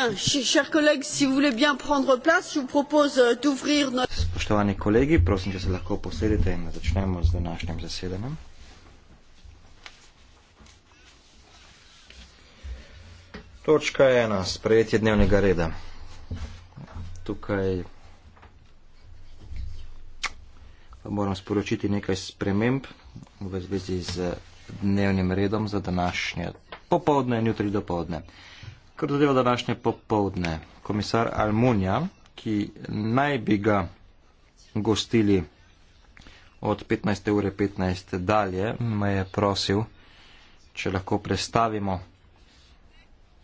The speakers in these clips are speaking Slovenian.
chers collègues, si vous voulez bien prendre place, je vous propose euh, d'ouvrir notre. Točka ena, sprejetje dnevnega reda. Tukaj moram sporočiti nekaj sprememb v zvezi z dnevnim redom za današnje popovdne in jutri dopovdne. Uh, Kar zadeva današnje popovdne, komisar Almunja, ki naj bi ga gostili od 15.15 ure 15. dalje, me je prosil, če lahko prestavimo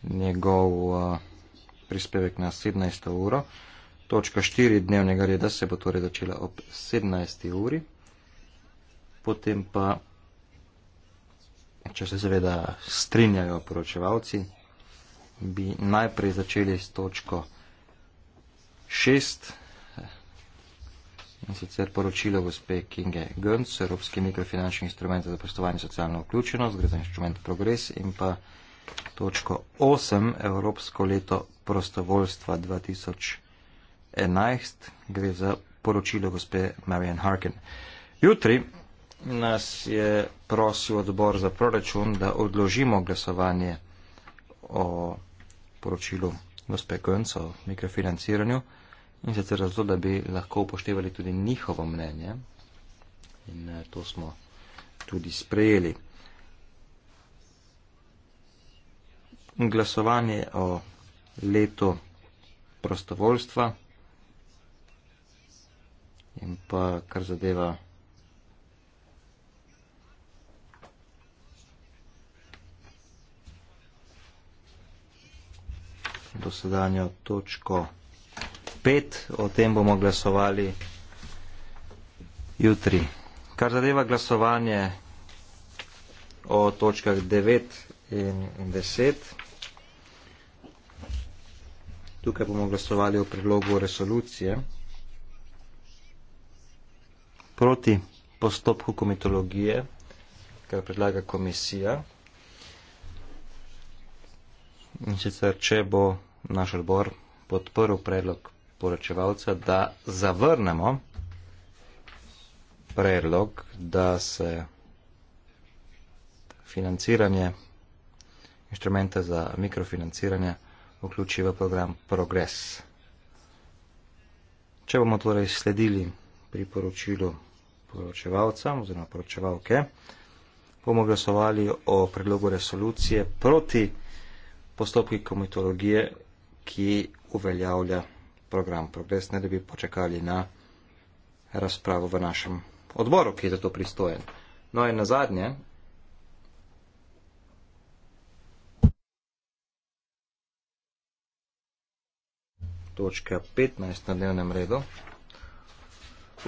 njegov uh, prispevek na 17. uro. Točka 4 dnevnega reda se bo torej začela ob 17. uri. Potem pa, če se seveda strinjajo poročevalci, bi najprej začeli s točko 6 in sicer poročilo gospe Kinge Gönc, Evropski mikrofinančni instrument za zapostovanje socialno vključenost, gre za inštrument Progres in pa točko 8, Evropsko leto prostovoljstva 2011, gre za poročilo gospe Marian Harkin. Jutri nas je prosil odbor za proračun, da odložimo glasovanje o poročilu gospe Gönc o mikrofinanciranju in sicer zato, da bi lahko upoštevali tudi njihovo mnenje in eh, to smo tudi sprejeli. Glasovanje o letu prostovoljstva in pa kar zadeva dosedanjo točko 5, o tem bomo glasovali jutri. Kar zadeva glasovanje o točkah 9 in 10, tukaj bomo glasovali o predlogu resolucije proti postopku komitologije, kar predlaga komisija. In sicer, če bo naš odbor podprl predlog poročevalca, da zavrnemo predlog, da se financiranje inštrumenta za mikrofinanciranje vključi v program Progres. Če bomo torej sledili pri poročilu poročevalca oziroma poročevalke, bomo glasovali o predlogu resolucije proti postopki komitologije ki uveljavlja program Progres, ne da bi počakali na razpravo v našem odboru, ki je za to pristojen. No in na zadnje. Točka 15 na dnevnem redu.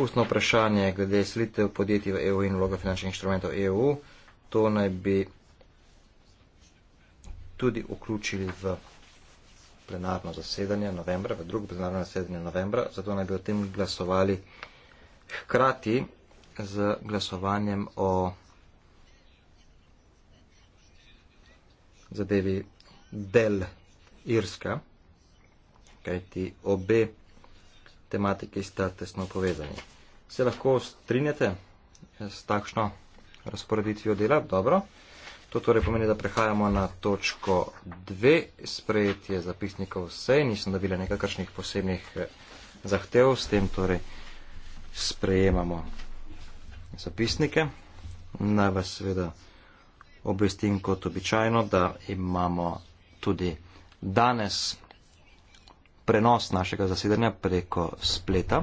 Ustno vprašanje glede selitev podjetij v EU in vloga finančnih inštrumentov EU. To naj bi tudi vključili v plenarno zasedanje novembra, v drugo plenarno zasedanje novembra, zato naj bi o tem glasovali hkrati z glasovanjem o zadevi del Irska, kajti obe tematiki sta tesno povezani. Se lahko strinjate s takšno razporeditvijo dela? Dobro. To torej pomeni, da prehajamo na točko 2, sprejetje zapisnikov vse, nisem dobila nekakršnih posebnih eh, zahtev, s tem torej sprejemamo zapisnike. Naj vas seveda obvestim kot običajno, da imamo tudi danes prenos našega zasedanja preko spleta.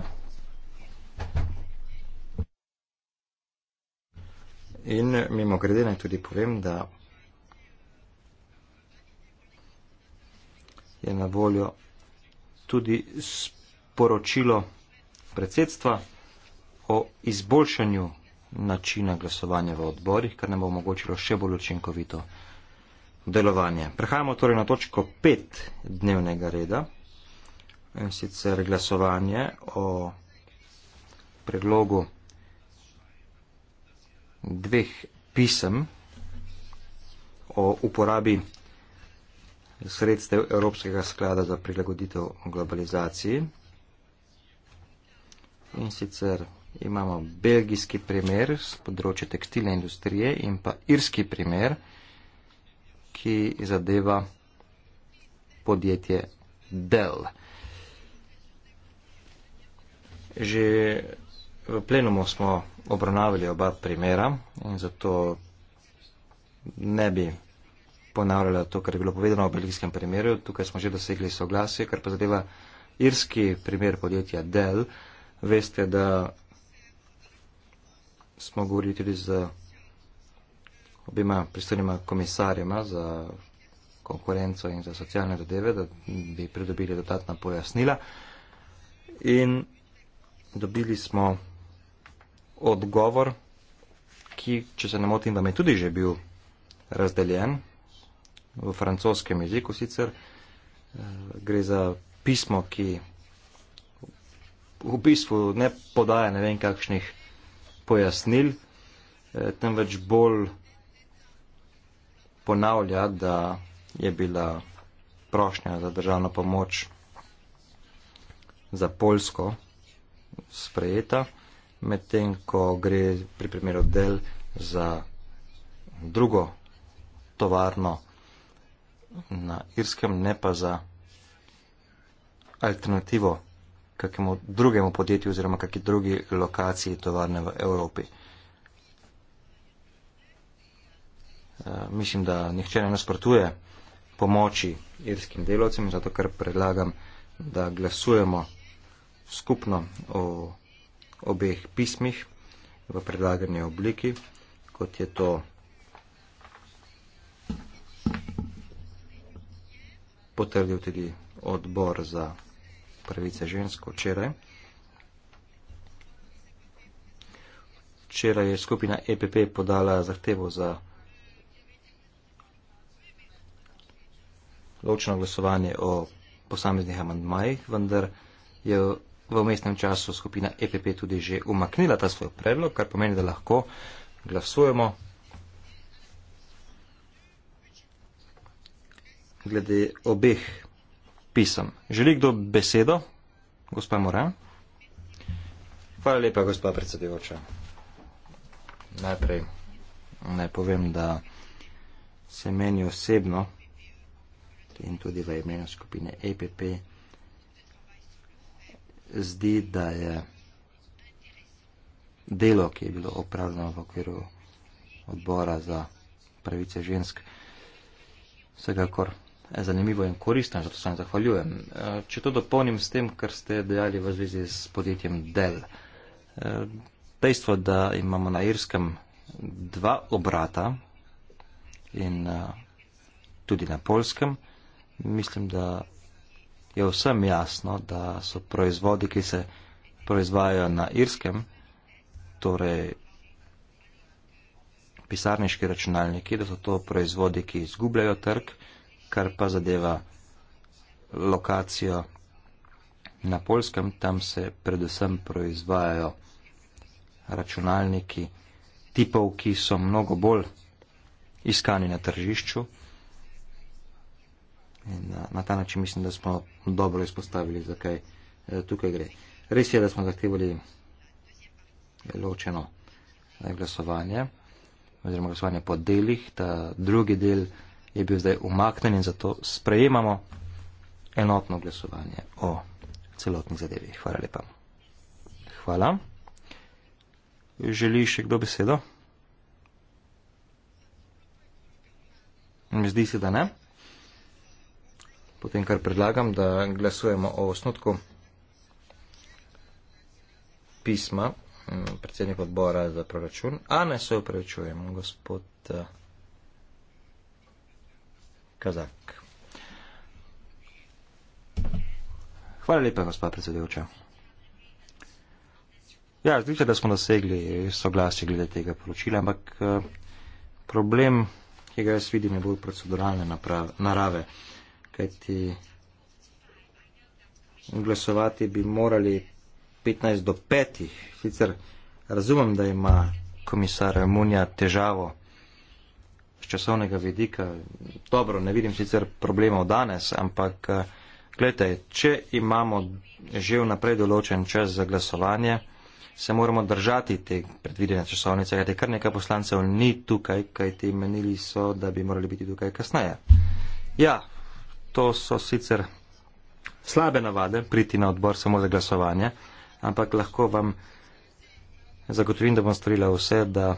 In mimo grede naj tudi povem, da je na voljo tudi sporočilo predsedstva o izboljšanju načina glasovanja v odborih, kar nam bo omogočilo še bolj učinkovito delovanje. Prehajamo torej na točko 5 dnevnega reda in sicer glasovanje o predlogu dveh pisem o uporabi sredstev Evropskega sklada za prilagoditev globalizaciji. In sicer imamo belgijski primer z področja tekstilne industrije in pa irski primer, ki zadeva podjetje Dell. Že V plenumu smo obravnavali oba primera in zato ne bi ponavljala to, kar je bilo povedano v belgijskem primeru. Tukaj smo že dosegli soglasje, kar pa zadeva irski primer podjetja Dell. Veste, da smo govorili tudi z obima pristojnima komisarjema za konkurenco in za socialne zadeve, da bi pridobili dodatna pojasnila. In dobili smo odgovor, ki, če se ne motim, da me je tudi že bil razdeljen v francoskem jeziku sicer, eh, gre za pismo, ki v bistvu ne podaja ne vem kakšnih pojasnil, eh, temveč bolj ponavlja, da je bila prošnja za državno pomoč za Poljsko sprejeta medtem ko gre pri primeru del za drugo tovarno na irskem, ne pa za alternativo kakemu drugemu podjetju oziroma kakšni drugi lokaciji tovarne v Evropi. Eh, mislim, da nihče ne nasprotuje pomoči irskim delovcem in zato kar predlagam, da glasujemo skupno o obeh pismih v predlagani obliki, kot je to potrdil tudi odbor za pravice žensko včeraj. Včeraj je skupina EPP podala zahtevo za ločeno glasovanje o posameznih amandmajih, vendar je v mestnem času skupina EPP tudi že umaknila ta svoj predlog, kar pomeni, da lahko glasujemo glede obeh pisem. Želi kdo besedo? Gospa Moran. Hvala lepa, gospa predsedevoča. Najprej naj povem, da se meni osebno in tudi v imenu skupine EPP zdi, da je delo, ki je bilo opravljeno v okviru odbora za pravice žensk, vsekakor zanimivo in koristno, zato se vam zahvaljujem. E, če to dopolnim s tem, kar ste dejali v zvezi s podjetjem Dell. E, dejstvo, da imamo na Irskem dva obrata in e, tudi na Polskem, mislim, da je vsem jasno, da so proizvodi, ki se proizvajajo na irskem, torej pisarniški računalniki, da so to proizvodi, ki izgubljajo trg, kar pa zadeva lokacijo na polskem, tam se predvsem proizvajajo računalniki tipov, ki so mnogo bolj iskani na tržišču. In eh, na ta način mislim, da smo dobro izpostavili, zakaj eh, tukaj gre. Res je, da smo zahtevali ločeno eh, glasovanje oziroma glasovanje po delih. Ta drugi del je bil zdaj umaknen in zato sprejemamo enotno glasovanje o celotni zadevi. Hvala lepa. Hvala. Želi še kdo besedo? Zdi se, da ne potem kar predlagam, da glasujemo o osnutku pisma mm, predsednik odbora za proračun. A ne se upravičujem, gospod eh, Kazak. Hvala lepa, gospod predsedujoča. Ja, zdi se, da smo dosegli soglasje glede tega poročila, ampak eh, problem, ki ga jaz vidim, je bolj proceduralne naprave, narave kajti glasovati bi morali 15 do 5. Sicer razumem, da ima komisar Munja težavo z časovnega vidika. Dobro, ne vidim sicer problemov danes, ampak eh, gledajte, če imamo že vnaprej določen čas za glasovanje, se moramo držati te predvidene časovnice, kajti kar nekaj poslancev ni tukaj, kajti menili so, da bi morali biti tukaj kasneje. Ja, to so sicer slabe navade, priti na odbor samo za glasovanje, ampak lahko vam zagotovim, da bom storila vse, da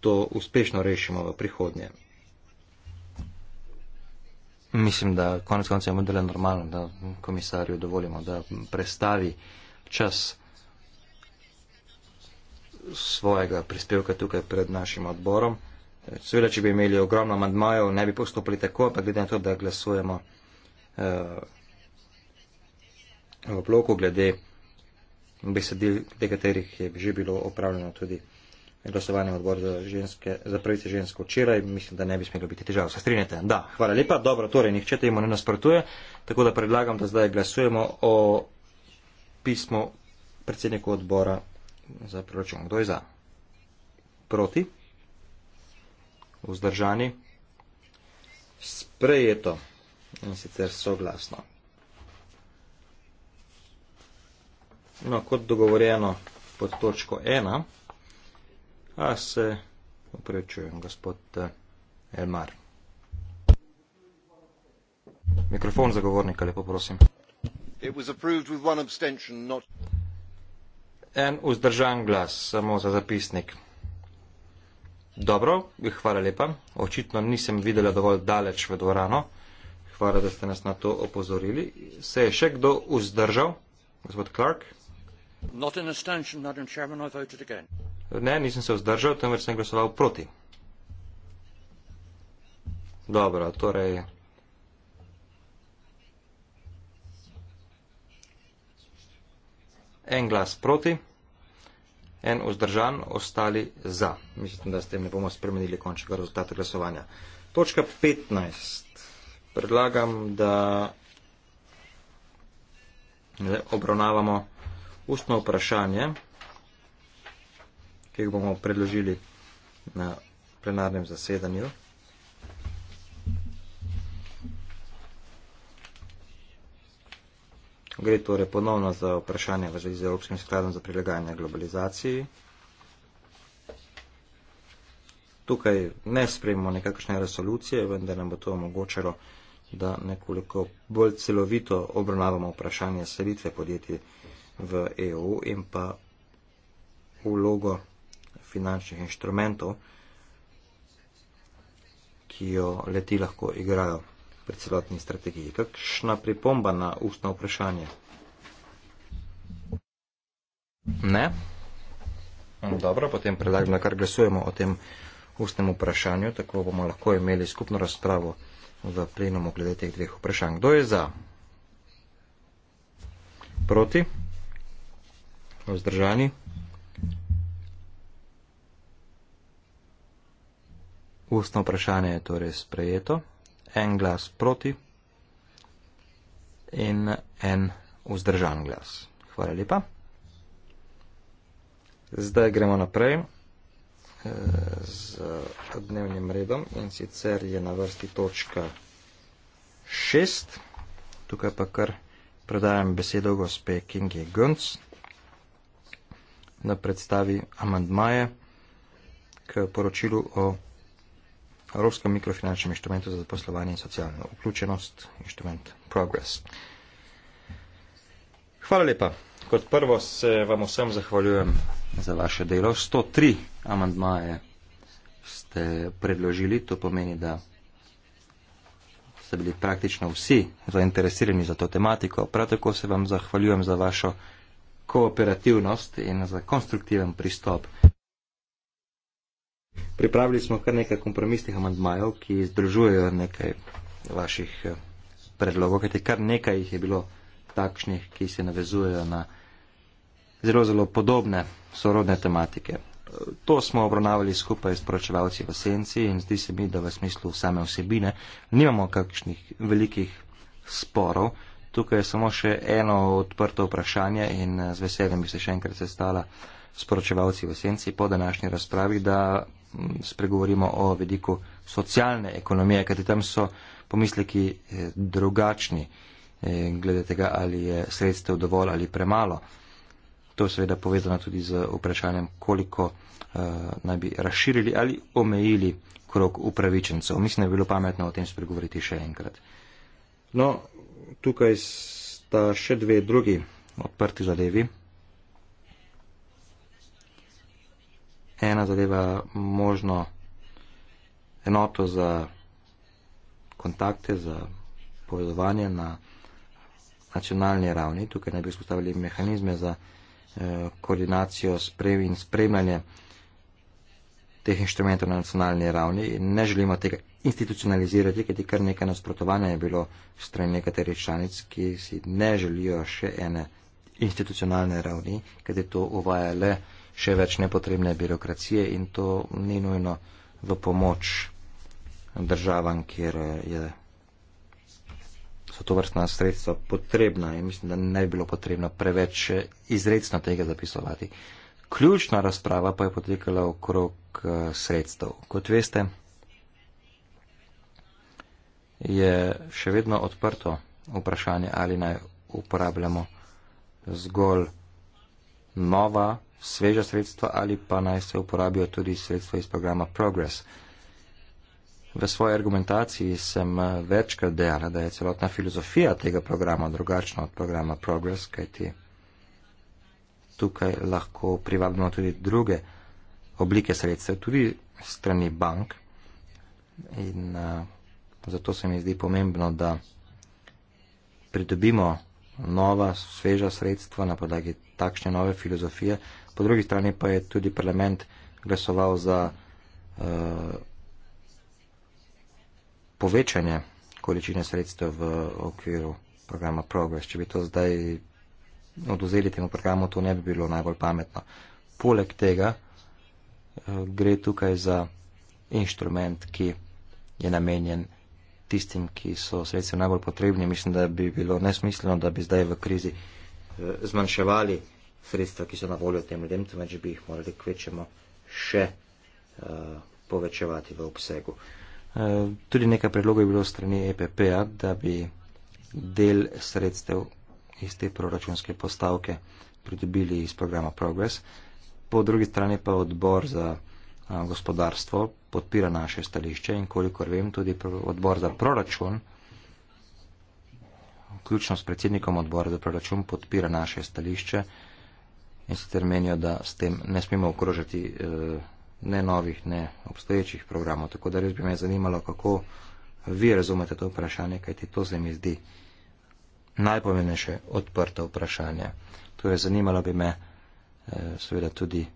to uspešno rešimo v prihodnje. Mislim, da konec konca je model normalno, da komisarju dovolimo, da prestavi čas svojega prispevka tukaj pred našim odborom. Seveda, če bi imeli ogromno amantmajev, ne bi postopili tako, ampak glede na to, da glasujemo uh, v bloku, glede besedil, glede katerih je že bilo opravljeno tudi glasovanje odbor za, ženske, za pravice žensko včeraj, mislim, da ne bi smelo biti težav. Se strinjate? Da, hvala lepa. Dobro, torej, nihče temu ne nasprotuje, tako da predlagam, da zdaj glasujemo o pismo predsedniku odbora za proračun. Kdo je za? Proti? vzdržani? Sprejeto in sicer soglasno. No, kot dogovorjeno pod točko 1, a se uprečujem, gospod eh, Elmar. Mikrofon za govornika, lepo prosim. It was approved with one abstention, not... En vzdržan glas, samo za zapisnik. Dobro, hvala lepa. Očitno nisem videla dovolj daleč v dvorano. Hvala, da ste nas na to opozorili. Se je še kdo vzdržal? Gospod Clark? Ne, nisem se vzdržal, temveč sem glasoval proti. Dobro, torej. En glas proti en vzdržan, ostali za. Mislim, da s tem ne bomo spremenili končnega rezultata glasovanja. Točka 15. Predlagam, da obravnavamo ustno vprašanje, ki ga bomo predložili na plenarnem zasedanju. Gre torej ponovno za vprašanje v zvezi z Evropskim skladom za prilagajanje globalizaciji. Tukaj ne sprejmemo nekakšne resolucije, vendar nam bo to omogočalo, da nekoliko bolj celovito obravnavamo vprašanje selitve podjetij v EU in pa vlogo finančnih inštrumentov, ki jo leti lahko igrajo pri celotni strategiji. Kakšna pripomba na ustno vprašanje? Ne? Dobro, potem predlagam, da kar glasujemo o tem ustnem vprašanju, tako bomo lahko imeli skupno razpravo v plenumu glede teh dveh vprašanj. Kdo je za? Proti? Vzdržani? Ustno vprašanje je torej sprejeto en glas proti in en vzdržan glas. Hvala lepa. Zdaj gremo naprej eh, z dnevnim redom in sicer je na vrsti točka 6. Tukaj pa kar predajam besedo gospe Kingi Gunc, da predstavi amandmaje k poročilu o Evropskem mikrofinančnem inštrumentu za zaposlovanje in socialno vključenost, inštrument Progress. Hvala lepa. Kot prvo se vam vsem zahvaljujem za vaše delo. 103 amandmaje ste predložili, to pomeni, da ste bili praktično vsi zainteresirani za to tematiko. Prav tako se vam zahvaljujem za vašo kooperativnost in za konstruktiven pristop. Pripravili smo kar nekaj kompromisnih amantmajev, ki združujejo nekaj vaših eh, predlogov, kajte kar nekaj jih je bilo takšnih, ki se navezujejo na zelo, zelo podobne sorodne tematike. To smo obravnavali skupaj s poročevalci v senci in zdi se mi, da v smislu same osebine nimamo kakšnih velikih sporov. Tukaj je samo še eno odprto vprašanje in eh, z veseljem bi se še enkrat sestala s poročevalci v senci po današnji razpravi, da spregovorimo o vediku socialne ekonomije, kajti tam so pomisleki eh, drugačni eh, glede tega, ali je sredstev dovolj ali premalo. To je seveda povezano tudi z vprašanjem, koliko eh, naj bi razširili ali omejili krok upravičencev. Mislim, da je bilo pametno o tem spregovoriti še enkrat. No, tukaj sta še dve drugi odprti zadevi. ena zadeva možno enoto za kontakte, za povezovanje na nacionalni ravni. Tukaj naj bi vzpostavili mehanizme za eh, koordinacijo sprem in spremljanje teh inštrumentov na nacionalni ravni. Ne želimo tega institucionalizirati, kajti kar nekaj nasprotovanja je bilo strani nekaterih članic, ki si ne želijo še ene institucionalne ravni, kajti to uvaja le uh, še več nepotrebne birokracije in to ni nujno v pomoč državam, kjer eh, je, so to vrstna sredstva potrebna in mislim, da ne bi bilo potrebno preveč eh, izredno tega zapisovati. Ključna razprava pa je potekala okrog eh, sredstev. Kot veste, je še vedno odprto vprašanje, ali naj uporabljamo zgolj nova sveža sredstva ali pa naj se uporabijo tudi sredstva iz programa Progress. V svoji argumentaciji sem eh, večkrat dejala, da je celotna filozofija tega programa drugačna od programa Progress, kajti tukaj lahko privabimo tudi druge oblike sredstev, tudi strani bank. In uh, zato se mi zdi pomembno, da pridobimo nova, sveža sredstva na podlagi takšne nove filozofije po drugi strani pa je tudi parlament glasoval za uh, povečanje količine sredstev v okviru programa Progress. Če bi to zdaj oduzeli temu programu, to ne bi bilo najbolj pametno. Poleg tega uh, gre tukaj za inštrument, ki je namenjen tistim, ki so sredstvo najbolj potrebni. Mislim, da bi bilo nesmisleno, da bi zdaj v krizi uh, zmanjševali uh, sredstva, ki so na voljo tem ljudem, temveč bi jih morali kvečemo še uh, povečevati v obsegu. Eh, tudi nekaj predlogov je bilo strani EPP-a, da bi del sredstev iz te proračunske postavke pridobili iz programa Progress. Po drugi strani pa odbor za eh, gospodarstvo podpira naše stališče in kolikor vem, tudi odbor za proračun, vključno s predsednikom odbora za proračun, podpira naše stališče in sicer menijo, da s tem ne smemo okrožati eh, ne novih, ne obstoječih programov. Tako da res bi me zanimalo, kako vi razumete to vprašanje, kajti to se mi zdi najpomenejše odprto vprašanje. Torej, zanimalo bi me eh, seveda tudi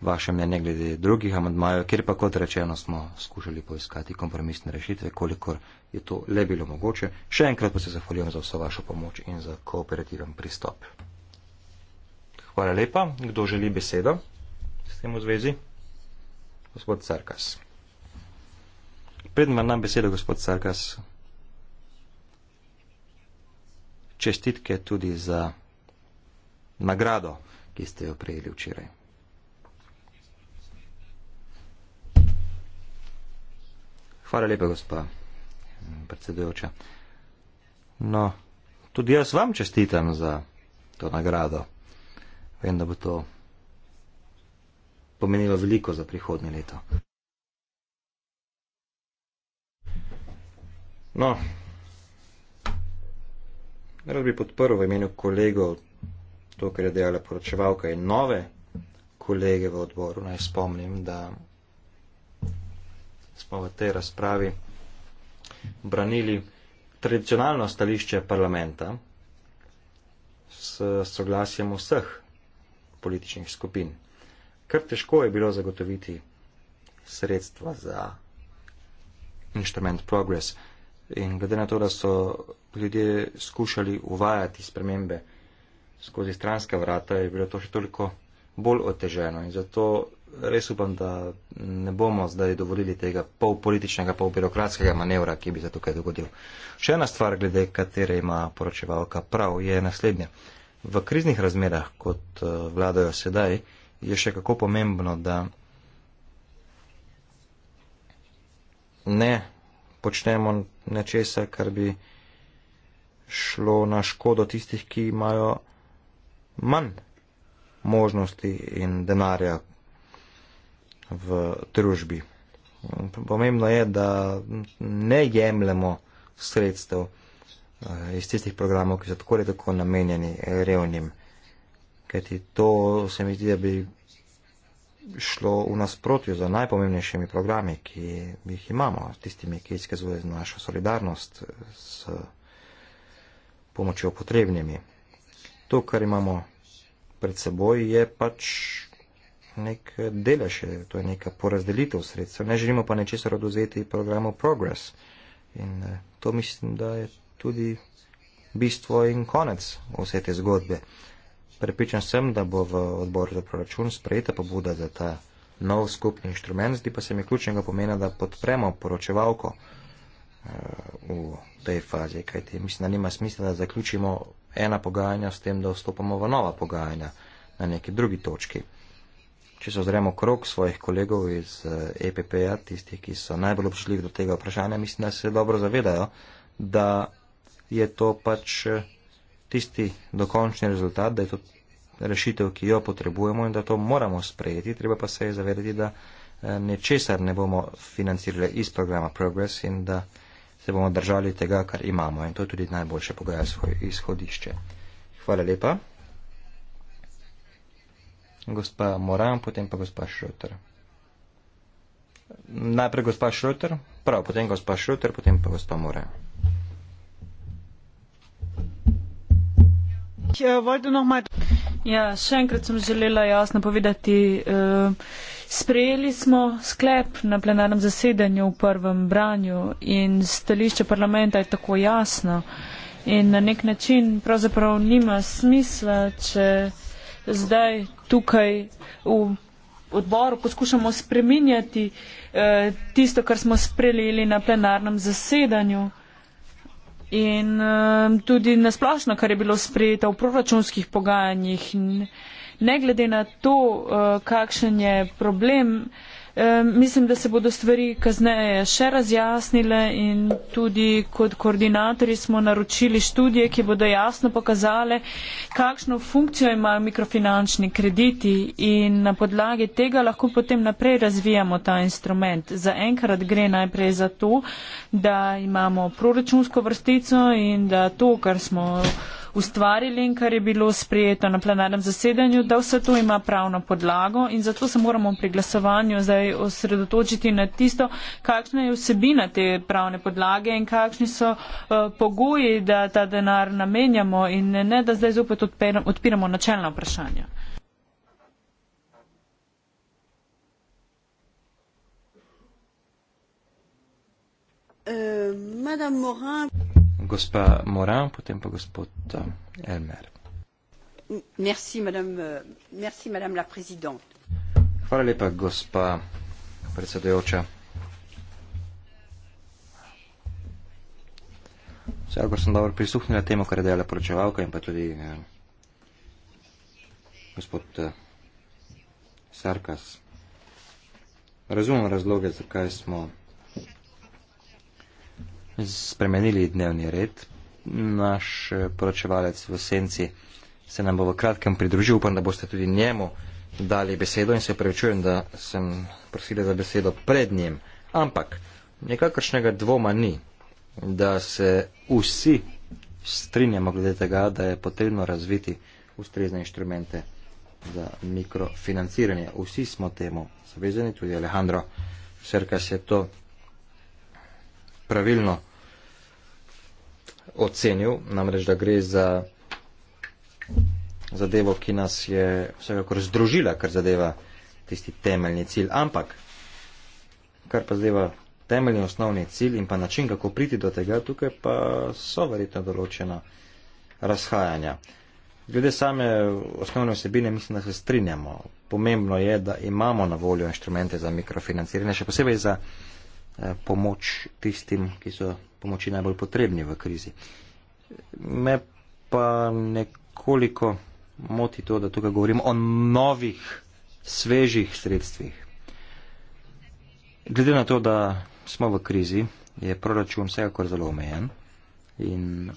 vaše mnenje glede drugih amadmajev, kjer pa kot rečeno smo skušali poiskati kompromisne rešitve, kolikor je to le bilo mogoče. Še enkrat pa se zahvaljujem za vso vašo pomoč in za kooperativen pristop. Hvala lepa. Kdo želi besedo s tem v zvezi? Gospod Sarkas. Predem vam nam besedo, gospod Sarkas. Čestitke tudi za nagrado, ki ste jo prejeli včeraj. Hvala lepa, gospa predsedujoča. No, tudi jaz vam čestitam za to nagrado. Vem, da bo to pomenilo veliko za prihodnje leto. No, rad bi podprl v imenu kolegov to, kar je delala poročevalka in nove kolege v odboru. Naj spomnim, da smo v tej razpravi branili tradicionalno stališče parlamenta s soglasjem vseh političnih skupin. Kar težko je bilo zagotoviti sredstva za inštrument Progress. In glede na to, da so ljudje skušali uvajati spremembe skozi stranska vrata, je bilo to še toliko bolj oteženo. In zato res upam, da ne bomo zdaj dovolili tega pol političnega, pol birokratskega manevra, ki bi se tukaj dogodil. Še ena stvar, glede katere ima poročevalka prav, je naslednja. V kriznih razmerah, kot eh, vladajo sedaj, je še kako pomembno, da ne počnemo nečesa, kar bi šlo na škodo tistih, ki imajo manj možnosti in denarja v družbi. Pomembno je, da ne jemljemo sredstev. Eh, iz tistih programov, ki so tako ali tako namenjeni revnim. Kajti to se mi zdi, da bi šlo v nasprotju z najpomembnejšimi programi, ki jih imamo, tistimi, ki izkazuje našo solidarnost s pomočjo potrebnimi. To, kar imamo pred seboj, je pač nek delež, to je neka porazdelitev sredstev. Ne želimo pa nečesar oduzeti programu Progress. In eh, to mislim, da je tudi bistvo in konec vse te zgodbe. Prepričan sem, da bo v odboru za proračun sprejeta pobuda za ta nov skupni inštrument, zdi pa se mi ključnega pomena, da podpremo poročevalko eh, v tej fazi, kajti mislim, da nima smisla, da zaključimo ena pogajanja s tem, da vstopamo v nova pogajanja na neki drugi točki. Če se ozremo krok svojih kolegov iz EPP-ja, eh, e tistih, ki so najbolj občutljivi do tega vprašanja, mislim, da se dobro zavedajo, da je to pač eh, tisti dokončni rezultat, da je to rešitev, ki jo potrebujemo in da to moramo sprejeti. Treba pa se je zavedati, da eh, nečesar ne bomo financirali iz programa Progress in da se bomo držali tega, kar imamo. In to je tudi najboljše pogajalsko izhodišče. Hvala lepa. Gospa Moran, potem pa gospa Šrotar. Najprej gospa Šrotar, prav, potem gospa Šrotar, potem pa gospa Moran. Ich äh, wollte noch mal Ja, še enkrat sem želela jasno povedati, eh, sprejeli smo sklep na plenarnem zasedanju v prvem branju in stališče parlamenta je tako jasno in na nek način pravzaprav nima smisla, če zdaj tukaj v odboru poskušamo spreminjati eh, tisto, kar smo sprejeli na plenarnem zasedanju in um, tudi nasplošno, kar je bilo sprejeto v proračunskih pogajanjih. Ne glede na to, uh, kakšen je problem, mislim, da se bodo stvari kazneje še razjasnile in tudi kot koordinatorji smo naročili študije, ki bodo jasno pokazale, kakšno funkcijo imajo mikrofinančni krediti in na podlagi tega lahko potem naprej razvijamo ta instrument. Za enkrat gre najprej za to, da imamo proračunsko vrstico in da to, kar smo ustvarili in kar je bilo sprejeto na plenarnem zasedanju, da vse to ima pravno podlago in zato se moramo pri glasovanju zdaj osredotočiti na tisto, kakšna je vsebina te pravne podlage in kakšni so uh, pogoji, da ta denar namenjamo in ne, da zdaj zopet odpiramo načelna vprašanja. Euh, Madame Morin gospa Moran, potem pa gospod eh, Elmer. Merci, madame, euh, merci, madame la Hvala lepa, gospa predsedujoča. Vsekakor sem dobro prisluhnila temu, kar je dejala poročevalka in pa tudi eh, gospod eh, Sarkas. Razumem razloge, zakaj smo spremenili dnevni red. Naš eh, poročevalec v senci se nam bo v kratkem pridružil, upam, da boste tudi njemu dali besedo in se prevečujem, da sem prosila za besedo pred njim. Ampak nekakršnega dvoma ni, da se vsi strinjamo glede tega, da je potrebno razviti ustrezne inštrumente za mikrofinanciranje. Vsi smo temu zavezani, tudi Alejandro Serkas je to pravilno ocenil, namreč da gre za zadevo, ki nas je vsekakor združila, kar zadeva tisti temeljni cilj. Ampak, kar pa zadeva temeljni osnovni cilj in pa način, kako priti do tega, tukaj pa so verjetno določena razhajanja. Glede same osnovne osebine mislim, da se strinjamo. Pomembno je, da imamo na voljo inštrumente za mikrofinanciranje, še posebej za eh, pomoč tistim, ki so pomoči najbolj potrebni v krizi. Me pa nekoliko moti to, da tukaj govorimo o novih, svežih sredstvih. Glede na to, da smo v krizi, je proračun vsekakor zelo omejen in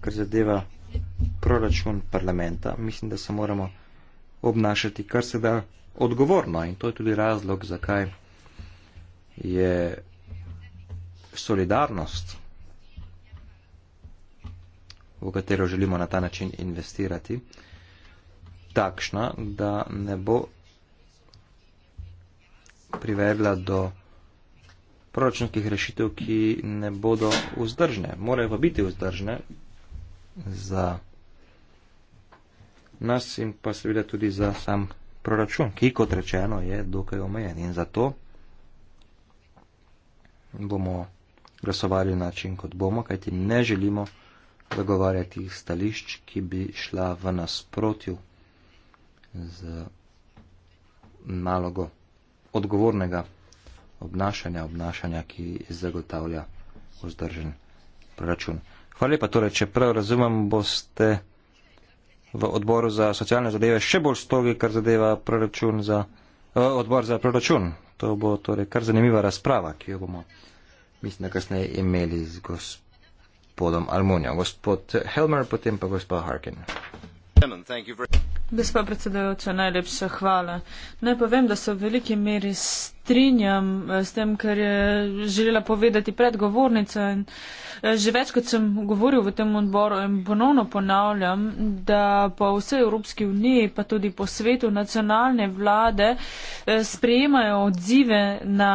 kar zadeva proračun parlamenta, mislim, da se moramo obnašati kar se da odgovorno in to je tudi razlog, zakaj je solidarnost, v katero želimo na ta način investirati, takšna, da ne bo privedla do proračunskih rešitev, ki ne bodo vzdržne. Morajo pa biti vzdržne za nas in pa seveda tudi za sam proračun, ki kot rečeno je dokaj omejen. In zato bomo glasovali na način, kot bomo, kajti ne želimo zagovarjati stališč, ki bi šla v nasprotju z nalogo odgovornega obnašanja, obnašanja, ki zagotavlja vzdržen proračun. Hvala lepa, torej, če prav razumem, boste v odboru za socialne zadeve še bolj stogi, kar zadeva proračun za, eh, odbor za proračun. To bo torej kar zanimiva razprava, ki jo bomo mislim, da kasneje imeli z gospodom Almonijo. Gospod Helmer, potem pa gospod Harkin. Gospod predsedajoča, najlepša hvala. Naj povem, da se v veliki meri strinjam eh, s tem, kar je želela povedati predgovornica. Eh, že več, kot sem govoril v tem odboru in ponovno ponavljam, da po vsej Evropski uniji, pa tudi po svetu, nacionalne vlade eh, sprejemajo odzive na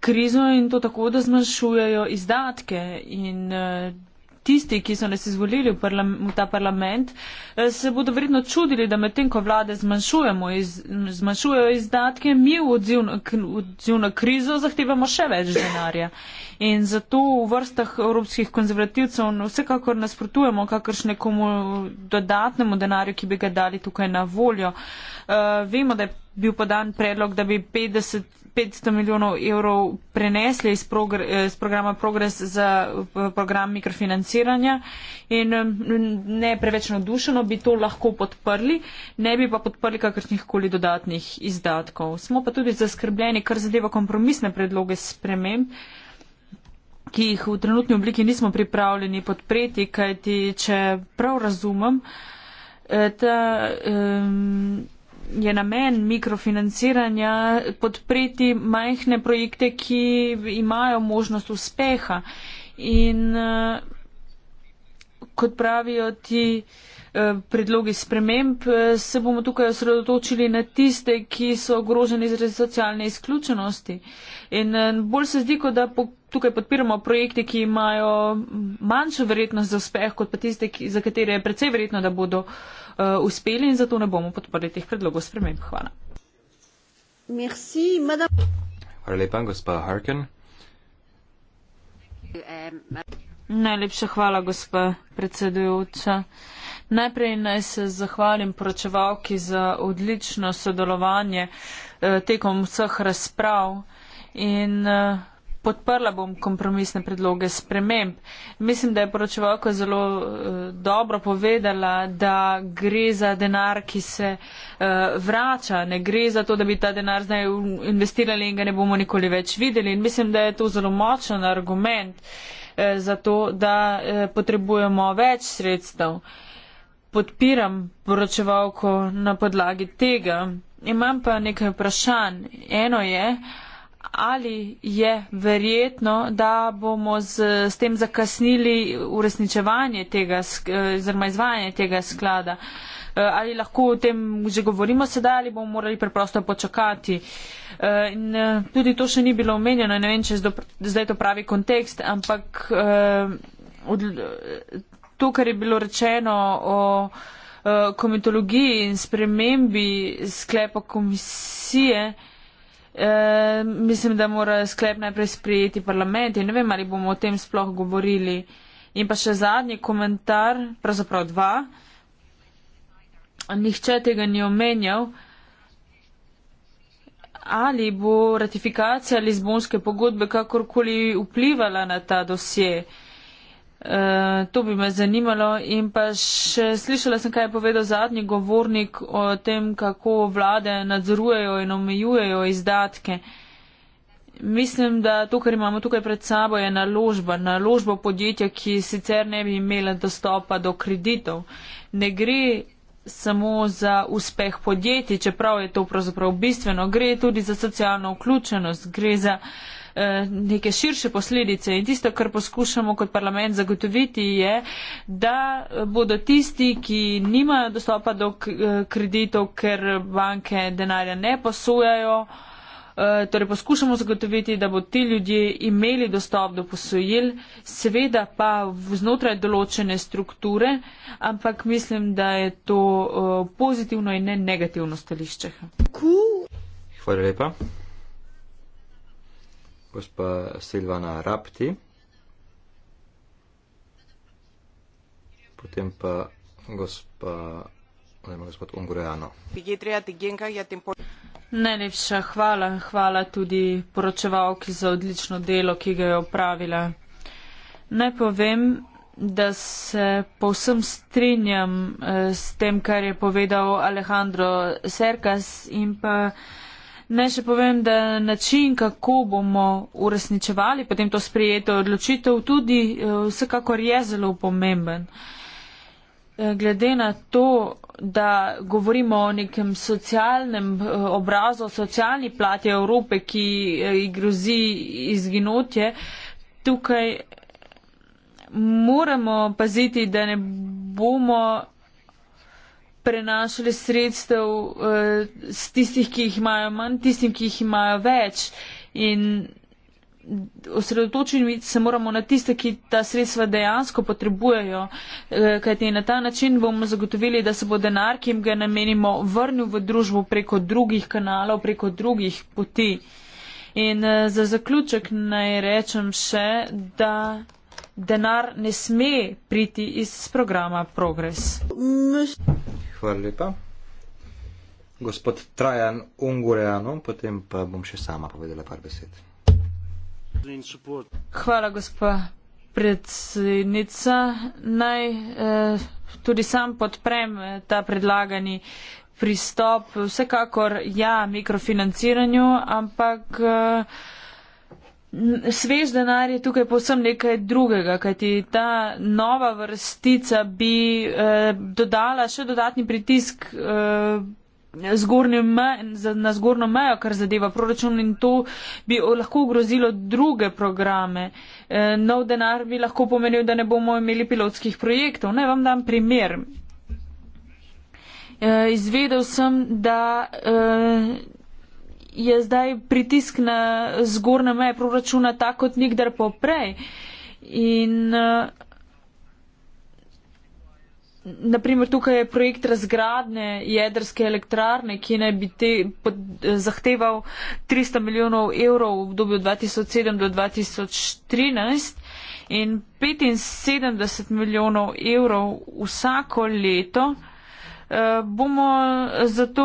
krizo in to tako, da zmanjšujejo izdatke. In eh, tisti, ki so nas izvolili v, v ta parlament, eh, se bodo verjetno čudili, da medtem, ko vlade zmanjšujemo iz zmanjšujejo izdatke, mi v odziv na, odziv na krizo zahtevamo še več denarja. In zato v vrstah evropskih konzervativcev vsekakor nasprotujemo kakršnekomu dodatnemu denarju, ki bi ga dali tukaj na voljo. Uh, vemo, da je bil podan predlog, da bi 50 500 milijonov evrov prenesli iz, progr eh, iz programa Progres za eh, program mikrofinanciranja in eh, ne preveč nadušeno bi to lahko podprli, ne bi pa podprli kakršnih koli dodatnih izdatkov. Smo pa tudi zaskrbljeni, kar zadeva kompromisne predloge sprememb ki jih v trenutni obliki nismo pripravljeni podpreti, kajti, če prav razumem, ta, um, je namen mikrofinanciranja podpreti majhne projekte, ki imajo možnost uspeha. In eh, kot pravijo ti eh, predlogi sprememb, eh, se bomo tukaj osredotočili na tiste, ki so ogroženi zaradi socialne izključenosti. In bolj se zdi, kot da tukaj podpiramo projekte, ki imajo manjšo verjetnost za uspeh, kot pa tiste, ki, za katere je precej verjetno, da bodo uh, uh, uspeli in zato ne bomo podprli teh predlogov sprememb. Hvala. Merci, Hvala lepa, gospa Harkin. Najlepša hvala, gospa predsedujoča. Najprej naj se zahvalim poročevalki za odlično sodelovanje eh, tekom vseh razprav in eh, podprla bom kompromisne predloge sprememb. Mislim, da je poročevalka zelo uh, dobro povedala, da gre za denar, ki se uh, vrača. Ne gre za to, da bi ta denar zdaj investirali in ga ne bomo nikoli več videli. In mislim, da je to zelo močen argument uh, za to, da uh, potrebujemo več sredstev. Podpiram poročevalko na podlagi tega. Imam pa nekaj vprašanj. Eno je, uh, ali je verjetno, da bomo z, s tem zakasnili uresničevanje tega, eh, oziroma izvajanje tega sklada. Eh, ali lahko o tem že govorimo sedaj ali bomo morali preprosto počakati. Eh, in tudi to še ni bilo omenjeno, ne vem, če je zdaj to pravi kontekst, ampak od, to, kar je bilo rečeno o komitologiji in spremembi sklepa komisije, mislim, da mora sklep najprej sprijeti parlament in ne vem, ali bomo o tem sploh govorili. In pa še zadnji komentar, pravzaprav dva. Nihče tega ni omenjal. Ali bo ratifikacija Lizbonske pogodbe kakorkoli vplivala na ta dosje? Uh, Eh, to bi me zanimalo. In pa še slišala sem, kaj je povedal zadnji govornik o tem, kako vlade nadzorujejo in omejujejo izdatke. Mislim, da to, kar imamo tukaj pred sabo, je naložba, naložba podjetja, ki sicer ne bi imela dostopa do kreditov. Ne gre samo za uspeh podjetij, čeprav je to pravzaprav bistveno, gre tudi za socialno vključenost, gre za uh, Eh, neke širše posledice. In tisto, kar poskušamo kot parlament zagotoviti, je, da bodo tisti, ki nimajo dostopa do eh, kreditov, ker banke denarja ne posujajo, eh, Torej poskušamo zagotoviti, da bo ti ljudje imeli dostop do posojil, seveda pa znotraj določene strukture, ampak mislim, da je to pozitivno in ne negativno stališče. Hvala lepa gospa Silvana Rapti, potem pa gospa, ne vem, gospod Ungurejano. Najlepša hvala, hvala tudi poročevalki za odlično delo, ki ga je opravila. Naj povem, da se povsem strinjam eh, s tem, kar je povedal Alejandro Serkas in pa Naj še povem, da način, kako bomo uresničevali potem to sprijeto odločitev, tudi eh, vsekakor je zelo pomemben. Eh, glede na to, da govorimo o nekem socialnem eh, obrazu, socialni plati Evrope, ki grozi izginotje, tukaj moramo paziti, da ne bomo prenašali sredstev z uh, eh, tistih, ki jih imajo manj, tistim, ki jih imajo več. In osredotočeni se moramo na tiste, ki ta sredstva dejansko potrebujejo, eh, kajti na ta način bomo zagotovili, da se bo denar, ki jim ga namenimo, vrnil v družbo preko drugih kanalov, preko drugih poti. In eh, za zaključek naj rečem še, da denar ne sme priti iz programa Progress. Hvala lepa. Gospod Trajan Ungureano, potem pa bom še sama povedala par besed. Hvala, gospa predsednica. Naj eh, tudi sam podprem eh, ta predlagani pristop. Vsekakor ja mikrofinanciranju, ampak. Eh, Svež denar je tukaj posebno nekaj drugega, kajti ta nova vrstica bi eh, dodala še dodatni pritisk eh, me, na zgornjo mejo, kar zadeva proračun in to bi lahko ogrozilo druge programe. Eh, nov denar bi lahko pomenil, da ne bomo imeli pilotskih projektov. Naj vam dam primer. Eh, izvedel sem, da. Eh, je zdaj pritisk na zgornje meje proračuna tak kot nikdar poprej. In eh, naprimer tukaj je projekt razgradne jedrske elektrarne, ki naj bi te pod, eh, zahteval 300 milijonov evrov v obdobju 2007 do 2013 in 75 milijonov evrov vsako leto. Uh, bomo zato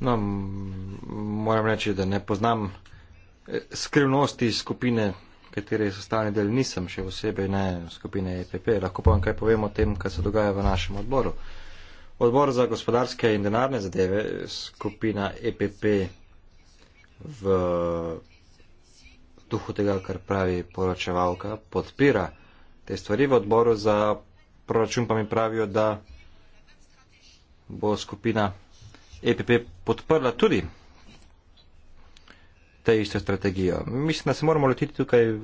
No, moram reči, da ne poznam eh, skrivnosti skupine, katere sestavni del nisem, še osebe ne skupine EPP. Lahko pa vam kaj povem o tem, kaj se dogaja v našem odboru. Odbor za gospodarske in denarne zadeve, skupina EPP v duhu tega, kar pravi poročevalka, podpira te stvari. V odboru za proračun pa mi pravijo, da bo skupina. EPP podprla tudi te isto strategijo. Mislim, da se moramo lotiti tukaj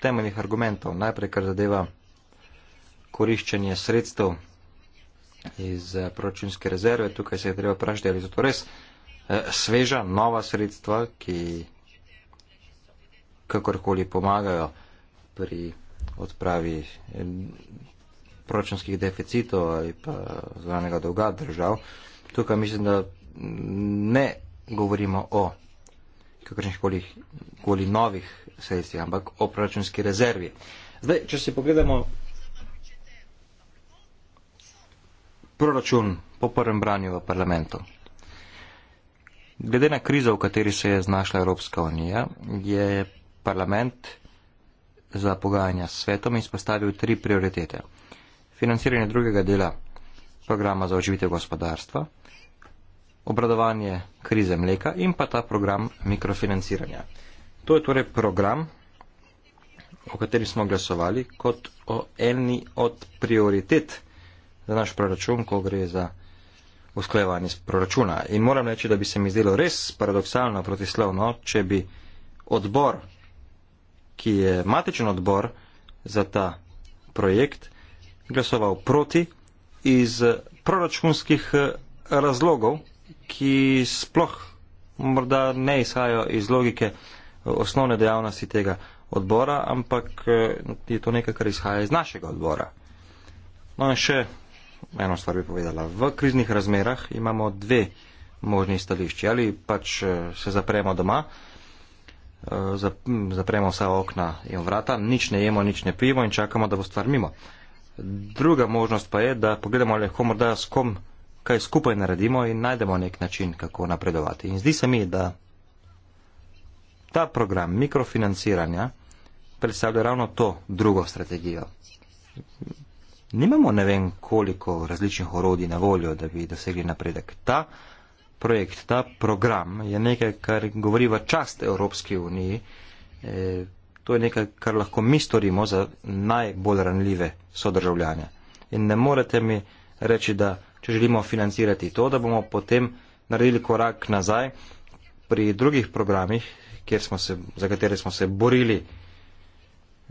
temeljnih argumentov. Najprej, kar zadeva koriščenje sredstev iz eh, proračunske rezerve. Tukaj se je treba vprašati, ali so to res eh, sveža, nova sredstva, ki kakorkoli pomagajo pri odpravi eh, proračunskih deficitov ali pa zvanega dolga držav. Tukaj mislim, da ne govorimo o kakršnih koli novih sredstvih, ampak o proračunski rezervi. Zdaj, če si pogledamo proračun po prvem branju v parlamentu. Glede na krizo, v kateri se je znašla Evropska unija, je parlament za pogajanja s svetom izpostavil tri prioritete. Financiranje drugega dela programa za oživitev gospodarstva, obradovanje krize mleka in pa ta program mikrofinanciranja. To je torej program, o kateri smo glasovali kot o eni od prioritet za naš proračun, ko gre za usklajevanje proračuna. In moram reči, da bi se mi zdelo res paradoksalno protislovno, če bi odbor, ki je matičen odbor za ta projekt, glasoval proti iz proračunskih eh, razlogov, ki sploh morda ne izhajajo iz logike eh, osnovne dejavnosti tega odbora, ampak eh, je to nekaj, kar izhaja iz našega odbora. No in še eno stvar bi povedala. V kriznih razmerah imamo dve možni stališči. Ali pač eh, se zapremo doma, zapremo vsa okna in vrata, nič ne jemo, nič ne pijemo in čakamo, da bo stvar mimo. Druga možnost pa je, da pogledamo lahko morda s kom kaj skupaj naredimo in najdemo nek način, kako napredovati. In zdi se mi, da ta program mikrofinanciranja predstavlja ravno to drugo strategijo. Nimamo ne vem koliko različnih orodij na voljo, da bi dosegli napredek. Ta projekt, ta program je nekaj, kar govori v čast Evropski uniji. E, to je nekaj, kar lahko mi storimo za najbolj ranljive sodržavljanja. In ne morete mi reči, da če želimo financirati to, da bomo potem naredili korak nazaj pri drugih programih, smo se, za katere smo se borili,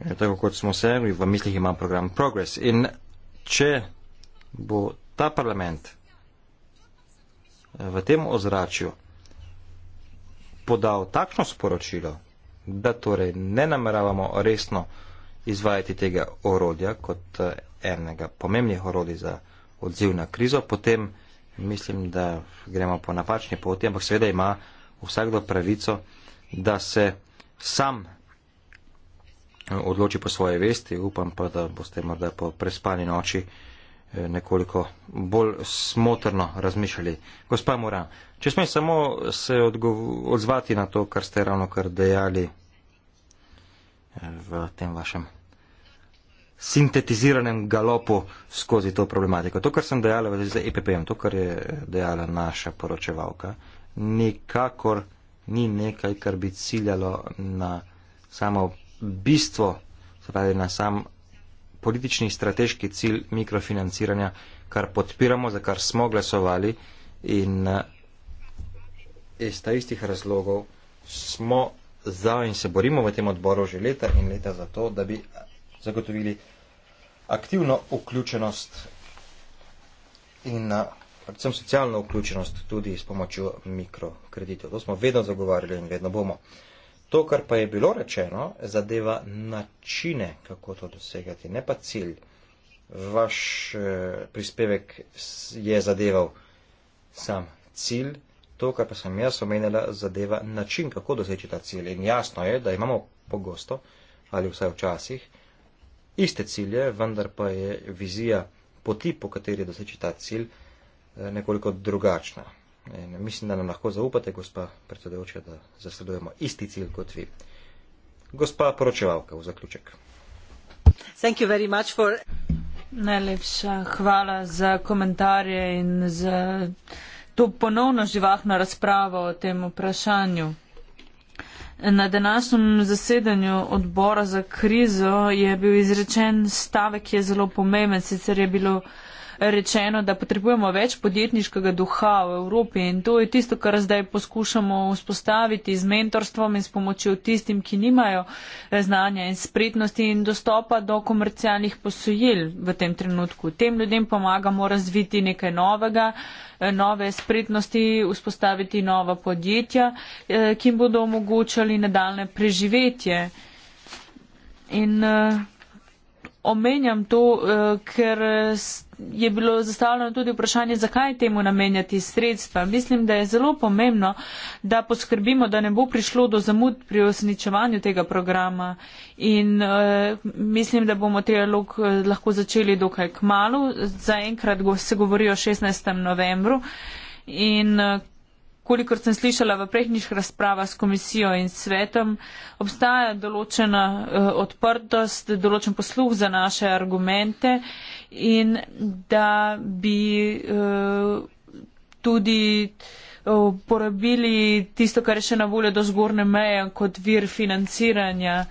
e, tako kot smo se, v mislih imam program Progress. In če bo ta parlament e, v tem ozračju podal takšno sporočilo, da torej ne nameravamo resno izvajati tega orodja kot e, enega pomembnih orodij za odziv na krizo, potem mislim, da gremo po napačni poti, ampak seveda ima vsakdo pravico, da se sam eh, odloči po svoje vesti. Upam pa, da boste morda po prespani noči eh, nekoliko bolj smotrno razmišljali. Gospa Moran, če smem samo se odzvati na to, kar ste ravno kar dejali eh, v tem vašem sintetiziranem galopu skozi to problematiko. To, kar sem dejala z EPP-em, to, kar je dejala naša poročevalka, nikakor ni nekaj, kar bi ciljalo na samo bistvo, se pravi na sam politični strateški cilj mikrofinanciranja, kar podpiramo, za kar smo glasovali in eh, iz ta istih razlogov smo za in se borimo v tem odboru že leta in leta za to, da bi zagotovili aktivno vključenost in eh, predvsem socialno vključenost tudi s pomočjo mikrokreditev. To smo vedno zagovarjali in vedno bomo. To, kar pa je bilo rečeno, zadeva načine, kako to dosegati, ne pa cilj. Vaš eh, prispevek je zadeval sam cilj, to, kar pa sem jaz omenila, zadeva način, kako doseči ta cilj. In jasno je, da imamo pogosto, ali vsaj včasih, iste cilje, vendar pa je vizija poti, po kateri doseči ta cilj, eh, nekoliko drugačna. In mislim, da nam lahko zaupate, gospa predsedujoča, da zasledujemo isti cilj kot vi. Gospa poročevalka, v zaključek. For... Najlepša hvala za komentarje in za to ponovno živahno razpravo o tem vprašanju. Na današnjem zasedanju odbora za krizo je bil izrečen stavek, ki je zelo pomemben, sicer je bilo rečeno, da potrebujemo več podjetniškega duha v Evropi in to je tisto, kar zdaj poskušamo vzpostaviti z mentorstvom in s pomočjo tistim, ki nimajo eh, znanja in spretnosti in dostopa do komercialnih posojil v tem trenutku. Tem ljudem pomagamo razviti nekaj novega, eh, nove spretnosti, vzpostaviti nova podjetja, eh, ki jim bodo omogočali nadaljne preživetje. In uh, omenjam to, eh, ker je bilo zastavljeno tudi vprašanje, zakaj temu namenjati sredstva. Mislim, da je zelo pomembno, da poskrbimo, da ne bo prišlo do zamud pri osničevanju tega programa. In eh, mislim, da bomo trialog eh, lahko začeli dokaj k malu. Zaenkrat se govori o 16. novembru. In kolikor sem slišala v prejšnjih razpravah s komisijo in svetom, obstaja določena eh, odprtost, določen posluh za naše argumente in da bi eh, tudi eh, porabili tisto, kar je še na voljo do zgorne meje kot vir financiranja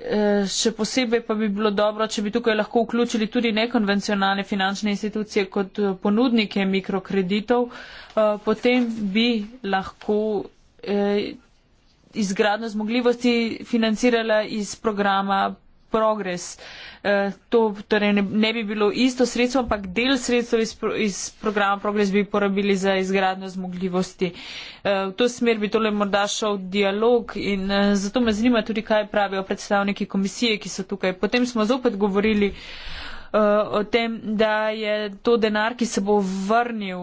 Eh, še posebej pa bi bilo dobro, če bi tukaj lahko vključili tudi nekonvencionalne finančne institucije kot eh, ponudnike mikrokreditov, eh, potem bi lahko izgradno zmogljivosti financirala iz programa progres. Eh, to torej ne bi bilo isto sredstvo, ampak del sredstev iz, pro, iz programa progres bi porabili za izgradno zmogljivosti. Eh, v to smer bi tole morda šel dialog in eh, zato me zanima tudi, kaj pravijo predstavniki komisije, ki so tukaj. Potem smo zopet govorili o tem, da je to denar, ki se bo vrnil,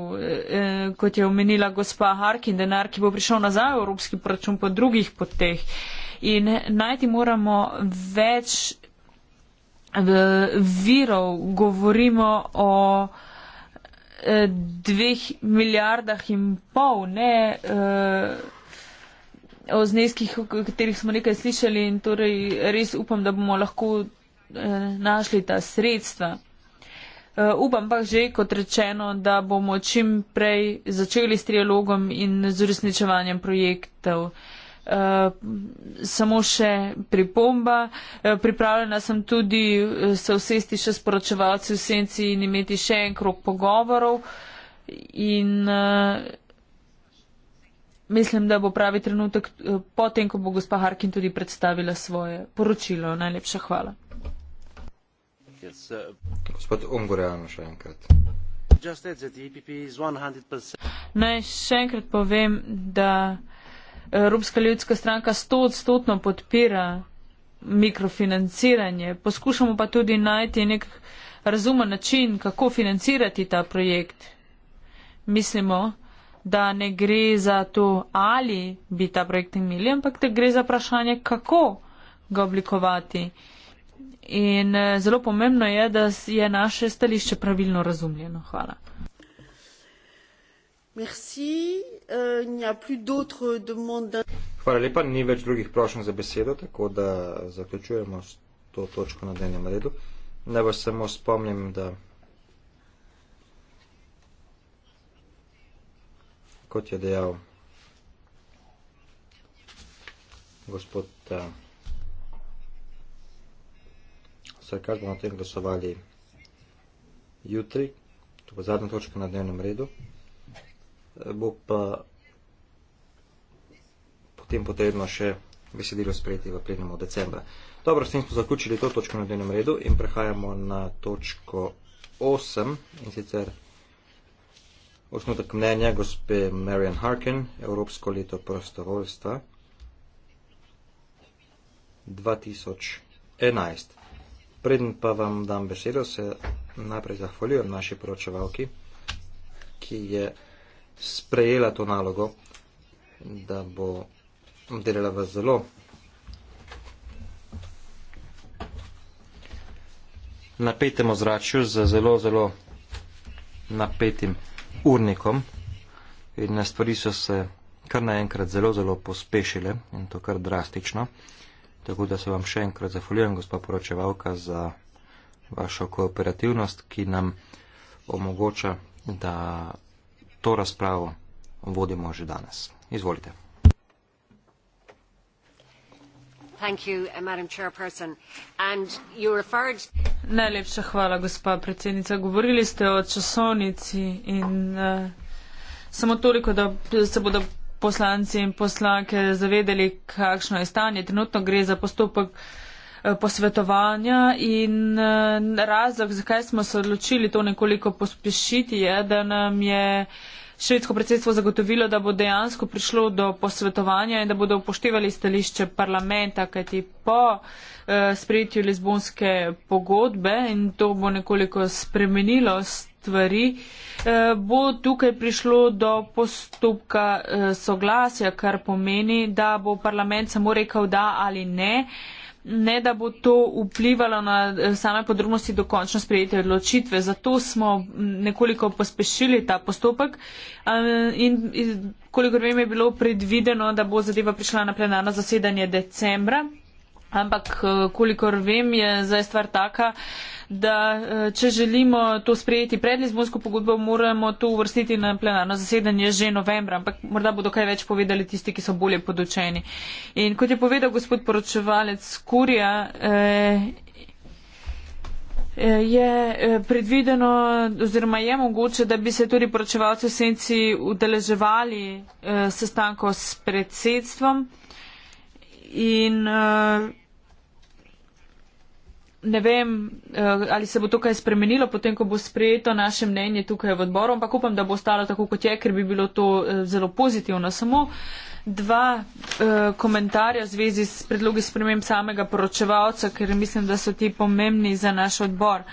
kot je omenila gospa Harkin, denar, ki bo prišel nazaj v Evropski proračun po drugih poteh in najti moramo več virov. Govorimo o e, dveh milijardah in pol, ne e, o zneskih, o katerih smo nekaj slišali in torej res upam, da bomo lahko e, našli ta sredstva. Upam pa že, kot rečeno, da bomo čim prej začeli s trialogom in z uresničevanjem projektov. Uh, Eh, samo še pripomba. Eh, pripravljena sem tudi eh, se vsesti še s poročevalci v senci in imeti še en krok pogovorov. In mislim, da bo pravi trenutek potem, ko bo gospa Harkin tudi predstavila svoje poročilo. Najlepša hvala. Gospod Ungurjan, še enkrat. E Naj še enkrat povem, da. Evropska ljudska stranka sto odstotno podpira mikrofinanciranje. Poskušamo pa tudi najti nek razumen način, kako financirati ta projekt. Mislimo, da ne gre za to, ali bi ta projekt imeli, ampak da gre za vprašanje, kako ga oblikovati. In eh, zelo pomembno je, da je naše stališče pravilno razumljeno. Hvala. Merci. Euh, il n'y a plus d'autres demandes. Hvala lepa, ni več drugih prošenj za besedo, tako da zaključujemo s to točko na dnevnem redu. Naj vas samo spomnim, da kot je dejal gospod eh, Sarkar, bomo o tem glasovali jutri, to bo zadnja točka na dnevnem redu bo pa potem potrebno še besedilo sprejeti v prednjemu decembra. Dobro, s tem smo zaključili to točko na dnevnem redu in prehajamo na točko 8 in sicer osnutek mnenja gospe Marian Harkin, Evropsko leto prostovoljstva 2011. Preden pa vam dam besedo, se najprej zahvaljujem naši poročevalki, ki je sprejela to nalogo, da bo delala v zelo napetem ozračju z zelo, zelo napetim urnikom. In na stvari so se kar naenkrat zelo, zelo pospešile in to kar drastično. Tako da se vam še enkrat zahvaljujem, gospod poročevalka, za vašo kooperativnost, ki nam omogoča, da to razpravo vodimo že danes. Izvolite. Uh, Najlepša hvala, gospa predsednica. Govorili ste o časovnici in uh, samo toliko, da se bodo poslanci in poslanke zavedeli, kakšno je stanje. Trenutno gre za postopek. Uh, Eh, posvetovanja in eh, razlog, zakaj smo se odločili to nekoliko pospešiti, je, da nam je švedsko predsedstvo zagotovilo, da bo dejansko prišlo do posvetovanja in da bodo upoštevali stališče parlamenta, kajti po eh, sprejetju Lizbonske pogodbe in to bo nekoliko spremenilo stvari, bo tukaj prišlo do postopka soglasja, kar pomeni, da bo parlament samo rekel da ali ne ne da bo to vplivalo na eh, same podrobnosti do končno sprejete odločitve. Zato smo nekoliko pospešili ta postopek eh, in kolikor vem je bilo predvideno, da bo zadeva prišla na plenarno zasedanje decembra. Ampak eh, kolikor vem je zdaj stvar taka, da eh, če želimo to sprejeti pred Lizbonsko pogodbo, moramo to uvrstiti na plenarno zasedanje že novembra, ampak morda bodo kaj več povedali tisti, ki so bolje podočeni. In kot je povedal gospod poročevalec Kurja, eh, eh, je predvideno oziroma je mogoče, da bi se tudi poročevalci v senci udeleževali sestanko s predsedstvom. In uh, ne vem, eh, ali se bo to kaj spremenilo, potem, ko bo sprejeto naše mnenje tukaj v odboru, ampak upam, da bo ostalo tako, kot je, ker bi bilo to eh, zelo pozitivno. Samo dva eh, komentarja v zvezi s predlogi sprememb samega poročevalca, ker mislim, da so ti pomembni za naš odbor.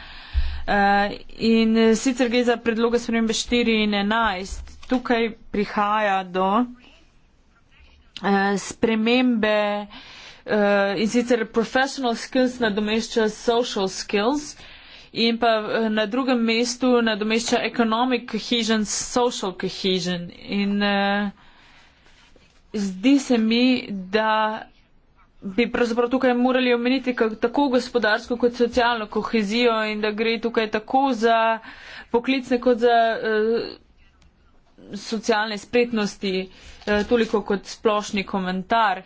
In sicer gre za predloge spremembe 4 in 11. Tukaj prihaja do spremembe uh, in sicer professional skills nadomešča social skills in pa uh, na drugem mestu nadomešča economic cohesion s social cohesion. In uh, zdi se mi, da bi pravzaprav tukaj morali omeniti tako gospodarsko kot socialno kohezijo in da gre tukaj tako za poklicne kot za uh, socialne spretnosti, uh, toliko kot splošni komentar. Uh,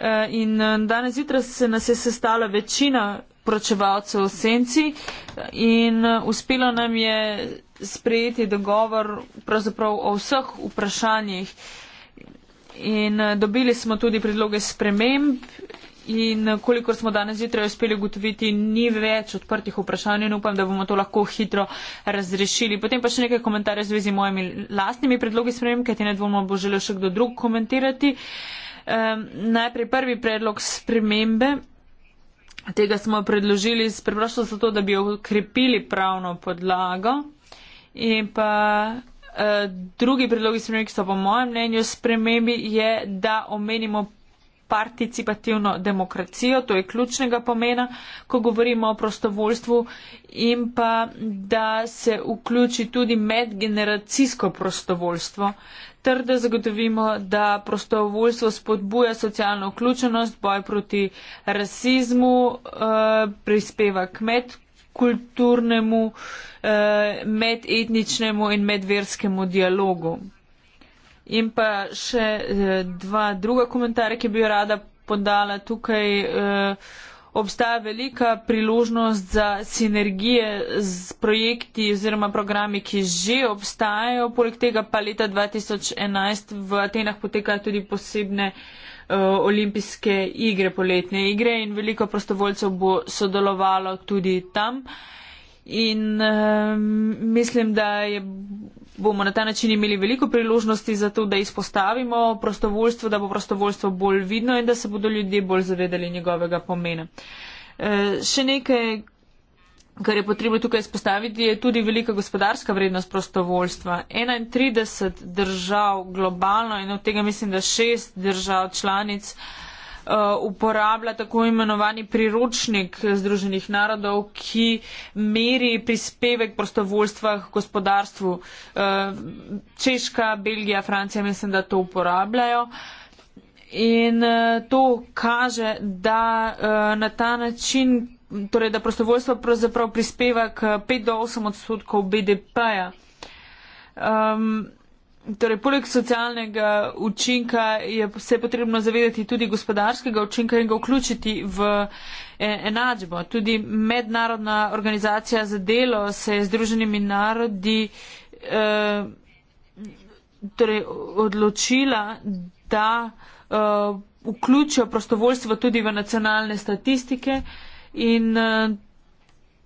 Eh, in eh, danes zjutraj se nas je sestala večina poročevalcev v senci eh, in uspelo nam je sprejeti dogovor pravzaprav o vseh vprašanjih. In dobili smo tudi predloge sprememb in kolikor smo danes zjutraj uspeli ugotoviti, ni več odprtih vprašanj in upam, da bomo to lahko hitro razrešili. Potem pa še nekaj komentarjev v zvezi mojimi lastnimi predlogi sprememb, kajti nedvomno bo želel še kdo drug komentirati. Uh, Um, najprej prvi predlog spremembe. Tega smo predložili preprosto zato, da bi okrepili pravno podlago. In pa uh, drugi predlogi spremembe, ki so po mojem mnenju spremembi, je, da omenimo participativno demokracijo, to je ključnega pomena, ko govorimo o prostovoljstvu in pa da se vključi tudi medgeneracijsko prostovoljstvo, ter da zagotovimo, da prostovoljstvo spodbuja socialno vključenost, boj proti rasizmu, eh, prispeva k medkulturnemu, eh, medetničnemu in medverskemu dialogu. In pa še eh, dva druga komentarja, ki bi jo rada podala tukaj. Uh, obstaja velika priložnost za sinergije z projekti oziroma programi, ki že obstajajo. Poleg tega pa leta 2011 v Atenah potekajo tudi posebne eh, olimpijske igre, poletne igre in veliko prostovoljcev bo sodelovalo tudi tam. In um, mislim, da je bomo na ta način imeli veliko priložnosti za to, da izpostavimo prostovoljstvo, da bo prostovoljstvo bolj vidno in da se bodo ljudje bolj zavedali njegovega pomena. E, še nekaj, kar je potrebno tukaj izpostaviti, je tudi velika gospodarska vrednost prostovoljstva. 31 držav globalno in od tega mislim, da 6 držav članic uh, Uh, uporablja tako imenovani priročnik Združenih narodov, ki meri prispevek prostovoljstva k gospodarstvu. Uh, Češka, Belgija, Francija mislim, da to uporabljajo. In uh, to kaže, da na ta način, torej da prostovoljstvo prispeva k 5 do 8 odstotkov BDP-ja. Um, Torej, poleg socialnega učinka je se potrebno zavedati tudi gospodarskega učinka in ga vključiti v e, enačbo. Tudi mednarodna organizacija za delo se je združenimi narodi eh, torej odločila, da eh, vključijo prostovoljstvo tudi v nacionalne statistike in eh,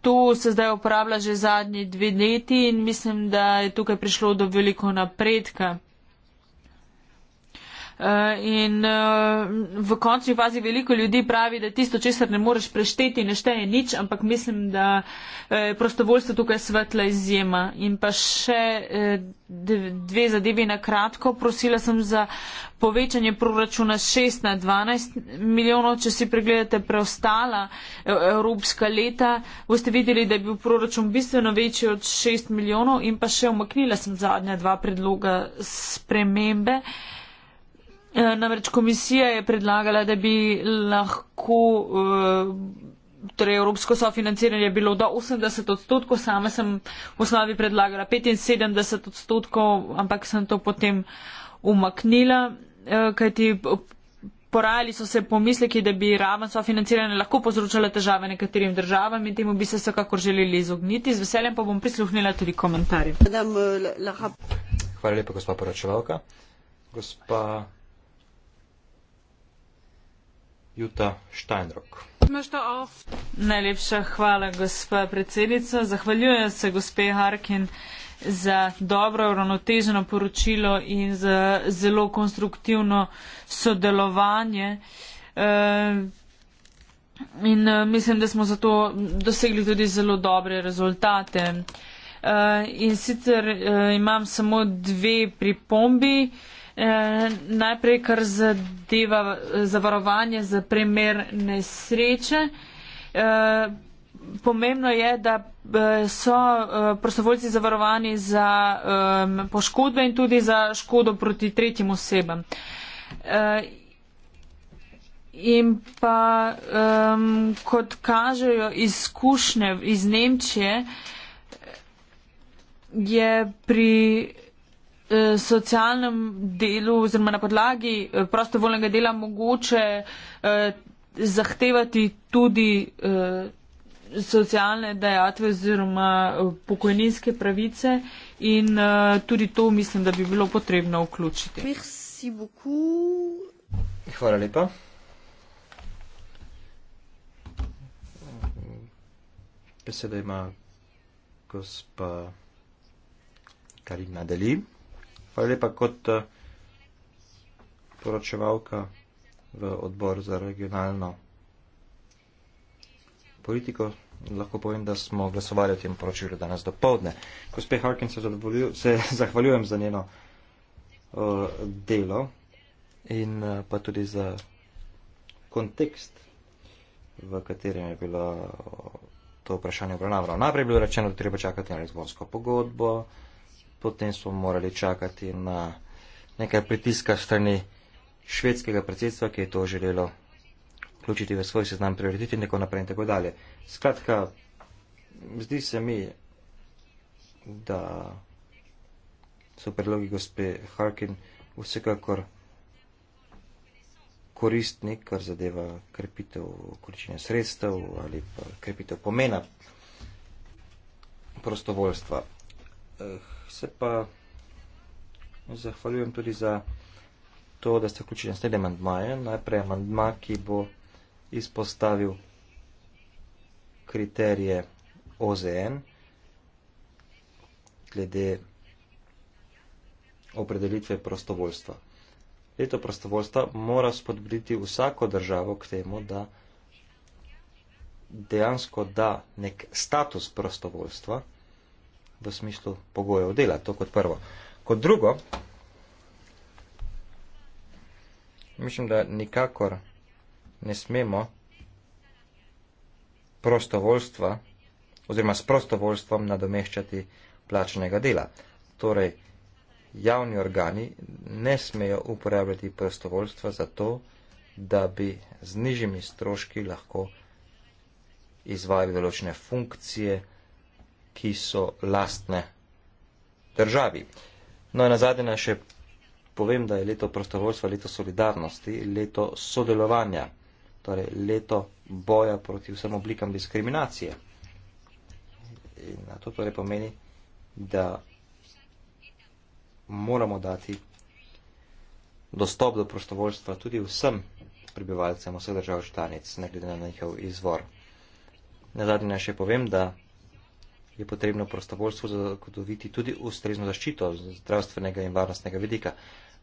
To se zdaj uporablja že zadnji dve leti in mislim, da je tukaj prišlo do veliko napredka. Eh, in eh, v končni fazi veliko ljudi pravi, da tisto, česar ne moreš prešteti, ne šteje nič, ampak mislim, da je eh, prostovoljstvo tukaj svetla izjema. In pa še dve zadevi na kratko. Prosila sem za povečanje proračuna 6 na 12 milijonov. Če si pregledate preostala evropska leta, boste videli, da je bil proračun bistveno večji od 6 milijonov. In pa še omaknila sem zadnja dva predloga spremembe. Eh, namreč komisija je predlagala, da bi lahko. Eh, torej, evropsko sofinanciranje je bilo do 80 odstotkov, sama sem v osnovi predlagala 75 odstotkov, ampak sem to potem umaknila, eh, kajti porajali so se pomisleki, da bi raven sofinanciranja lahko povzročala težave nekaterim državam in temu bi se vsekakor želeli izogniti. Z veseljem pa bom prisluhnila tudi komentarje. Hvala lepa, gospa poročevalka. Gospa Juta Steinrock. Najlepša hvala, gospa predsednica. Zahvaljujem se, gospe Harkin, za dobro, uravnoteženo poročilo in za zelo konstruktivno sodelovanje. E, in eh, mislim, da smo zato dosegli tudi zelo dobre rezultate. E, in sicer e, imam samo dve pripombi. E, Eh, najprej, kar zadeva zavarovanje za primer nesreče. Eh, pomembno je, da eh, so prostovoljci zavarovani za poškodbe in tudi za škodo proti tretjim osebam. In pa, um, kot kažejo izkušnje iz Nemčije, je pri Eh, socialnem delu oziroma na podlagi eh, prostovoljnega dela mogoče eh, zahtevati tudi eh, socialne dejatve oziroma eh, pokojninske pravice in eh, tudi to mislim, da bi bilo potrebno vključiti. Hvala lepa. Besedo ima gospa Karina Delim. Hvala lepa kot eh, poročevalka v odbor za regionalno politiko. Lahko povem, da smo glasovali o tem poročilu danes do povdne. Gospe Harkin, se, se zahvaljujem za njeno uh, delo in uh, pa tudi za kontekst, v katerem je bilo to vprašanje obravnavano. Najprej je bilo rečeno, da treba čakati na lizbonsko pogodbo potem smo morali čakati na nekaj pritiska strani švedskega predsedstva, ki je to želelo vključiti v svoj seznam prioriteti in tako naprej in tako dalje. Skratka, zdi se mi, da so predlogi gospe Harkin vsekakor koristni, kar zadeva krepitev količine sredstev ali pa krepitev pomena prostovoljstva. Eh, se pa zahvaljujem tudi za to, da ste vključili naslednje amandmaje. Najprej amandma, ki bo izpostavil kriterije OZN glede opredelitve prostovoljstva. Leto prostovoljstva mora spodbuditi vsako državo k temu, da dejansko da nek status prostovoljstva, v smislu pogojev dela, to kot prvo. Kot drugo, mislim, da nikakor ne smemo prostovoljstva oziroma s prostovoljstvom nadomeščati plačnega dela. Torej, javni organi ne smejo uporabljati prostovoljstva za to, da bi z nižjimi stroški lahko izvajali določene funkcije, ki so lastne državi. No in na zadnje naj še povem, da je leto prostovoljstva leto solidarnosti, leto sodelovanja, torej leto boja proti vsem oblikam diskriminacije. In to torej pomeni, da moramo dati dostop do prostovoljstva tudi vsem prebivalcem vseh držav članic, ne glede na njihov izvor. Na zadnje naj še povem, da je potrebno prostovoljstvo zagotoviti tudi ustrezno zaščito zdravstvenega in varnostnega vidika.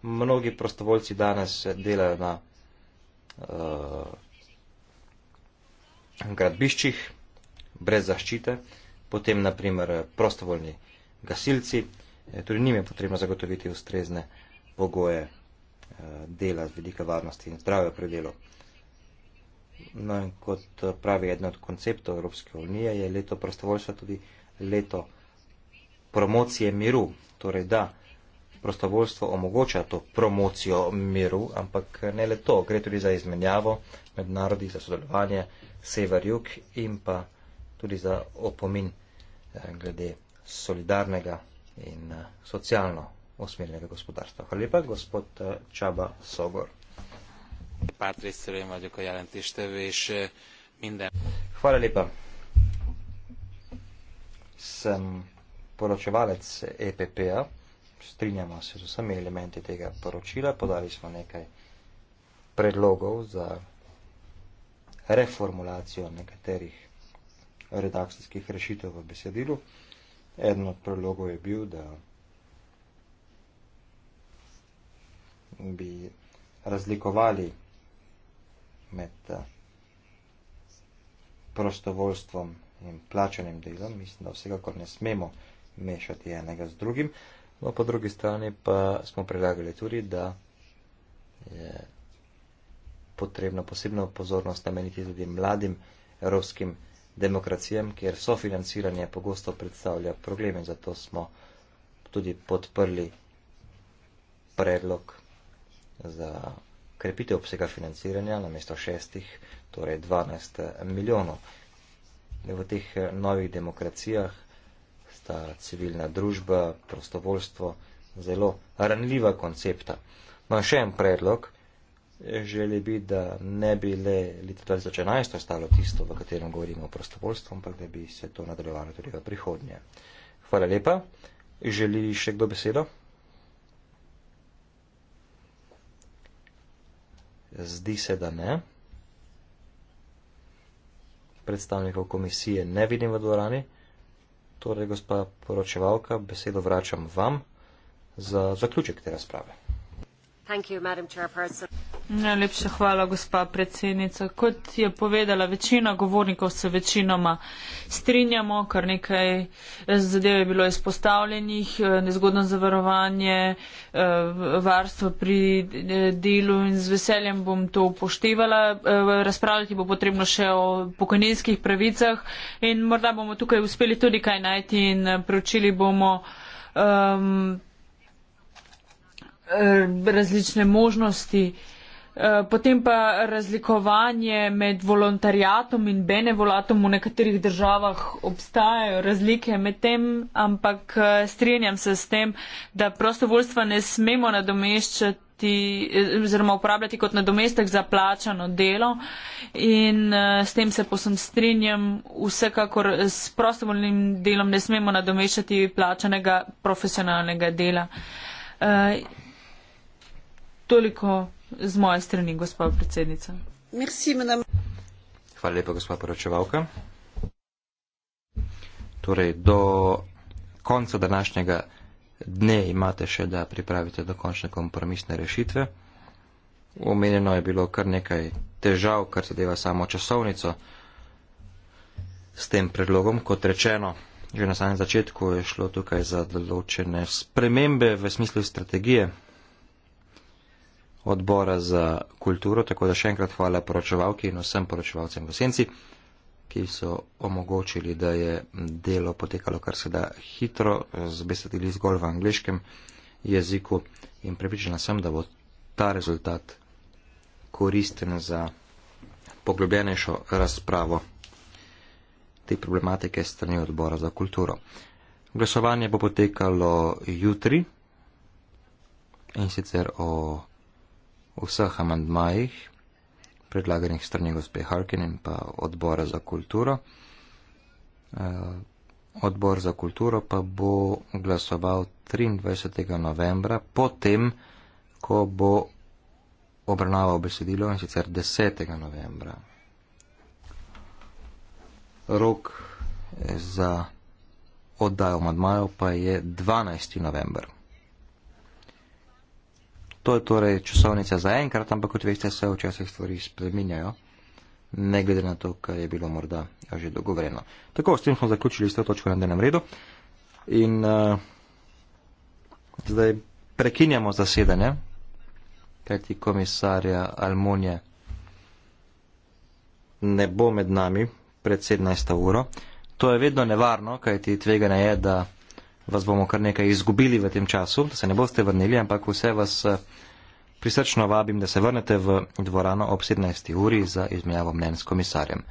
Mnogi prostovoljci danes delajo na uh, gradbiščih brez zaščite, potem naprimer prostovoljni gasilci, eh, tudi njim je potrebno zagotoviti ustrezne pogoje uh, dela z vidika varnosti in zdravja pri delu. No in kot pravi eden od konceptov Evropske unije, je leto prostovoljstva tudi leto promocije miru. Torej, da prostovoljstvo omogoča to promocijo miru, ampak ne le to, gre tudi za izmenjavo med narodi, za sodelovanje sever-jug in pa tudi za opomin eh, glede solidarnega in eh, socialno usmerjenega gospodarstva. Hvala lepa, gospod eh, Čaba Sogor. Patrice, vem, da je kojalen tište, veš, minden. Hvala lepa sem poročevalec EPP-a, strinjamo se z vsemi elementi tega poročila, podali smo nekaj predlogov za reformulacijo nekaterih redakcijskih rešitev v besedilu. Eden od predlogov je bil, da bi razlikovali med eh, prostovoljstvom in plačanim delom, mislim, da vsekakor ne smemo mešati enega z drugim. No, po drugi strani pa smo predlagali tudi, da je potrebno posebno pozornost nameniti tudi mladim evropskim demokracijam, kjer sofinanciranje pogosto predstavlja probleme. Zato smo tudi podprli predlog za krepitev obsega financiranja namesto šestih, torej 12 milijonov v teh eh, novih demokracijah sta civilna družba, prostovoljstvo zelo ranljiva koncepta. No, še en predlog želi bi, da ne bi le leta 2011 ostalo tisto, v katerem govorimo o prostovoljstvu, ampak da bi se to nadaljevalo tudi v prihodnje. Hvala lepa. Želi še kdo besedo? Zdi se, da ne predstavnikov komisije ne vidim v dvorani. Torej, gospa poročevalka, besedo vračam vam za zaključek te razprave. Thank you, Madam Chairperson. Najlepša hvala, gospa predsednica. Kot je povedala večina govornikov, se večinoma strinjamo, kar nekaj eh, zadev je bilo izpostavljenih, eh, nezgodno zavarovanje, eh, varstvo pri delu in z veseljem bom to upoštevala. Razpravljati bo potrebno še o pokojninskih pravicah in morda bomo tukaj uspeli tudi kaj najti in preučili bomo. Um, različne možnosti uh, Eh, potem pa razlikovanje med volontarijatom in benevolatom v nekaterih državah obstajajo razlike med tem, ampak eh, strinjam se s tem, da prostovoljstva ne smemo nadomeščati eh, oziroma uporabljati kot nadomestek za plačano delo in s tem se posem strinjam, vsekakor s prostovoljnim delom ne smemo nadomeščati plačanega profesionalnega dela. Toliko z moje strani, gospa predsednica. Merci, Hvala lepa, gospa poročevalka. Torej, do konca današnjega dne imate še, da pripravite dokončne kompromisne rešitve. Omenjeno je bilo kar nekaj težav, kar zadeva samo časovnico s tem predlogom. Kot rečeno, že na samem začetku je šlo tukaj za določene spremembe v smislu strategije, odbora za kulturo, tako da še enkrat hvala poročevalki in vsem poročevalcem v senci, ki so omogočili, da je delo potekalo kar se da hitro, z besedili zgolj v angliškem jeziku in prepričana sem, da bo ta rezultat koristen za poglobljenejšo razpravo te problematike strani odbora za kulturo. Glasovanje bo potekalo jutri in sicer o o vseh amandmajih, predlaganih strani gospe Harkin in pa odbora za kulturo. Eh, odbor za kulturo pa bo glasoval 23. novembra, potem, ko bo obrnaval besedilo in sicer 10. novembra. Rok eh, za oddajo madmajo pa je 12. novembra to je torej časovnica za enkrat, ampak kot veste, se včasih stvari spreminjajo, ne glede na to, kar je bilo morda že dogovoreno. Tako, s tem smo zaključili s to točko na denem redu in uh, zdaj prekinjamo zasedanje, kajti komisarja Almonje ne bo med nami pred 17. uro. To je vedno nevarno, kajti tvegane je, da vas bomo kar nekaj izgubili v tem času, da se ne boste vrnili, ampak vse vas eh, prisrčno vabim, da se vrnete v dvorano ob 17. uri za izmenjavo mnen s komisarjem.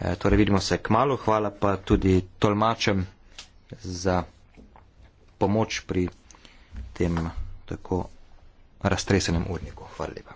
E, torej vidimo se k malu, hvala pa tudi tolmačem za pomoč pri tem tako raztresenem urniku. Hvala lepa.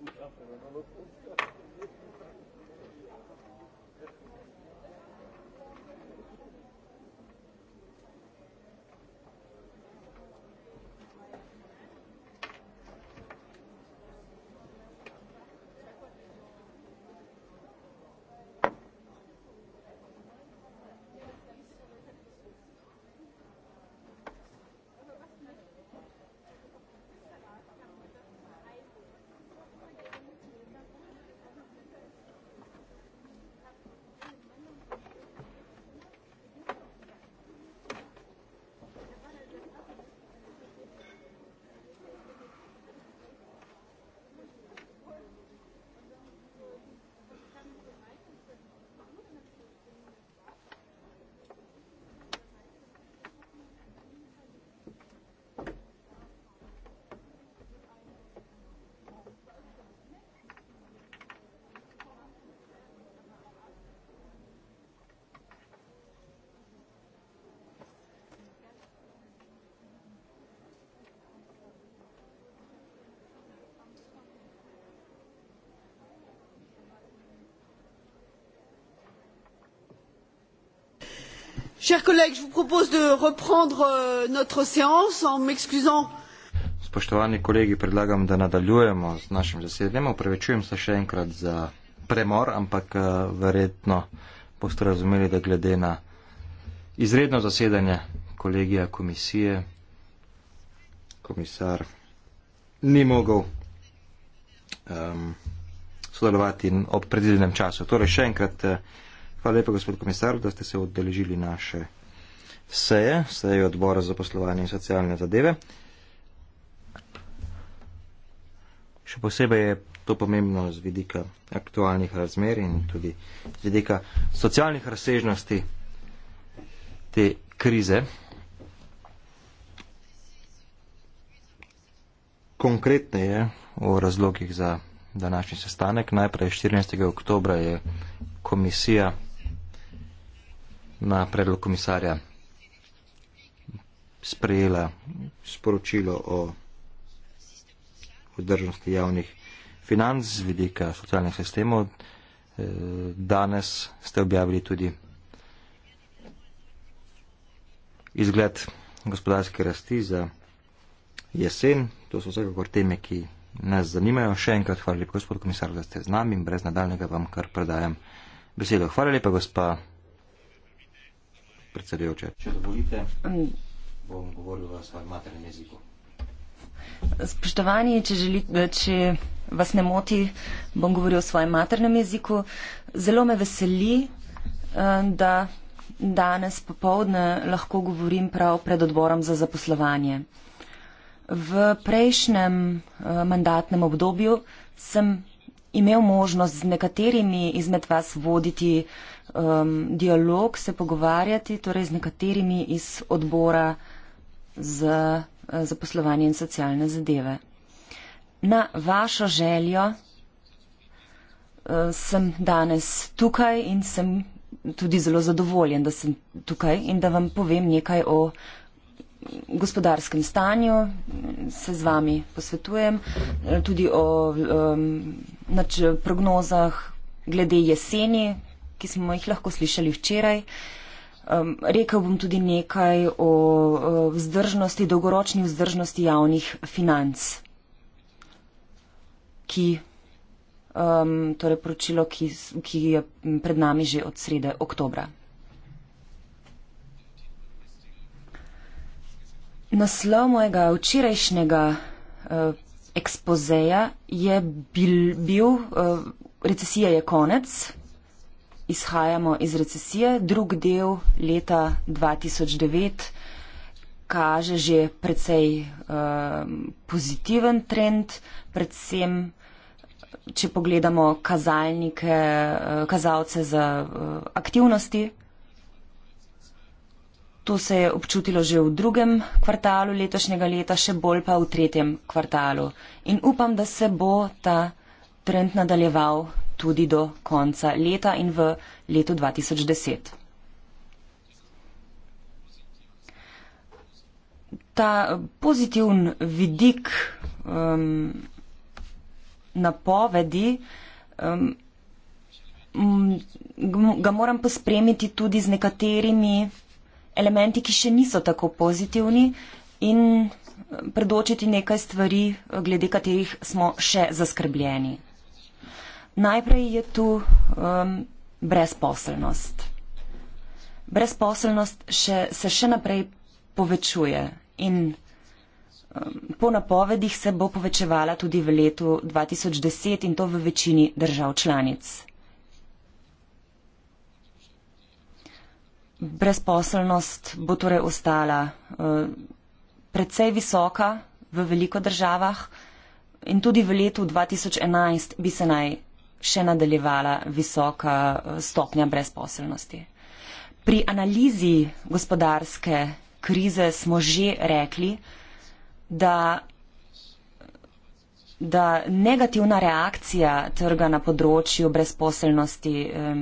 gut ab, wenn man noch chers collègues, je vous propose de reprendre euh, notre séance en m'excusant. Spoštovani kolegi, predlagam, da nadaljujemo z našim zasedanjem. Prevečujem se še enkrat za premor, ampak eh, verjetno boste razumeli, da glede na izredno zasedanje kolegija komisije, komisar ni mogel um, sodelovati ob predvidenem času. Torej, še enkrat. Uh, Hvala lepa, gospod komisar, da ste se odeležili naše seje, seje odbora za poslovanje in socialne zadeve. Še posebej je to pomembno z vidika aktualnih razmer in tudi z vidika socialnih razsežnosti te krize. Konkretne je o razlogih za današnji sestanek. Najprej 14. oktobra je komisija na predlog komisarja sprejela sporočilo o vzdržnosti javnih financ z vidika socialnih sistemov. Eh, danes ste objavili tudi izgled gospodarske rasti za jesen. To so vsekakor teme, ki nas zanimajo. Še enkrat hvala lepa, gospod komisar, da ste z nami in brez nadaljnega vam kar predajam besedo. Hvala lepa, gospa predsedujoča. Če dovolite, mm. bom govoril v svojem maternem jeziku. Spoštovani, če, želi, če vas ne moti, bom govoril v svojem maternem jeziku. Zelo me veseli, eh, da danes popovdne lahko govorim prav pred odborom za zaposlovanje. V prejšnjem eh, mandatnem obdobju sem imel možnost z nekaterimi izmed vas voditi uh, um, dialog, se pogovarjati torej z nekaterimi iz odbora za eh, zaposlovanje in socialne zadeve. Na vašo željo uh, sem danes tukaj in sem tudi zelo zadovoljen, da sem tukaj in da vam povem nekaj o gospodarskem stanju, se z vami posvetujem, eh, tudi o um, prognozah glede jeseni, ki smo jih lahko slišali včeraj. Um, rekel bom tudi nekaj o, o vzdržnosti, dolgoročni vzdržnosti javnih financ, ki, um, torej poročilo, ki, ki je pred nami že od srede oktobra. Naslov mojega včerajšnjega uh, ekspozeja je bil, bil uh, recesija je konec izhajamo iz recesije, drug del leta 2009 kaže že precej uh, pozitiven trend, predvsem če pogledamo kazalnike, uh, kazalce za uh, aktivnosti. To se je občutilo že v drugem kvartalu letošnjega leta, še bolj pa v tretjem kvartalu. In upam, da se bo ta trend nadaljeval tudi do konca leta in v letu 2010. Ta eh, pozitivn vidik um, napovedi um, ga moram pospremiti tudi z nekaterimi elementi, ki še niso tako pozitivni in eh, predočiti nekaj stvari, glede katerih smo še zaskrbljeni. Najprej je tu um, brezposelnost. Brezposelnost še, se še naprej povečuje in um, po napovedih se bo povečevala tudi v letu 2010 in to v večini držav članic. Brezposelnost bo torej ostala um, precej visoka v veliko državah in tudi v letu 2011 bi se naj še nadaljevala visoka eh, stopnja brezposelnosti. Pri analizi gospodarske krize smo že rekli, da, da negativna reakcija trga na področju brezposelnosti, um,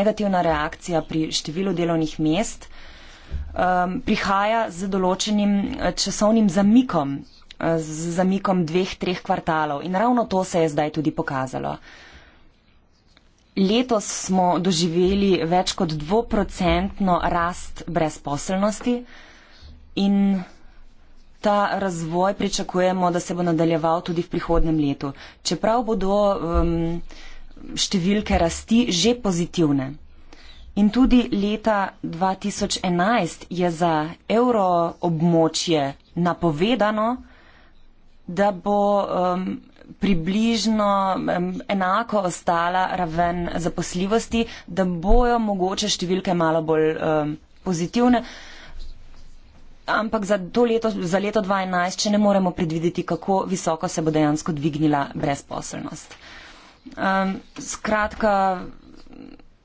negativna reakcija pri številu delovnih mest um, prihaja z določenim eh, časovnim zamikom, eh, z zamikom dveh, treh kvartalov. In ravno to se je zdaj tudi pokazalo. Letos smo doživeli več kot dvoprocentno rast brezposelnosti in ta razvoj pričakujemo, da se bo nadaljeval tudi v prihodnem letu. Čeprav bodo um, številke rasti že pozitivne. In tudi leta 2011 je za evro območje napovedano, da bo um, približno enako ostala raven zaposljivosti, da bojo mogoče številke malo bolj um, pozitivne. Ampak za, leto, za leto 2012 še ne moremo predvideti, kako visoko se bo dejansko dvignila brezposelnost. Um, skratka,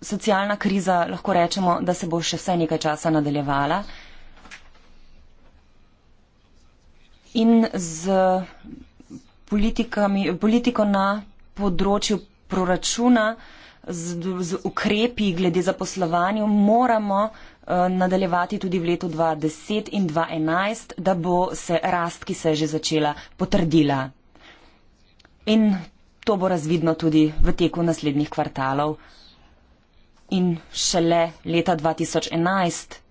socialna kriza lahko rečemo, da se bo še vse nekaj časa nadaljevala. In z politiko na področju proračuna z, z ukrepi glede zaposlovanja moramo eh, nadaljevati tudi v letu 2010 in 2011, da bo se rast, ki se je že začela, potrdila. In to bo razvidno tudi v teku naslednjih kvartalov. In šele leta 2011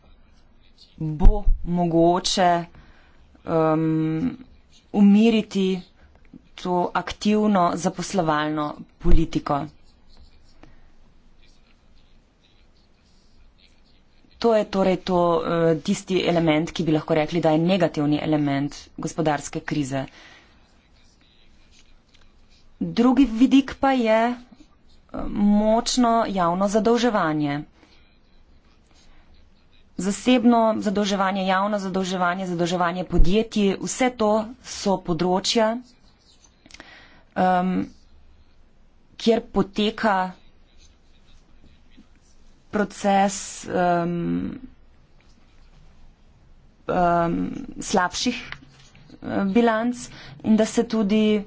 bo mogoče um, umiriti to aktivno zaposlovalno politiko. To je torej to, eh, tisti element, ki bi lahko rekli, da je negativni element gospodarske krize. Drugi vidik pa je eh, močno javno zadolževanje. Zasebno zadolževanje, javno zadolževanje, zadolževanje podjetij, vse to so področja, um, kjer poteka proces um, um, slabših uh, bilanc in da se tudi,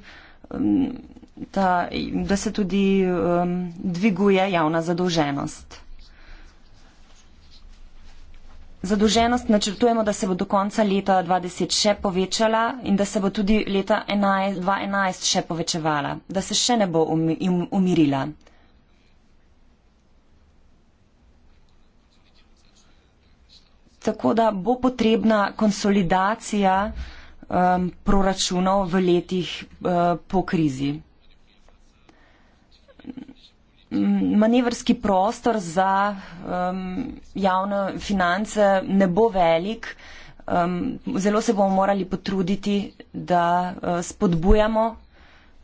um, ta, da se tudi um, dviguje javna zadolženost. Zadolženost načrtujemo, da se bo do konca leta 2020 še povečala in da se bo tudi leta 11, 2011 še povečevala, da se še ne bo umirila. Tako da bo potrebna konsolidacija um, proračunov v letih uh, po krizi manevrski prostor za um, javne finance ne bo velik. Um, zelo se bomo morali potruditi, da uh, spodbujamo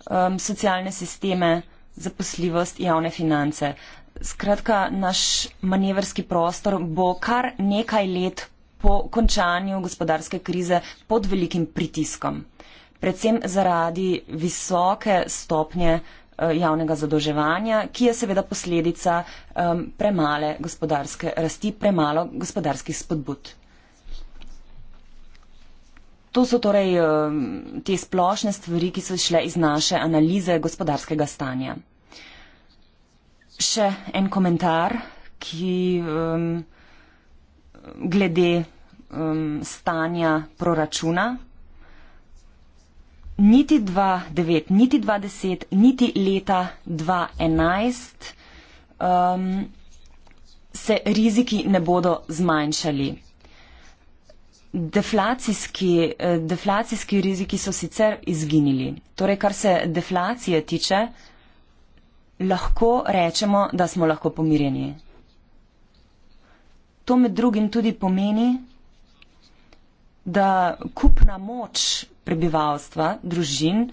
um, socialne sisteme za posljivost javne finance. Skratka, naš manevrski prostor bo kar nekaj let po končanju gospodarske krize pod velikim pritiskom, predvsem zaradi visoke stopnje uh, Eh, javnega zadolževanja, ki je seveda posledica um, premale gospodarske rasti, premalo gospodarskih spodbud. To so torej um, te splošne stvari, ki so šle iz naše analize gospodarskega stanja. Še en komentar, ki um, glede um, stanja proračuna niti 2009, niti 2010, niti leta 2011 um, se riziki ne bodo zmanjšali. Deflacijski, eh, deflacijski riziki so sicer izginili. Torej, kar se deflacije tiče, lahko rečemo, da smo lahko pomirjeni. To med drugim tudi pomeni, da kupna moč prebivalstva, družin,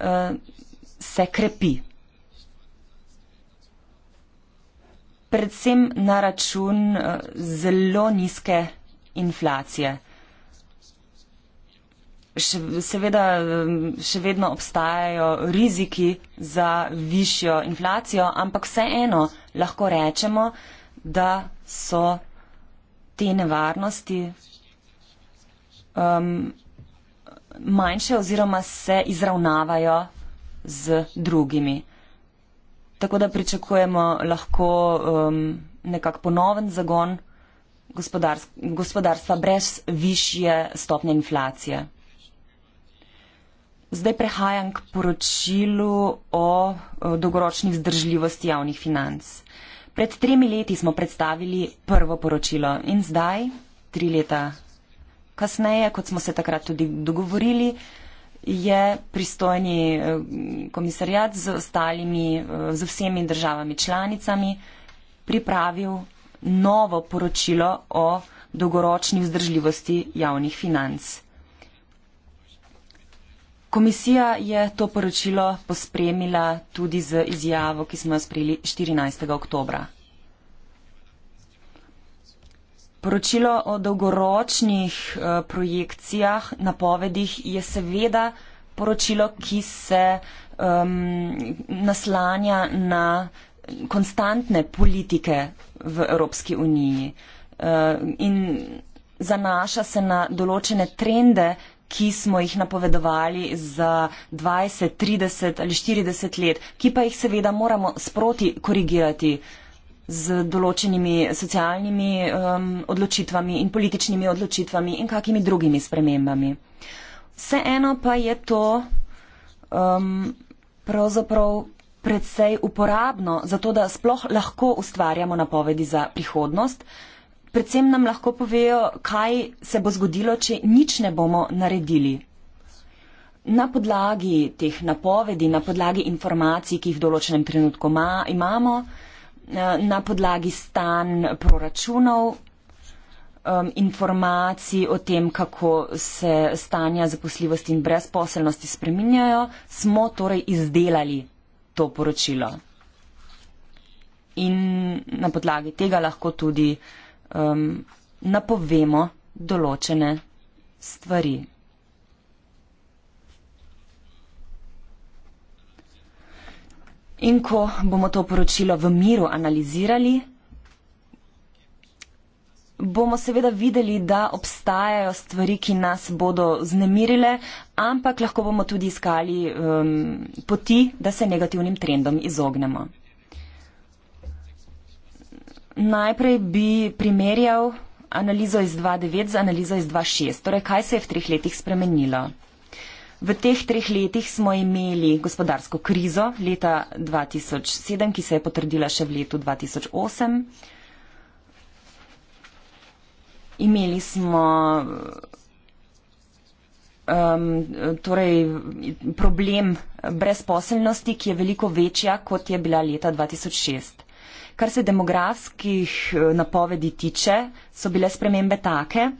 uh, se krepi. Predvsem na račun uh, zelo nizke inflacije. Še, seveda, eh, še vedno obstajajo riziki za višjo inflacijo, ampak vseeno lahko rečemo, da so te nevarnosti um, manjše oziroma se izravnavajo z drugimi. Tako da pričakujemo lahko um, nekak ponoven zagon gospodars gospodarstva brez višje stopne inflacije. Zdaj prehajam k poročilu o, o dolgoročni vzdržljivosti javnih financ. Pred tremi leti smo predstavili prvo poročilo in zdaj, tri leta kasneje, kot smo se takrat tudi dogovorili, je pristojni eh, komisarjat z ostalimi, eh, z vsemi državami članicami pripravil novo poročilo o dolgoročni vzdržljivosti javnih financ. Komisija je to poročilo pospremila tudi z izjavo, ki smo jo sprejeli 14. oktobra. Poročilo o dolgoročnih eh, projekcijah, napovedih je seveda poročilo, ki se um, naslanja na konstantne politike v Evropski uniji uh, in zanaša se na določene trende, ki smo jih napovedovali za 20, 30 ali 40 let, ki pa jih seveda moramo sproti korigirati. Uh, z določenimi socialnimi um, odločitvami in političnimi odločitvami in kakimi drugimi spremembami. Vseeno pa je to um, pravzaprav predvsej uporabno za to, da sploh lahko ustvarjamo napovedi za prihodnost. Predvsem nam lahko povejo, kaj se bo zgodilo, če nič ne bomo naredili. Na podlagi teh napovedi, na podlagi informacij, ki jih v določenem trenutku ima, imamo, Eh, na podlagi stan proračunov, um, informacij o tem, kako se stanja zaposljivosti in brezposelnosti spreminjajo, smo torej izdelali to poročilo. In na podlagi tega lahko tudi um, napovemo določene stvari. In ko bomo to poročilo v miru analizirali, bomo seveda videli, da obstajajo stvari, ki nas bodo znemirile, ampak lahko bomo tudi iskali um, poti, da se negativnim trendom izognemo. Najprej bi primerjal analizo iz 2.9 z analizo iz 2.6, torej kaj se je v treh letih spremenilo. V teh treh letih smo imeli gospodarsko krizo leta 2007, ki se je potrdila še v letu 2008. Imeli smo um, torej, problem brezposelnosti, ki je veliko večja, kot je bila leta 2006. Kar se demografskih eh, napovedi tiče, so bile spremembe take,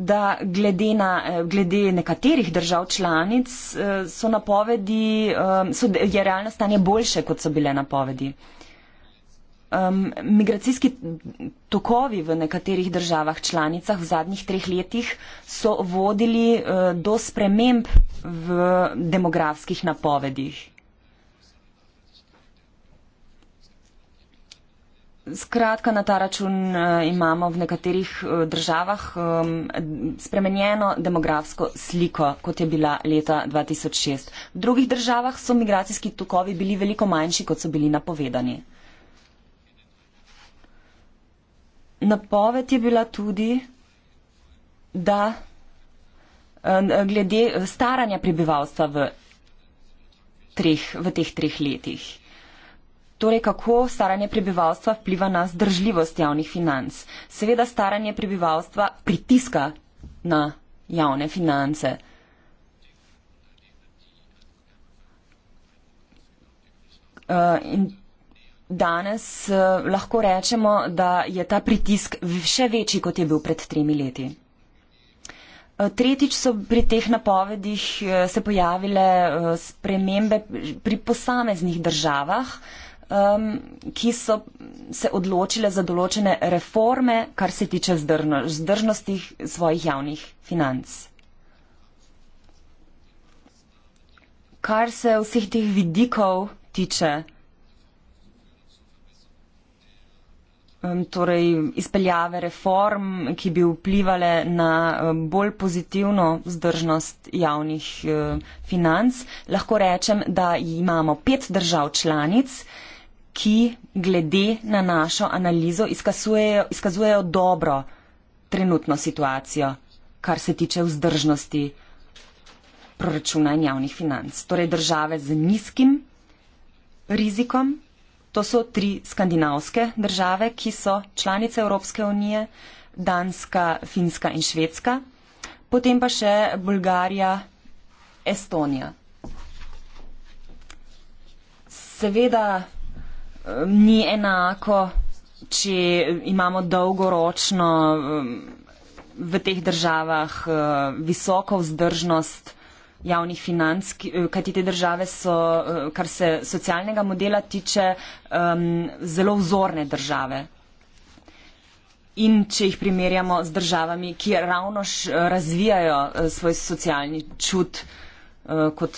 da glede, na, eh, glede nekaterih držav članic eh, so napovedi, eh, so, je realno stanje boljše, kot so bile napovedi. Um, migracijski tokovi v nekaterih državah članicah v zadnjih treh letih so vodili uh, do sprememb v demografskih napovedih. Skratka, na ta račun eh, imamo v nekaterih eh, državah ehm, spremenjeno demografsko sliko, kot je bila leta 2006. V drugih državah so migracijski tokovi bili veliko manjši, kot so bili napovedani. Napoved je bila tudi, da ehm, glede staranja prebivalstva v, treh, v teh treh letih. Torej, kako staranje prebivalstva vpliva na zdržljivost javnih financ? Seveda, staranje prebivalstva pritiska na javne finance. Eh, in danes eh, lahko rečemo, da je ta pritisk še večji, kot je bil pred tremi leti. Eh, tretjič so pri teh napovedih se pojavile spremembe pri posameznih državah, um, ki so se odločile za določene reforme, kar se tiče zdržnosti svojih javnih financ. Kar se vseh teh vidikov tiče, um, torej izpeljave reform, ki bi vplivali na um, bolj pozitivno vzdržnost javnih uh, financ, lahko rečem, da imamo pet držav članic, ki glede na našo analizo izkazujejo, izkazujejo dobro trenutno situacijo, kar se tiče vzdržnosti proračuna in javnih financ. Torej države z nizkim rizikom, to so tri skandinavske države, ki so članice Evropske unije, Danska, Finska in Švedska, potem pa še Bulgarija, Estonija. Seveda ni enako, če imamo dolgoročno v teh državah eh, visoko vzdržnost javnih financ, eh, kajti te države so, eh, kar se socialnega modela tiče, zelo vzorne države. In če jih primerjamo z državami, ki ravno razvijajo svoj socialni čut kot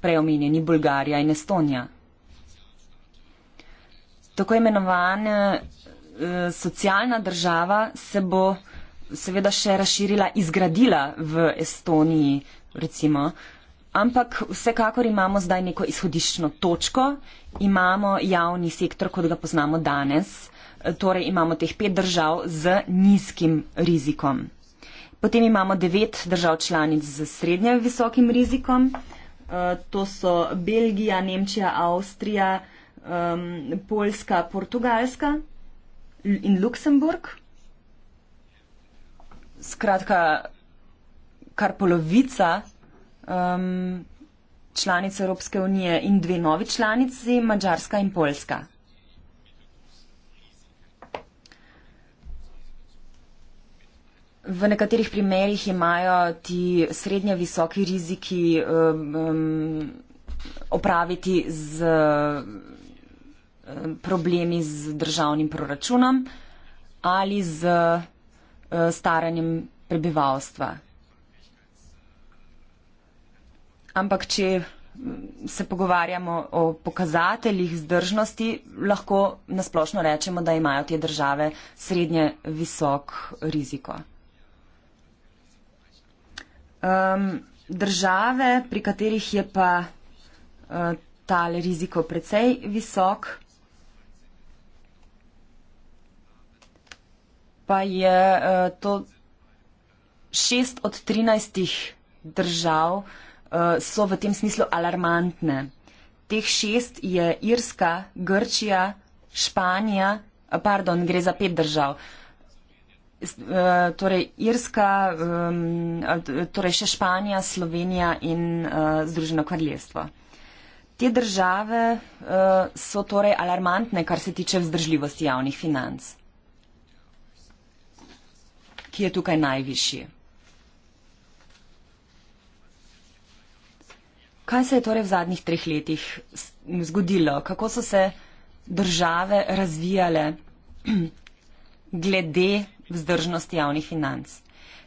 preomenjeni Bulgarija in Estonija tako imenovane eh, socialna država se bo seveda še razširila, izgradila v Estoniji, recimo. Ampak vsekakor imamo zdaj neko izhodiščno točko, imamo javni sektor, kot ga poznamo danes, torej imamo teh pet držav z nizkim rizikom. Potem imamo devet držav članic z srednjim visokim rizikom, eh, to so Belgija, Nemčija, Avstrija, um, Poljska, Portugalska in Luksemburg. Skratka, kar polovica um, članic Evropske unije in dve novi članici, Mačarska in Poljska. V nekaterih primerjih imajo ti srednje visoki riziki um, um, opraviti z Eh, problemi z državnim proračunom ali z eh, staranjem prebivalstva. Ampak, če mm, se pogovarjamo o pokazateljih zdržnosti, lahko nasplošno rečemo, da imajo te države srednje visok riziko. Um, države, pri katerih je pa uh, tale riziko precej visok, pa je uh, to šest od trinajstih držav uh, so v tem smislu alarmantne. Teh šest je Irska, Grčija, Španija, eh, pardon, gre za pet držav. Torej Irska, ehm, torej še Španija, Slovenija in Združeno kraljestvo. Te države so torej alarmantne, kar se tiče vzdržljivosti javnih financ ki je tukaj najvišji. Kaj se je torej v zadnjih treh letih zgodilo? Kako so se države razvijale glede vzdržnosti javnih financ?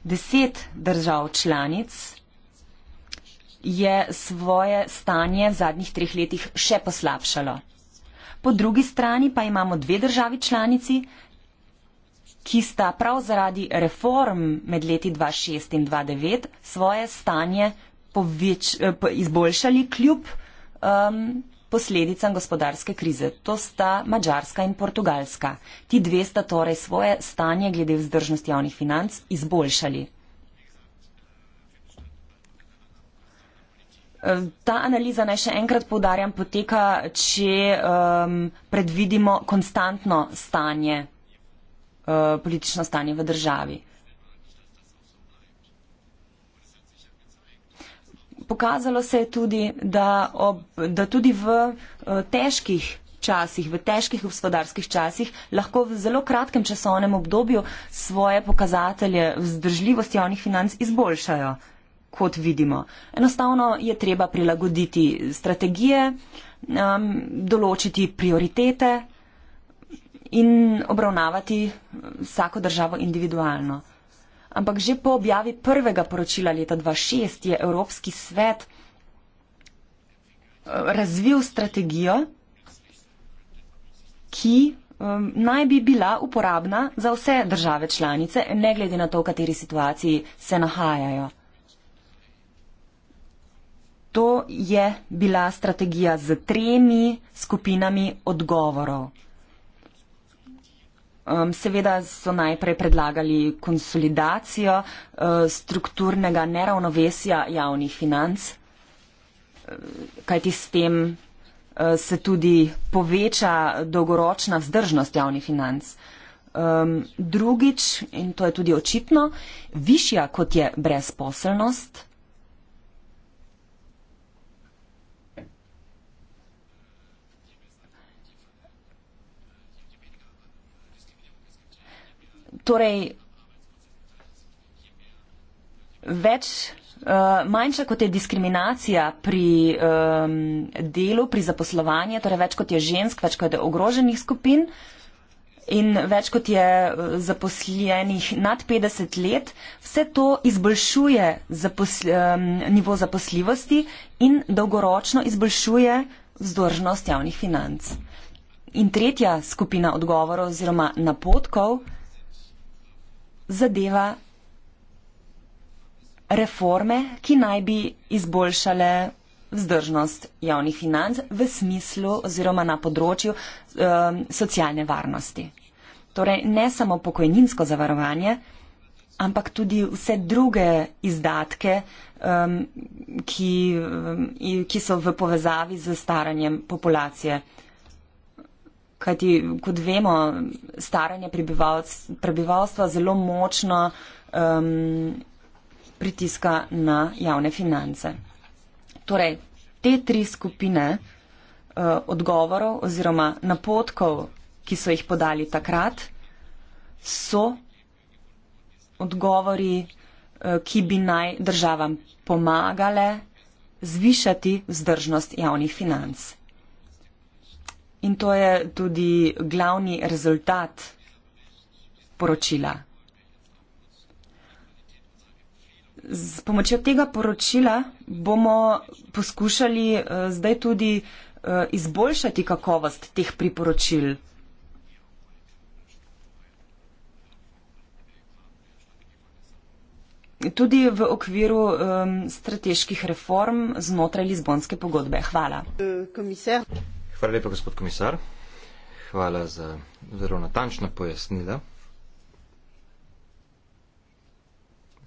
Deset držav članic je svoje stanje v zadnjih treh letih še poslabšalo. Po drugi strani pa imamo dve državi članici, ki sta prav zaradi reform med leti 2006 in 2009 svoje stanje poveč, eh, izboljšali kljub um, posledicam gospodarske krize. To sta Mačarska in Portugalska. Ti dve sta torej svoje stanje glede vzdržnosti javnih financ izboljšali. Eh, ta analiza, naj še enkrat poudarjam, poteka, če um, predvidimo konstantno stanje Eh, politično stanje v državi. Pokazalo se je tudi, da, ob, da tudi v eh, težkih časih, v težkih gospodarskih časih lahko v zelo kratkem časovnem obdobju svoje pokazatelje vzdržljivosti javnih financ izboljšajo, kot vidimo. Enostavno je treba prilagoditi strategije, um, določiti prioritete in obravnavati vsako državo individualno. Ampak že po objavi prvega poročila leta 2006 je Evropski svet eh, razvil strategijo, ki eh, naj bi bila uporabna za vse države članice, ne glede na to, v kateri situaciji se nahajajo. To je bila strategija z tremi skupinami odgovorov. Um, seveda so najprej predlagali konsolidacijo uh, strukturnega neravnovesja javnih financ, eh, kajti s tem uh, se tudi poveča dolgoročna vzdržnost javnih financ. Um, drugič, in to je tudi očitno, višja kot je brezposelnost, uh, torej več, uh, manjša kot je diskriminacija pri um, delu, pri zaposlovanju, torej več kot je žensk, več kot je ogroženih skupin in več kot je eh, zaposlenih nad 50 let, vse to izboljšuje zaposl um, nivo zaposljivosti in dolgoročno izboljšuje vzdržnost javnih financ. In tretja skupina odgovorov oziroma napotkov, zadeva reforme, ki naj bi izboljšale vzdržnost javnih financ v smislu oziroma na področju eh, socialne varnosti. Torej, ne samo pokojninsko zavarovanje, ampak tudi vse druge izdatke, eh, ki, ehm, ki so v povezavi z staranjem populacije. Kajti, kot vemo, staranje prebivalstva, prebivalstva zelo močno um, pritiska na javne finance. Torej, te tri skupine uh, odgovorov oziroma napotkov, ki so jih podali takrat, so odgovori, uh, ki bi naj državam pomagale zvišati vzdržnost javnih financ. In to je tudi glavni rezultat poročila. Z pomočjo tega poročila bomo poskušali eh, zdaj tudi eh, izboljšati kakovost teh priporočil. Tudi v okviru um, strateških reform znotraj Lizbonske pogodbe. Hvala. Uh, Hvala lepa, gospod komisar. Hvala za zelo natančna pojasnila,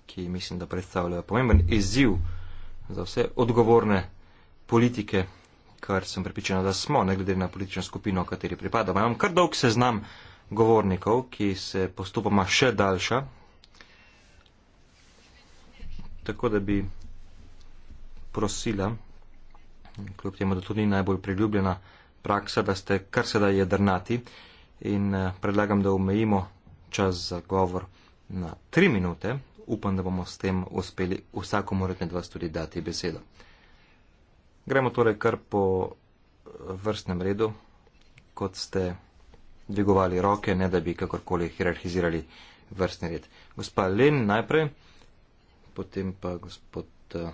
ki mislim, da predstavljajo pomemben izziv za vse odgovorne politike, kar sem pripričana, da smo, ne glede na politično skupino, kateri pripadamo. Imam kar dolg seznam govornikov, ki se postopoma še daljša, tako da bi prosila, kljub temu, da to ni najbolj priljubljena, praksa, da ste kar se da jedrnati in eh, predlagam, da omejimo čas za govor na tri minute. Upam, da bomo s tem uspeli vsakomu od vas tudi dati besedo. Gremo torej kar po eh, vrstnem redu, kot ste dvigovali roke, ne da bi kakorkoli hierarhizirali vrstni red. Gospa Len najprej, potem pa gospod eh,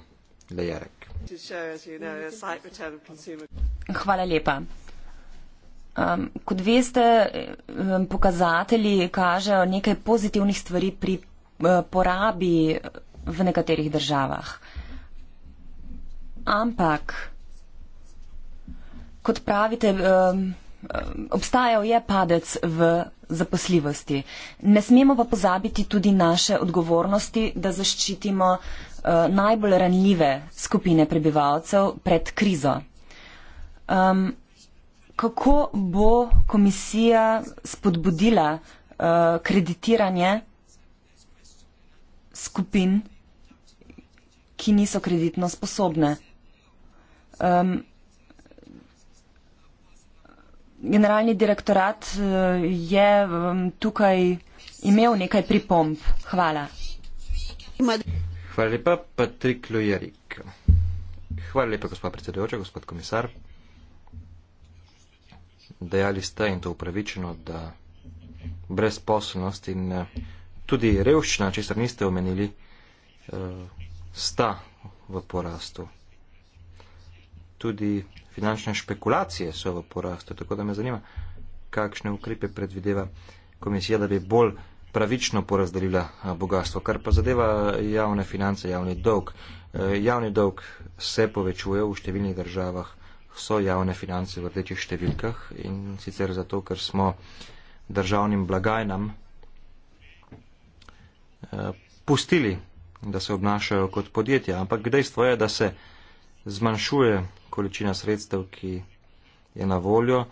Lejarek. Hvala lepa. Um, kot veste, um, pokazatelji kažejo nekaj pozitivnih stvari pri uh, porabi v nekaterih državah. Ampak, kot pravite, um, obstajal je padec v zaposljivosti. Ne smemo pa pozabiti tudi naše odgovornosti, da zaščitimo uh, najbolj ranljive skupine prebivalcev pred krizo. Um, kako bo komisija spodbudila uh, kreditiranje skupin, ki niso kreditno sposobne. Um, generalni direktorat eh, je um, tukaj imel nekaj pripomb. Hvala. Hvala lepa, Patrik Lujerik. Hvala lepa, gospod predsedujoča, gospod komisar dejali ste in to upravičeno, da brezposobnost in eh, tudi revščina, če se niste omenili, eh, sta v porastu. Tudi finančne špekulacije so v porastu, tako da me zanima, kakšne ukrepe predvideva komisija, da bi bolj pravično porazdelila eh, bogatstvo. Kar pa zadeva javne finance, javni dolg. Javni dolg se povečuje v številnih državah so javne finance v rdečih številkah in sicer zato, ker smo državnim blagajnam eh, pustili, da se obnašajo kot podjetja, ampak dejstvo je, da se zmanjšuje količina sredstev, ki je na voljo,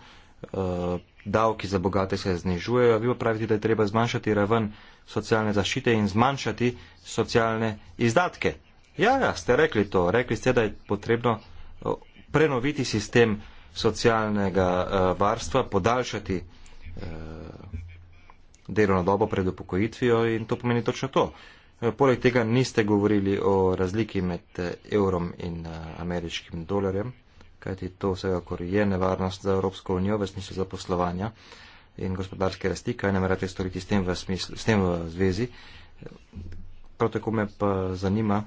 eh, davki za bogate se znižujejo, vi pa pravite, da je treba zmanjšati raven socialne zašite in zmanjšati socialne izdatke. Ja, ja, ste rekli to, rekli ste, da je potrebno eh, prenoviti sistem socialnega uh, varstva, podaljšati uh, delovno dobo pred upokojitvijo in to pomeni točno to. Uh, poleg tega niste govorili o razliki med uh, evrom in uh, ameriškim dolarjem, kajti to vsekakor je nevarnost za Evropsko unijo v smislu zaposlovanja in gospodarske rasti, kaj namerate storiti s tem v, smislu, s tem v zvezi. Prav tako me pa zanima,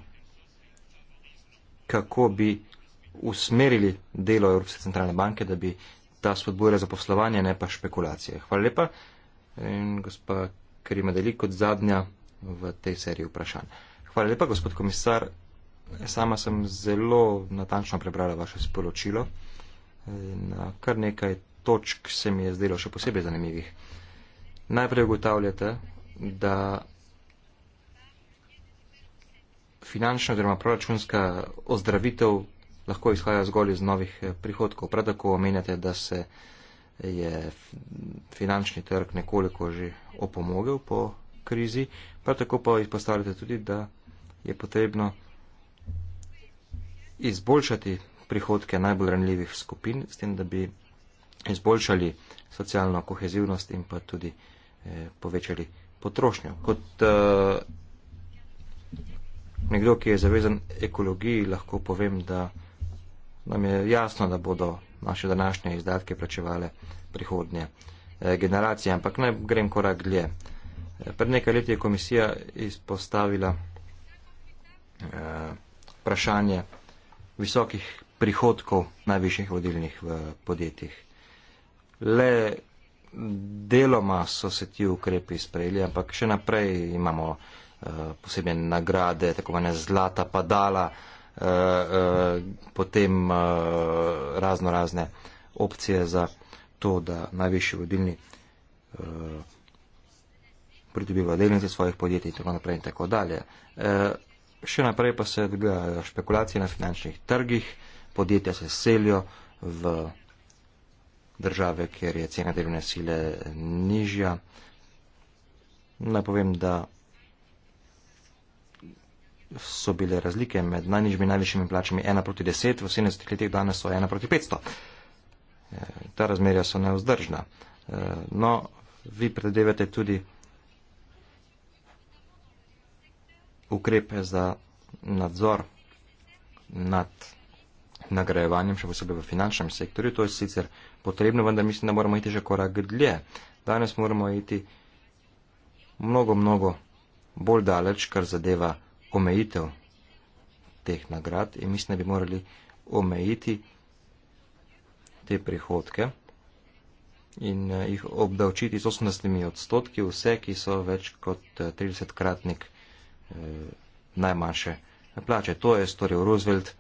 kako bi usmerili delo Evropske centralne banke, da bi ta spodbujala zaposlovanje, ne pa špekulacije. Hvala lepa. In gospa Krima Deli kot zadnja v tej seriji vprašanj. Hvala lepa, gospod komisar. Sama sem zelo natančno prebrala vaše sporočilo. In kar nekaj točk se mi je zdelo še posebej zanimivih. Najprej ugotavljate, da finančna oziroma proračunska ozdravitev lahko izhaja zgolj iz novih eh, prihodkov. Prav tako omenjate, da se je finančni trg nekoliko že opomogel po krizi, prav tako pa izpostavljate tudi, da je potrebno izboljšati prihodke najbolj ranljivih skupin, s tem, da bi izboljšali socialno kohezivnost in pa tudi eh, povečali potrošnjo. Kot eh, nekdo, ki je zavezan ekologiji, lahko povem, da nam je jasno, da bodo naše današnje izdatke plačevale prihodnje eh, generacije. Ampak naj grem korak dlje. Eh, pred nekaj leti je komisija izpostavila eh, vprašanje visokih prihodkov najvišjih vodilnih v podjetjih. Le deloma so se ti ukrepi sprejeli, ampak še naprej imamo eh, posebne nagrade, tako imenovane zlata padala. Eh, eh, potem eh, razno razne opcije za to, da najvišji vodilni eh, pridobivajo delnice svojih podjetij in tako naprej in tako dalje. Eh, še naprej pa se dogajajo špekulacije na finančnih trgih, podjetja se selijo v države, kjer je cena delovne sile nižja. Naj povem, da so bile razlike med najnižjimi in najvišjimi plačami 1 proti 10, v 70 letih danes so 1 proti 500. E, ta razmerja so neozdržna. E, no, vi predvidevate tudi ukrepe za nadzor nad nagrajevanjem, še posebej v finančnem sektorju. To je sicer potrebno, vendar mislim, da moramo iti že korak dlje. Danes moramo iti mnogo, mnogo bolj daleč, kar zadeva omejitev teh nagrad in mislim, da bi morali omejiti te prihodke in eh, jih obdavčiti z 18 odstotki vse, ki so več kot 30 eh, kratnik eh, najmanjše plače. To je storil Roosevelt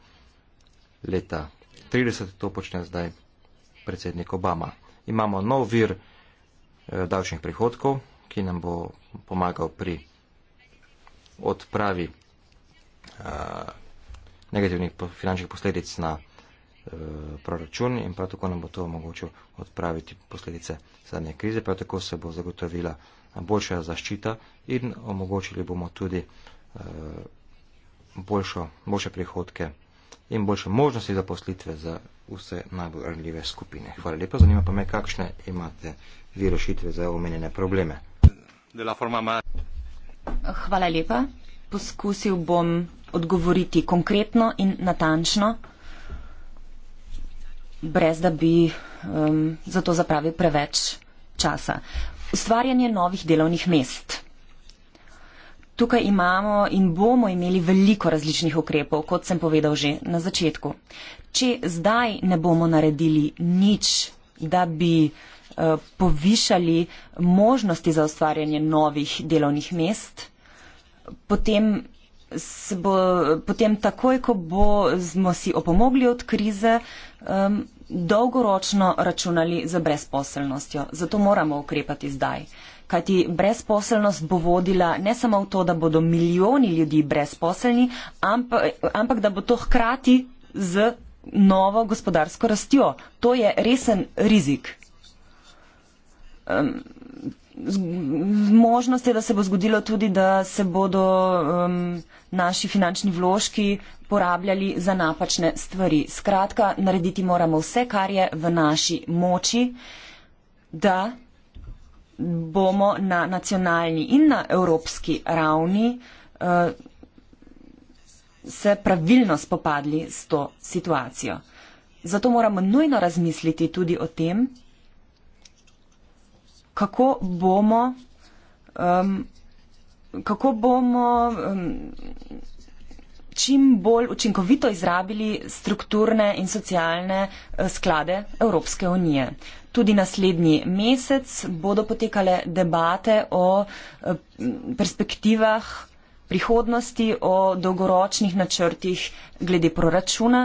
leta 30, to počne zdaj predsednik Obama. Imamo nov vir eh, davčnih prihodkov, ki nam bo pomagal pri odpravi Eh, negativnih finančnih posledic na eh, proračun in prav tako nam bo to omogočil odpraviti posledice zadnje krize, prav tako se bo zagotovila boljša zaščita in omogočili bomo tudi eh, boljšo, boljše prihodke in boljše možnosti za poslitve za vse najbolj ranljive skupine. Hvala lepa, zanima pa me, kakšne imate vi rešitve za omenjene probleme. Hvala lepa poskusil bom odgovoriti konkretno in natančno, brez da bi um, za to zapravil preveč časa. Ustvarjanje novih delovnih mest. Tukaj imamo in bomo imeli veliko različnih ukrepov, kot sem povedal že na začetku. Če zdaj ne bomo naredili nič, da bi uh, povišali možnosti za ustvarjanje novih delovnih mest, potem se bo, potem takoj, ko bo, smo si opomogli od krize, um, dolgoročno računali za brezposelnostjo. Zato moramo ukrepati zdaj. Kajti brezposelnost bo vodila ne samo v to, da bodo milijoni ljudi brezposelni, ampak, ampak da bo to hkrati z novo gospodarsko rastjo. To je resen rizik. Um, možnost je, da se bo zgodilo tudi, da se bodo um, naši finančni vložki porabljali za napačne stvari. Skratka, narediti moramo vse, kar je v naši moči, da bomo na nacionalni in na evropski ravni uh, se pravilno spopadli s to situacijo. Zato moramo nujno razmisliti tudi o tem, kako bomo, um, kako bomo um, čim bolj učinkovito izrabili strukturne in socialne eh, sklade Evropske unije. Tudi naslednji mesec bodo potekale debate o eh, perspektivah prihodnosti, o dolgoročnih načrtih glede proračuna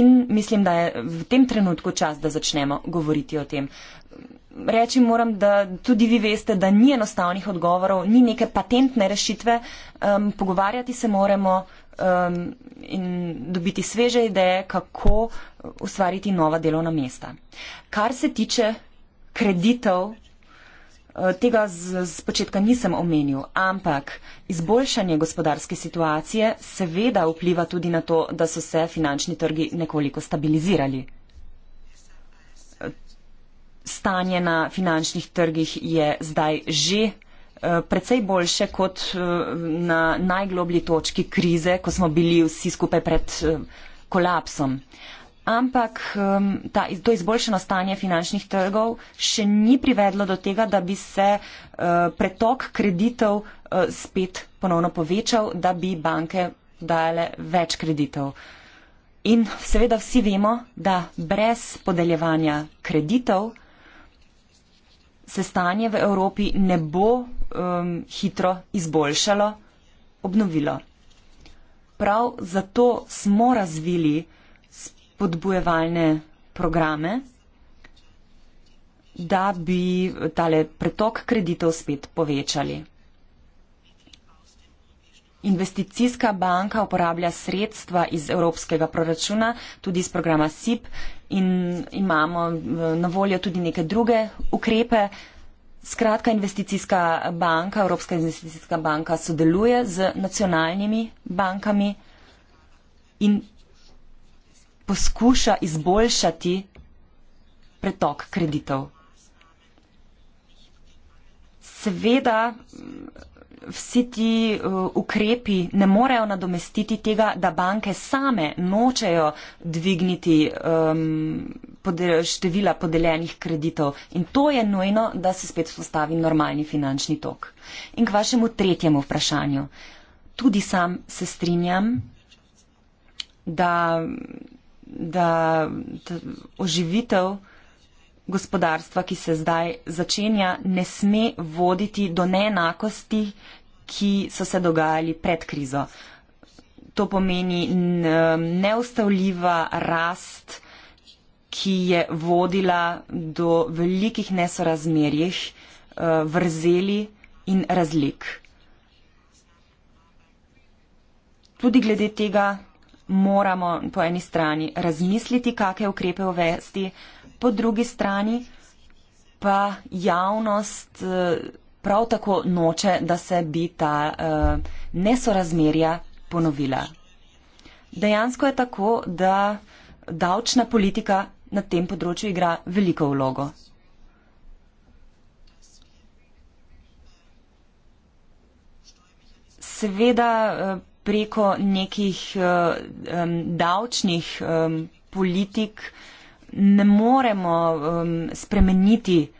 in mislim, da je v tem trenutku čas, da začnemo govoriti o tem reči moram, da tudi vi veste, da ni enostavnih odgovorov, ni neke patentne rešitve. Um, pogovarjati se moramo um, in dobiti sveže ideje, kako ustvariti nova delovna mesta. Kar se tiče kreditov, e, tega z, z početka nisem omenil, ampak izboljšanje gospodarske situacije seveda vpliva tudi na to, da so se finančni trgi nekoliko stabilizirali stanje na finančnih trgih je zdaj že eh, precej boljše kot eh, na najgloblji točki krize, ko smo bili vsi skupaj pred eh, kolapsom. Ampak ehm, ta, to izboljšeno stanje finančnih trgov še ni privedlo do tega, da bi se pretok kreditov spet ponovno povečal, da bi banke dajale več kreditov. In seveda vsi vemo, da brez podeljevanja kreditov se stanje v Evropi ne bo um, hitro izboljšalo, obnovilo. Prav zato smo razvili spodbujevalne programe, da bi tale pretok kreditov spet povečali. Investicijska banka uporablja sredstva iz evropskega proračuna, tudi iz programa SIP in imamo na voljo tudi neke druge ukrepe. Skratka, investicijska banka, Evropska investicijska banka sodeluje z nacionalnimi bankami in poskuša izboljšati pretok kreditov. Seveda vsi ti eh, ukrepi ne morejo nadomestiti tega, da banke same nočejo dvigniti um, števila podeljenih kreditov. In to je nujno, da se spet vzpostavi normalni finančni tok. In k vašemu tretjemu vprašanju. Tudi sam se strinjam, da, da oživitev gospodarstva, ki se zdaj začenja, ne sme voditi do neenakosti, ki so se dogajali pred krizo. To pomeni um, neustavljiva rast, ki je vodila do velikih nesorazmerjih, uh, vrzeli in razlik. Tudi glede tega moramo po eni strani razmisliti, kakšne ukrepe uvesti, po drugi strani pa javnost eh, prav tako noče, da se bi ta eh, nesorazmerja ponovila. Dejansko je tako, da davčna politika na tem področju igra veliko vlogo. Seveda eh, preko nekih davčnih politik, ne moremo um, spremeniti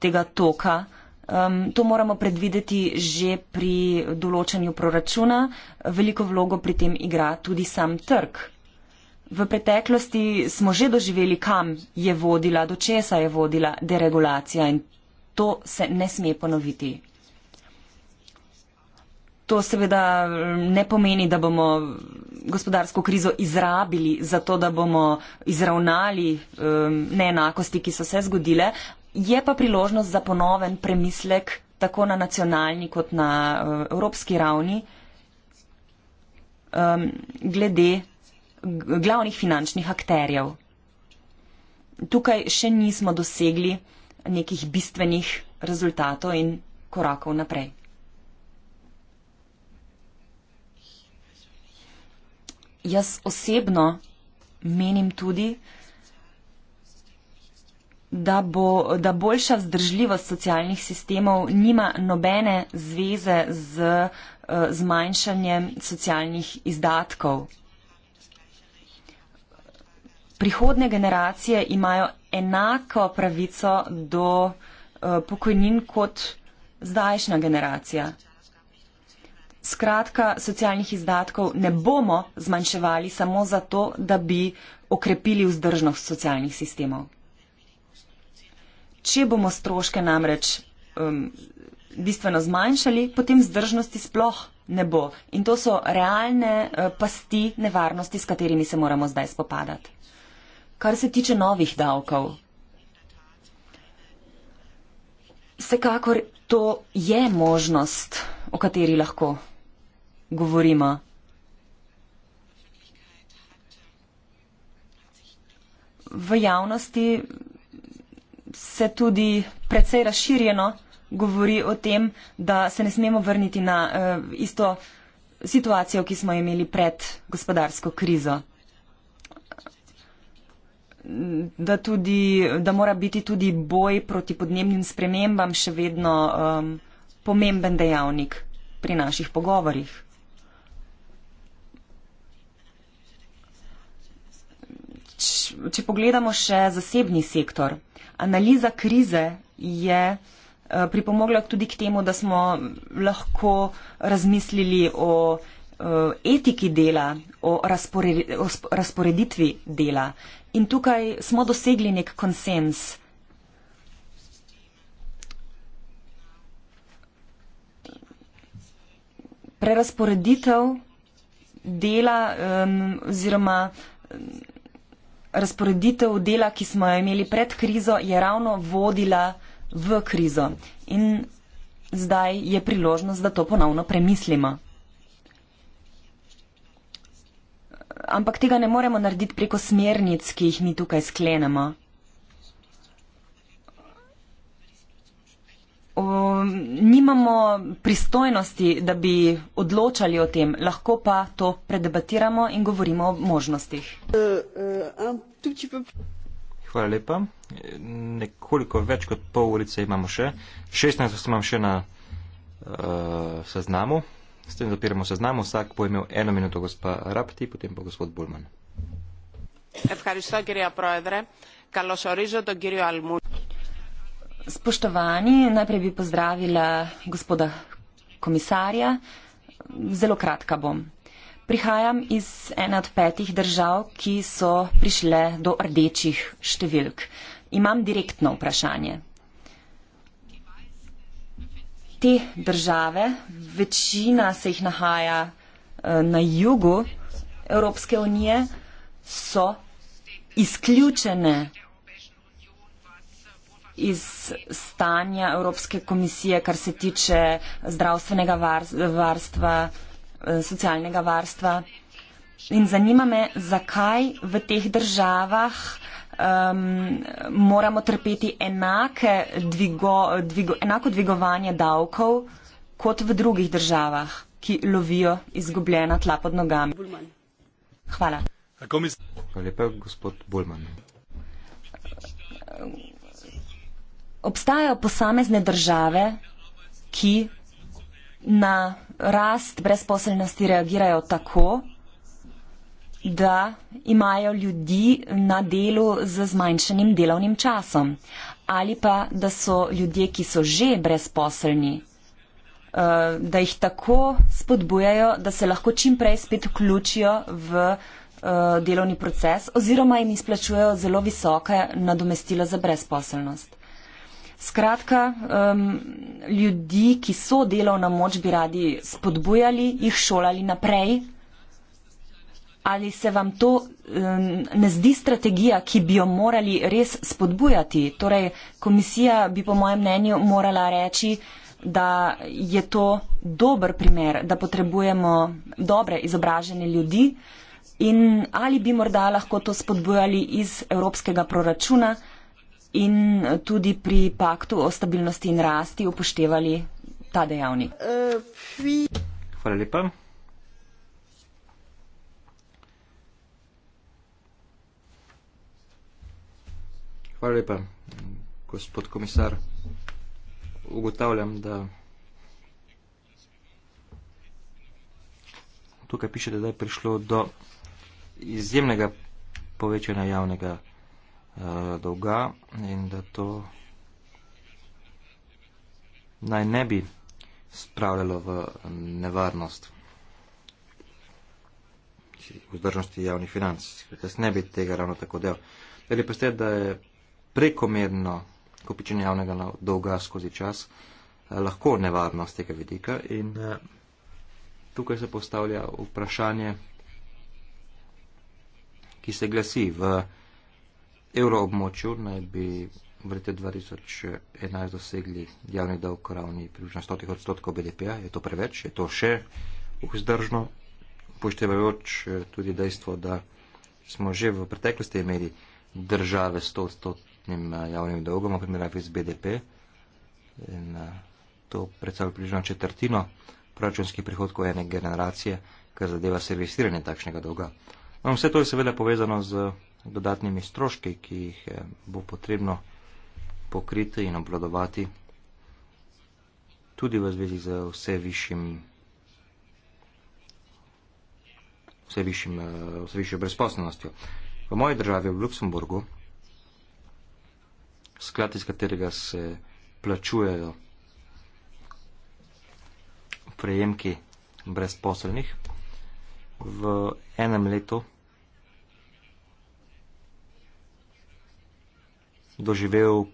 tega toka. Um, to moramo predvideti že pri določanju proračuna. Veliko vlogo pri tem igra tudi sam trg. V preteklosti smo že doživeli, kam je vodila, do česa je vodila deregulacija in to se ne sme ponoviti. To seveda ne pomeni, da bomo gospodarsko krizo izrabili za to, da bomo izravnali um, neenakosti, ki so se zgodile. Je pa priložnost za ponoven premislek tako na nacionalni kot na uh, evropski ravni um, glede glavnih finančnih akterjev. Tukaj še nismo dosegli nekih bistvenih rezultatov in korakov naprej. jaz osebno menim tudi, da, bo, da boljša vzdržljivost socialnih sistemov nima nobene zveze z eh, zmanjšanjem socialnih izdatkov. Prihodne generacije imajo enako pravico do eh, pokojnin kot zdajšnja generacija. Skratka, socialnih izdatkov ne bomo zmanjševali samo zato, da bi okrepili vzdržnost socialnih sistemov. Če bomo stroške namreč um, bistveno zmanjšali, potem vzdržnosti sploh ne bo. In to so realne uh, pasti nevarnosti, s katerimi se moramo zdaj spopadati. Kar se tiče novih davkov, vsekakor to je možnost, o kateri lahko govorimo. V javnosti se tudi precej razširjeno govori o tem, da se ne smemo vrniti na uh, isto situacijo, ki smo imeli pred gospodarsko krizo. Da, tudi, da mora biti tudi boj proti podnebnim spremembam še vedno um, pomemben dejavnik pri naših pogovorjih. če pogledamo še zasebni sektor, analiza krize je eh, pripomogla tudi k temu, da smo lahko razmislili o eh, etiki dela, o razporeditvi dela. In tukaj smo dosegli nek konsens. Prerasporeditev dela oziroma razporeditev dela, ki smo jo imeli pred krizo, je ravno vodila v krizo. In zdaj je priložnost, da to ponovno premislimo. Ampak tega ne moremo narediti preko smernic, ki jih mi tukaj sklenemo. nimamo pristojnosti, da bi odločali o tem, lahko pa to predebatiramo in govorimo o možnostih. E, e, Hvala lepa. Nekoliko več kot pol ulice imamo še. 16 vas imam še na uh, seznamu. S tem zapiramo seznam. Vsak bo imel eno minuto, gospa Rapti, potem pa gospod Bulman. Hvala, gospod Almu. Spoštovani, najprej bi pozdravila gospoda komisarja. Zelo kratka bom. Prihajam iz ene od petih držav, ki so prišle do rdečih številk. Imam direktno vprašanje. Te države, večina se jih nahaja eh, na jugu Evropske unije, so izključene iz stanja Evropske komisije, kar se tiče zdravstvenega varstva, eh, socialnega varstva. In zanima me, zakaj v teh državah um, moramo trpeti dvigo, dvigo, enako dvigovanje davkov kot v drugih državah, ki lovijo izgubljena tla pod nogami. Hvala. Hvala lepa, gospod Bulman obstajajo posamezne države, ki na rast brezposelnosti reagirajo tako, da imajo ljudi na delu z zmanjšanim delovnim časom ali pa, da so ljudje, ki so že brezposelni, eh, da jih tako spodbujajo, da se lahko čim prej spet vključijo v eh, delovni proces oziroma jim izplačujejo zelo visoke nadomestila za brezposelnost. Skratka, um, ljudi, ki so delovna moč, bi radi spodbujali, jih šolali naprej. Ali se vam to um, ne zdi strategija, ki bi jo morali res spodbujati? Torej, komisija bi po mojem mnenju morala reči, da je to dober primer, da potrebujemo dobre izobražene ljudi in ali bi morda lahko to spodbujali iz evropskega proračuna in tudi pri paktu o stabilnosti in rasti upoštevali ta dejavnik. Hvala lepa. Hvala lepa, gospod komisar. Ugotavljam, da tukaj pišete, da je prišlo do izjemnega povečanja javnega uh, dolga in da to naj ne bi spravljalo v nevarnost vzdržnosti javnih financ. Jaz ne bi tega ravno tako del. Ali pa ste, da je prekomerno kopičenje javnega dolga skozi čas eh, lahko nevarno z tega vidika in eh, tukaj se postavlja vprašanje, ki se glasi v evroobmočju naj bi v letu 2011 dosegli javni dolg ravni približno 100 odstotkov BDP-ja. Je to preveč? Je to še vzdržno? Poštevajoč eh, tudi dejstvo, da smo že v preteklosti imeli države s 100 odstotnim eh, javnim dolgom, v primerjavi z BDP, in eh, to predstavlja približno četrtino proračunskih prihodkov ene generacije, kar zadeva servisiranje takšnega dolga. No, vse to je seveda povezano z dodatnimi stroški, ki jih eh, bo potrebno pokriti in obvladovati, tudi v zvezi z vse višjim, vse, višjim, eh, vse višjo brezposobnostjo. V moji državi, v Luksemburgu, sklad, iz katerega se plačujejo prejemki brezposobnih, v enem letu doživel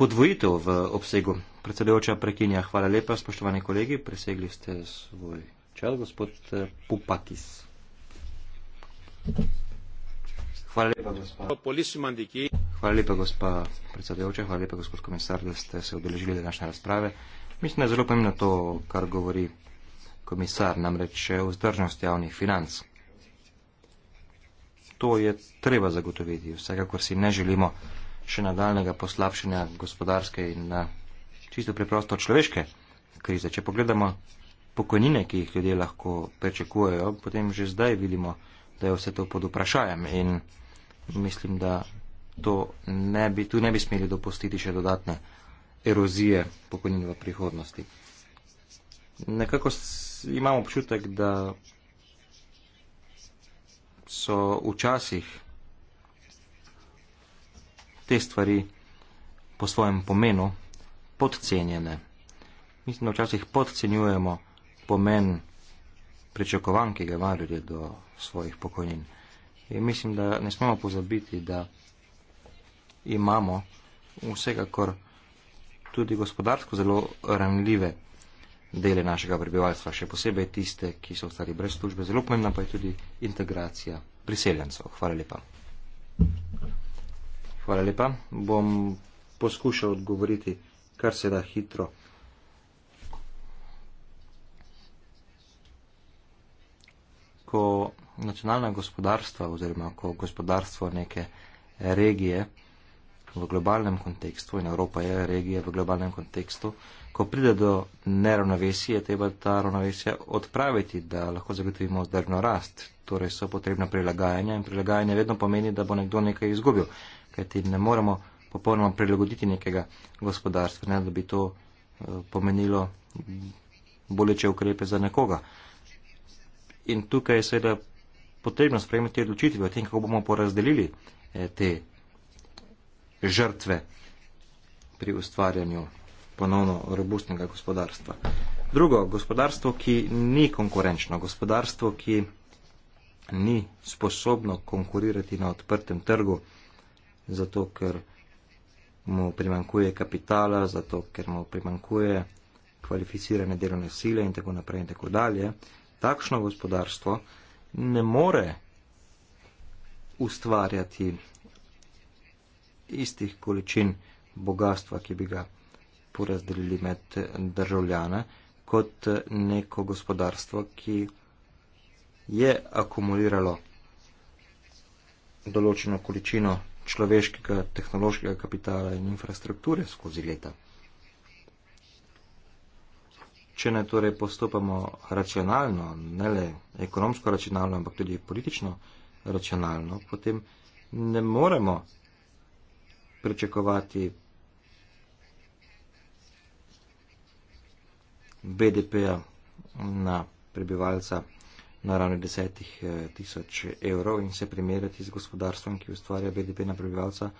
podvojitev v obsegu. Predsedujoča prekinja, hvala lepa, spoštovani kolegi, presegli ste svoj čas, gospod eh, Pupakis. Hvala lepa, gospa, hvala lepa, gospa predsedujoča, hvala lepa, gospod komisar, da ste se odeležili današnje razprave. Mislim, da je zelo pomembno to, kar govori komisar, namreč eh, vzdržnost javnih financ to je treba zagotoviti. Vsekakor si ne želimo še nadaljnega poslabšanja gospodarske in na eh, čisto preprosto človeške krize. Če pogledamo pokojnine, ki jih ljudje lahko pričakujejo, potem že zdaj vidimo, da je vse to pod vprašajem in mislim, da to ne bi, tu ne bi smeli dopustiti še dodatne erozije pokojnin v prihodnosti. Nekako imamo občutek, da so včasih te stvari po svojem pomenu podcenjene. Mislim, da včasih podcenjujemo pomen pričakovanj, ki ga ima ljudje do svojih pokojnin. In mislim, da ne smemo pozabiti, da imamo vsekakor tudi gospodarsko zelo ranljive dele našega prebivalstva, še posebej tiste, ki so ostali brez službe. Zelo pomembna pa je tudi integracija priseljencev. Hvala lepa. Hvala lepa. Bom poskušal odgovoriti kar se da hitro. Ko nacionalna gospodarstva oziroma ko gospodarstvo neke regije v globalnem kontekstu in Evropa je regija v globalnem kontekstu, ko pride do neravnovesije, treba ta ravnovesja odpraviti, da lahko zagotovimo zdržno rast. Torej so potrebna prilagajanja in prilagajanje vedno pomeni, da bo nekdo nekaj izgubil, kajti ne moremo popolnoma prilagoditi nekega gospodarstva, ne da bi to eh, pomenilo boleče ukrepe za nekoga. In tukaj je seveda potrebno sprejemati odločitve o tem, kako bomo porazdelili eh, te žrtve pri ustvarjanju ponovno robustnega gospodarstva. Drugo, gospodarstvo, ki ni konkurenčno, gospodarstvo, ki ni sposobno konkurirati na odprtem trgu, zato ker mu primankuje kapitala, zato ker mu primankuje kvalificirane delovne sile in tako naprej in tako dalje, takšno gospodarstvo ne more ustvarjati istih količin bogatstva, ki bi ga porazdelili med državljane kot neko gospodarstvo, ki je akumuliralo določeno količino človeškega, tehnološkega kapitala in infrastrukture skozi leta. Če ne torej postopamo racionalno, ne le ekonomsko racionalno, ampak tudi politično racionalno, potem ne moremo pričakovati BDP-ja na prebivalca na ravni desetih eh, tisoč evrov in se primerjati z gospodarstvom, ki ustvarja BDP na prebivalca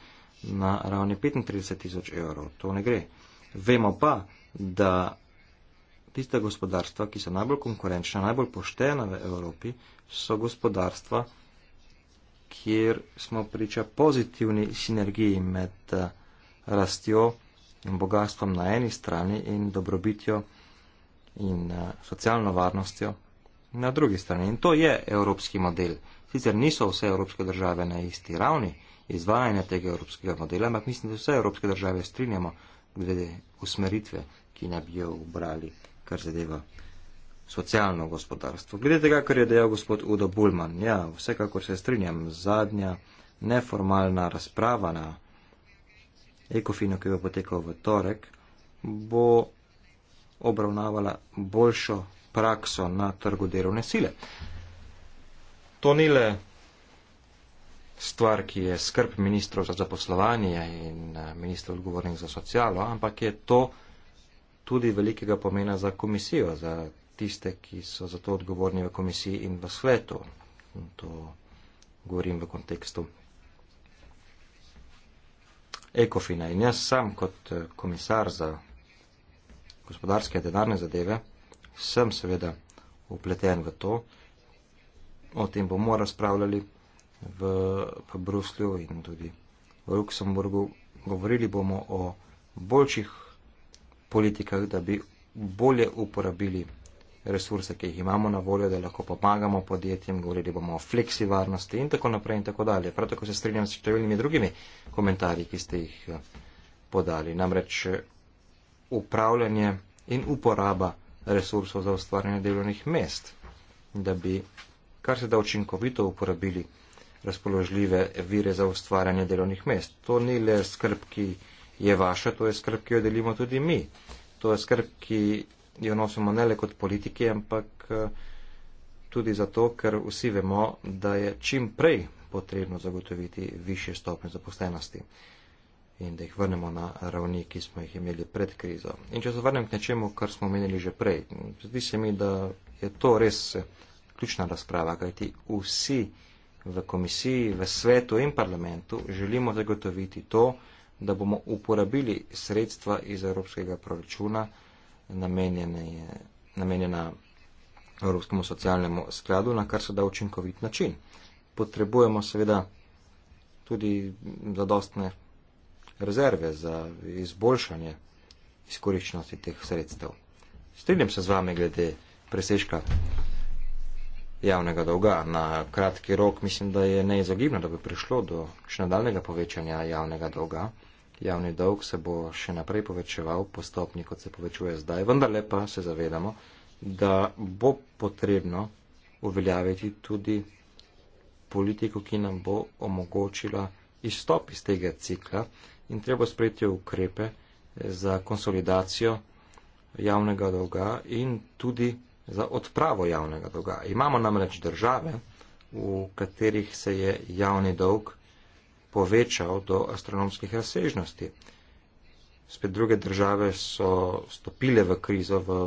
na ravni 35 tisoč evrov. To ne gre. Vemo pa, da tiste gospodarstva, ki so najbolj konkurenčna, najbolj poštena v Evropi, so gospodarstva, kjer smo priča pozitivni sinergiji med eh, rastjo in bogatstvom na eni strani in dobrobitjo in eh, socialno varnostjo na drugi strani. In to je evropski model. Sicer niso vse evropske države na isti ravni izvajanja tega evropskega modela, ampak mislim, da vse evropske države strinjamo glede usmeritve, ki naj bi jo ubrali, kar zadeva socialno gospodarstvo. Glede tega, kar je dejal gospod Udo Bulman, ja, vsekakor se strinjam, zadnja neformalna razprava na Ekofino, ki bo potekal v torek, bo obravnavala boljšo prakso na trgu delovne sile. To ni le stvar, ki je skrb ministrov za zaposlovanje in eh, ministrov odgovornih za socialo, ampak je to tudi velikega pomena za komisijo, za tiste, ki so za to odgovorni v komisiji in v svetu. In to govorim v kontekstu ekofina. In jaz sam kot eh, komisar za gospodarske denarne zadeve, sem seveda upleten v to. O tem bomo razpravljali v, v Bruslju in tudi v Luksemburgu. Govorili bomo o boljših politikah, da bi bolje uporabili resurse, ki jih imamo na voljo, da lahko pomagamo podjetjem, govorili bomo o fleksi varnosti in tako naprej in tako dalje. Prav tako se strinjam s številnimi drugimi komentarji, ki ste jih eh, podali. Namreč upravljanje in uporaba resursov za ustvarjanje delovnih mest, da bi kar se da učinkovito uporabili razpoložljive vire za ustvarjanje delovnih mest. To ni le skrb, ki je vaša, to je skrb, ki jo delimo tudi mi. To je skrb, ki jo nosimo ne le kot politiki, ampak eh, tudi zato, ker vsi vemo, da je čim prej potrebno zagotoviti više stopnje zaposlenosti in da jih vrnemo na ravni, ki smo jih imeli pred krizo. In če se vrnem k nečemu, kar smo omenili že prej, zdi se mi, da je to res ključna razprava, kajti vsi v komisiji, v svetu in parlamentu želimo zagotoviti to, da bomo uporabili sredstva iz evropskega proračuna namenjena Evropskemu socialnemu skladu, na kar se da učinkovit način. Potrebujemo seveda tudi zadostne rezerve za izboljšanje izkoriščenosti teh sredstev. Strinjam se z vami glede presežka javnega dolga na kratki rok. Mislim, da je neizogibno, da bi prišlo do še nadaljnega povečanja javnega dolga. Javni dolg se bo še naprej povečeval postopni, kot se povečuje zdaj, vendar lepa se zavedamo, da bo potrebno uveljaviti tudi politiko, ki nam bo omogočila izstop iz tega cikla in treba sprejeti ukrepe eh, za konsolidacijo javnega dolga in tudi za odpravo javnega dolga. Imamo namreč države, v katerih se je javni dolg povečal do astronomskih razsežnosti. Spet druge države so stopile v krizo v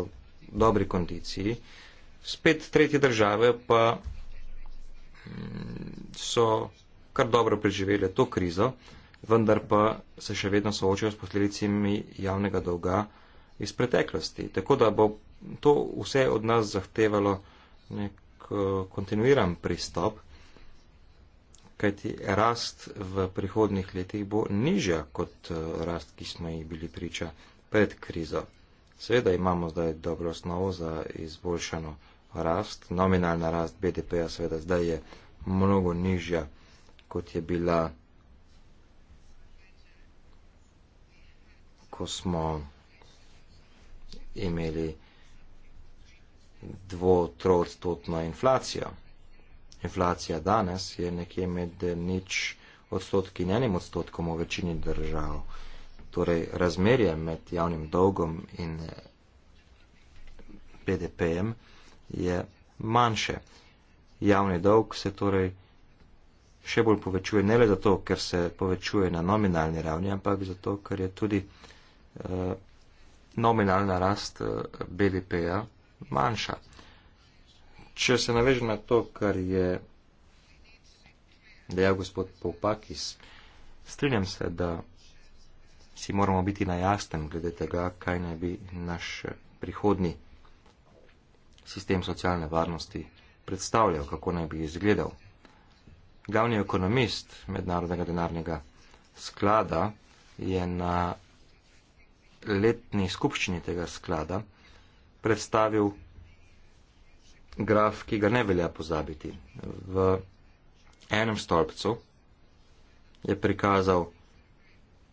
dobri kondiciji, spet tretje države pa mm, so kar dobro preživele to krizo vendar pa se še vedno soočajo s posledicami javnega dolga iz preteklosti. Tako da bo to vse od nas zahtevalo nek eh, kontinuiran pristop, kajti rast v prihodnih letih bo nižja kot eh, rast, ki smo jih bili priča pred krizo. Seveda imamo zdaj dobro osnovo za izboljšano rast. Nominalna rast BDP-ja seveda zdaj je mnogo nižja, kot je bila ko smo imeli dvotrodstotno inflacijo. Inflacija danes je nekje med nič odstotki in enim odstotkom v večini držav. Torej, razmerje med javnim dolgom in eh, BDP-jem je manjše. Javni dolg se torej še bolj povečuje, ne le zato, ker se povečuje na nominalni ravni, ampak zato, ker je tudi Eh, nominalna rast eh, BDP-ja manjša. Če se navežem na to, kar je dejal gospod Popakis, strinjam se, da si moramo biti na jasnem glede tega, kaj naj bi naš eh, prihodni sistem socialne varnosti predstavljal, kako naj bi izgledal. Glavni ekonomist Mednarodnega denarnega sklada je na letni skupščini tega sklada predstavil graf, ki ga ne velja pozabiti. V enem stolpcu je prikazal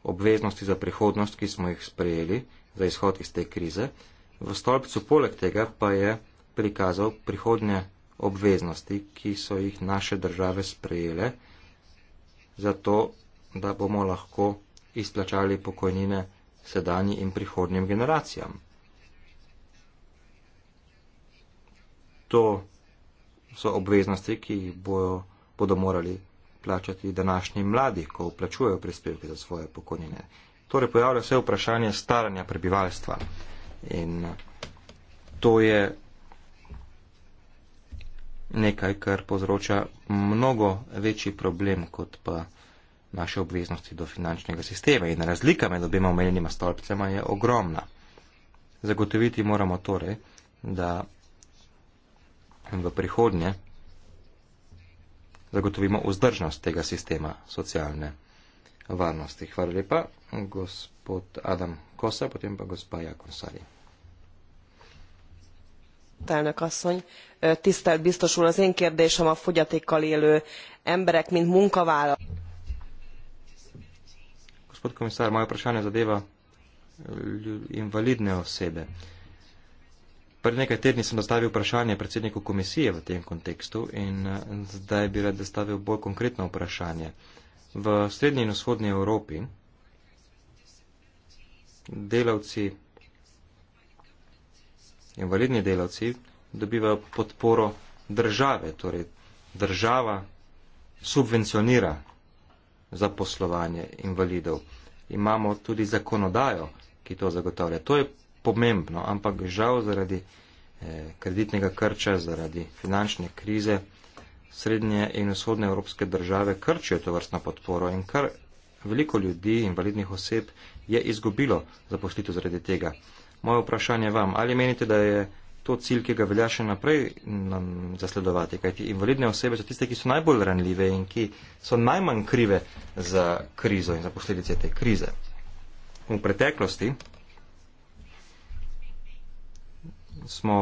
obveznosti za prihodnost, ki smo jih sprejeli za izhod iz te krize. V stolpcu poleg tega pa je prikazal prihodnje obveznosti, ki so jih naše države sprejele, zato da bomo lahko izplačali pokojnine sedanjim in prihodnjim generacijam. To so obveznosti, ki jih bojo, bodo morali plačati današnji mladi, ko plačujejo prispevke za svoje pokojnine. Torej pojavlja se vprašanje staranja prebivalstva in to je nekaj, kar povzroča mnogo večji problem kot pa naše obveznosti do finančnega sistema in razlika med obema omenjenima stolpcema je ogromna. Zagotoviti moramo torej, da v prihodnje zagotovimo vzdržnost tega sistema socialne varnosti. Hvala lepa, gospod Adam Kosa, potem pa gospa Jakonsari. Elnök asszony, tisztelt biztos úr, az én kérdésem a fogyatékkal élő emberek, mint munkavállalók. Gospod komisar, moje vprašanje zadeva invalidne osebe. Pred nekaj tedni sem zastavil vprašanje predsedniku komisije v tem kontekstu in zdaj bi rad zastavil bolj konkretno vprašanje. V srednji in vzhodni Evropi delavci, invalidni delavci, dobivajo podporo države, torej država subvencionira za poslovanje invalidov. Imamo tudi zakonodajo, ki to zagotavlja. To je pomembno, ampak žal zaradi eh, kreditnega krča, zaradi finančne krize, srednje in vzhodne evropske države krčijo to vrstno podporo in kar veliko ljudi, invalidnih oseb, je izgubilo zaposlitev zaradi tega. Moje vprašanje vam, ali menite, da je to cilj, ki ga velja še naprej nam zasledovati. Kajti invalidne osebe so tiste, ki so najbolj ranljive in ki so najmanj krive za krizo in za posledice te krize. V preteklosti smo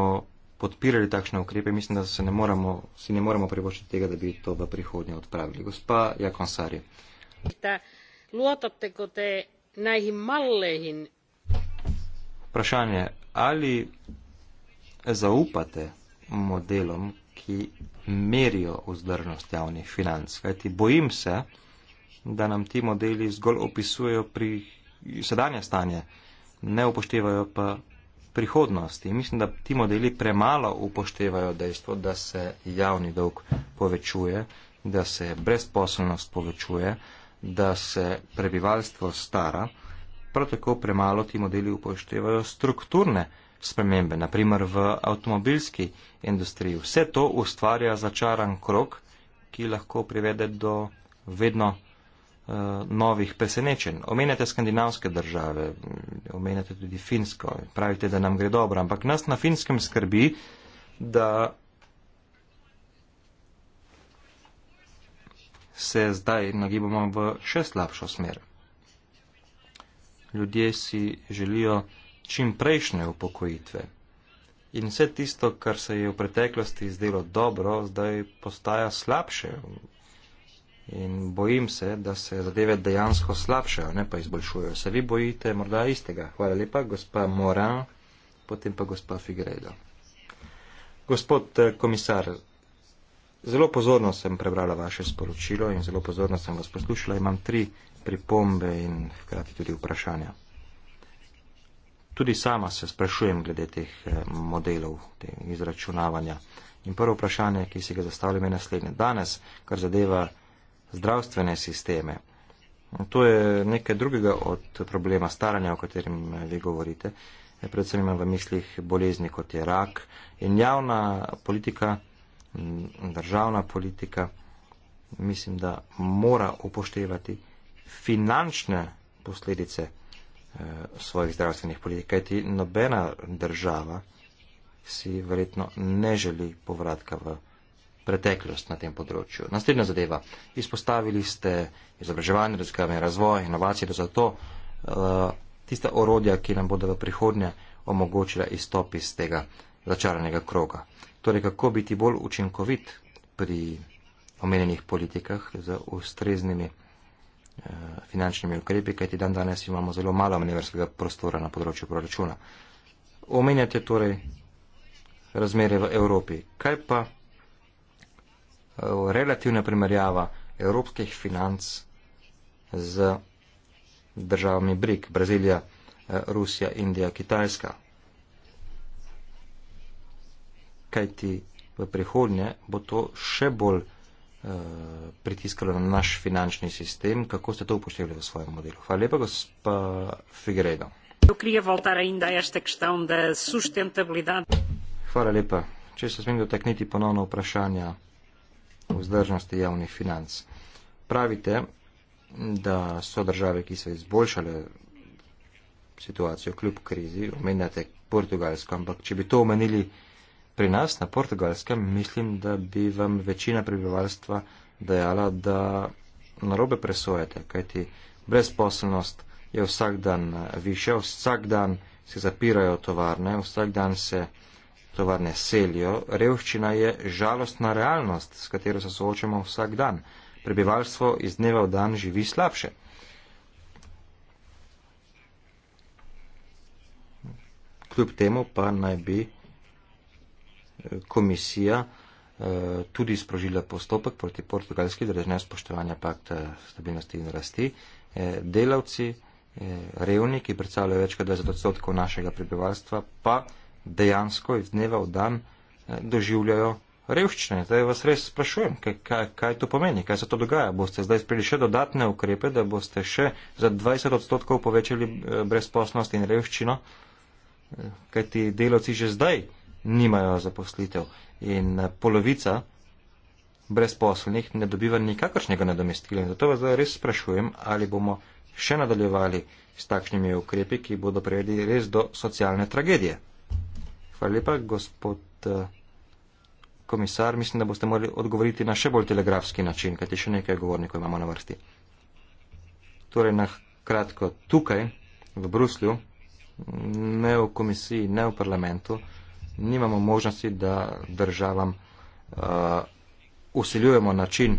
podpirali takšne ukrepe, mislim, da se ne moramo, si ne moramo privoščiti tega, da bi to v prihodnje odpravili. Gospa Jakonsari. Vprašanje, ali zaupate modelom, ki merijo vzdržnost javnih financ. Kajti bojim se, da nam ti modeli zgolj opisujejo pri sedanje stanje, ne upoštevajo pa prihodnosti. Mislim, da ti modeli premalo upoštevajo dejstvo, da se javni dolg povečuje, da se brezposelnost povečuje, da se prebivalstvo stara. Prav tako premalo ti modeli upoštevajo strukturne spremembe, naprimer v avtomobilski industriji. Vse to ustvarja začaran krok, ki lahko privede do vedno eh, novih presenečenj. Omenjate skandinavske države, omenjate tudi Finsko, pravite, da nam gre dobro, ampak nas na Finskem skrbi, da se zdaj nagibamo v še slabšo smer. Ljudje si želijo čim prejšnje upokojitve. In vse tisto, kar se je v preteklosti zdelo dobro, zdaj postaja slabše. In bojim se, da se zadeve dejansko slabšajo, ne pa izboljšujejo. Se vi bojite morda istega? Hvala lepa, gospa Moran, potem pa gospa Figredo. Gospod eh, komisar, zelo pozorno sem prebrala vaše sporočilo in zelo pozorno sem vas poslušala. Imam tri pripombe in hkrati tudi vprašanja. Tudi sama se sprašujem glede teh eh, modelov, te izračunavanja. In prvo vprašanje, ki si ga zastavljam, je naslednje. Danes, kar zadeva zdravstvene sisteme, to je nekaj drugega od problema staranja, o katerem eh, vi govorite. Eh, predvsem imam v mislih bolezni, kot je rak. In javna politika, mm, državna politika, mislim, da mora upoštevati finančne posledice. Eh, svojih zdravstvenih politik. Kajti nobena država si verjetno ne želi povratka v preteklost na tem področju. Naslednja zadeva. Izpostavili ste izobraževanje, raziskave in razvoj, inovacije, da zato uh, eh, tista orodja, ki nam bodo v prihodnje omogočila izstop iz tega začaranega kroga. Torej, kako biti bolj učinkovit pri omenjenih politikah z ustreznimi finančnimi ukrepi, kajti dan danes imamo zelo malo manevrskega prostora na področju proračuna. Omenjate torej razmere v Evropi. Kaj pa eh, relativna primerjava evropskih financ z državami BRIK, Brazilija, eh, Rusija, Indija, Kitajska? Kajti v prihodnje bo to še bolj Eh, pritiskalo na naš finančni sistem, kako ste to upoštevali v svojem modelu. Hvala lepa, gospa Figueredo. Hvala lepa. Če se smem dotakniti ponovno vprašanja vzdržnosti javnih financ. Pravite, da so države, ki so izboljšale situacijo kljub krizi, omenjate Portugalsko, ampak če bi to omenili pri nas na portugalskem mislim, da bi vam večina prebivalstva dejala, da narobe presojate, kajti brezposelnost je vsak dan eh, više, vsak dan se zapirajo tovarne, vsak dan se tovarne selijo. Revščina je žalostna realnost, s katero se soočamo vsak dan. Prebivalstvo iz dneva v dan živi slabše. Kljub temu pa naj bi komisija eh, tudi sprožila postopek proti portugalski državi spoštovanja pakta stabilnosti in rasti. Eh, delavci, eh, revni, ki predstavljajo več kot 20 odstotkov našega prebivalstva, pa dejansko iz dneva v dan doživljajo revščine. Zdaj vas res sprašujem, kaj, kaj, kaj to pomeni, kaj se to dogaja. Boste zdaj sprejeli še dodatne ukrepe, da boste še za 20 odstotkov povečali brezposnost in revščino, kaj ti delavci že zdaj nimajo zaposlitev in eh, polovica brezposelnih ne dobiva nikakršnega nadomestila. Zato vas zdaj res sprašujem, ali bomo še nadaljevali s takšnimi ukrepi, ki bodo prijeli res do socialne tragedije. Hvala lepa, gospod eh, komisar. Mislim, da boste morali odgovoriti na še bolj telegrafski način, kajti še nekaj govornikov imamo na vrsti. Torej, na kratko, tukaj, v Bruslju, ne v komisiji, ne v parlamentu, nimamo možnosti, da državam uh, usiljujemo način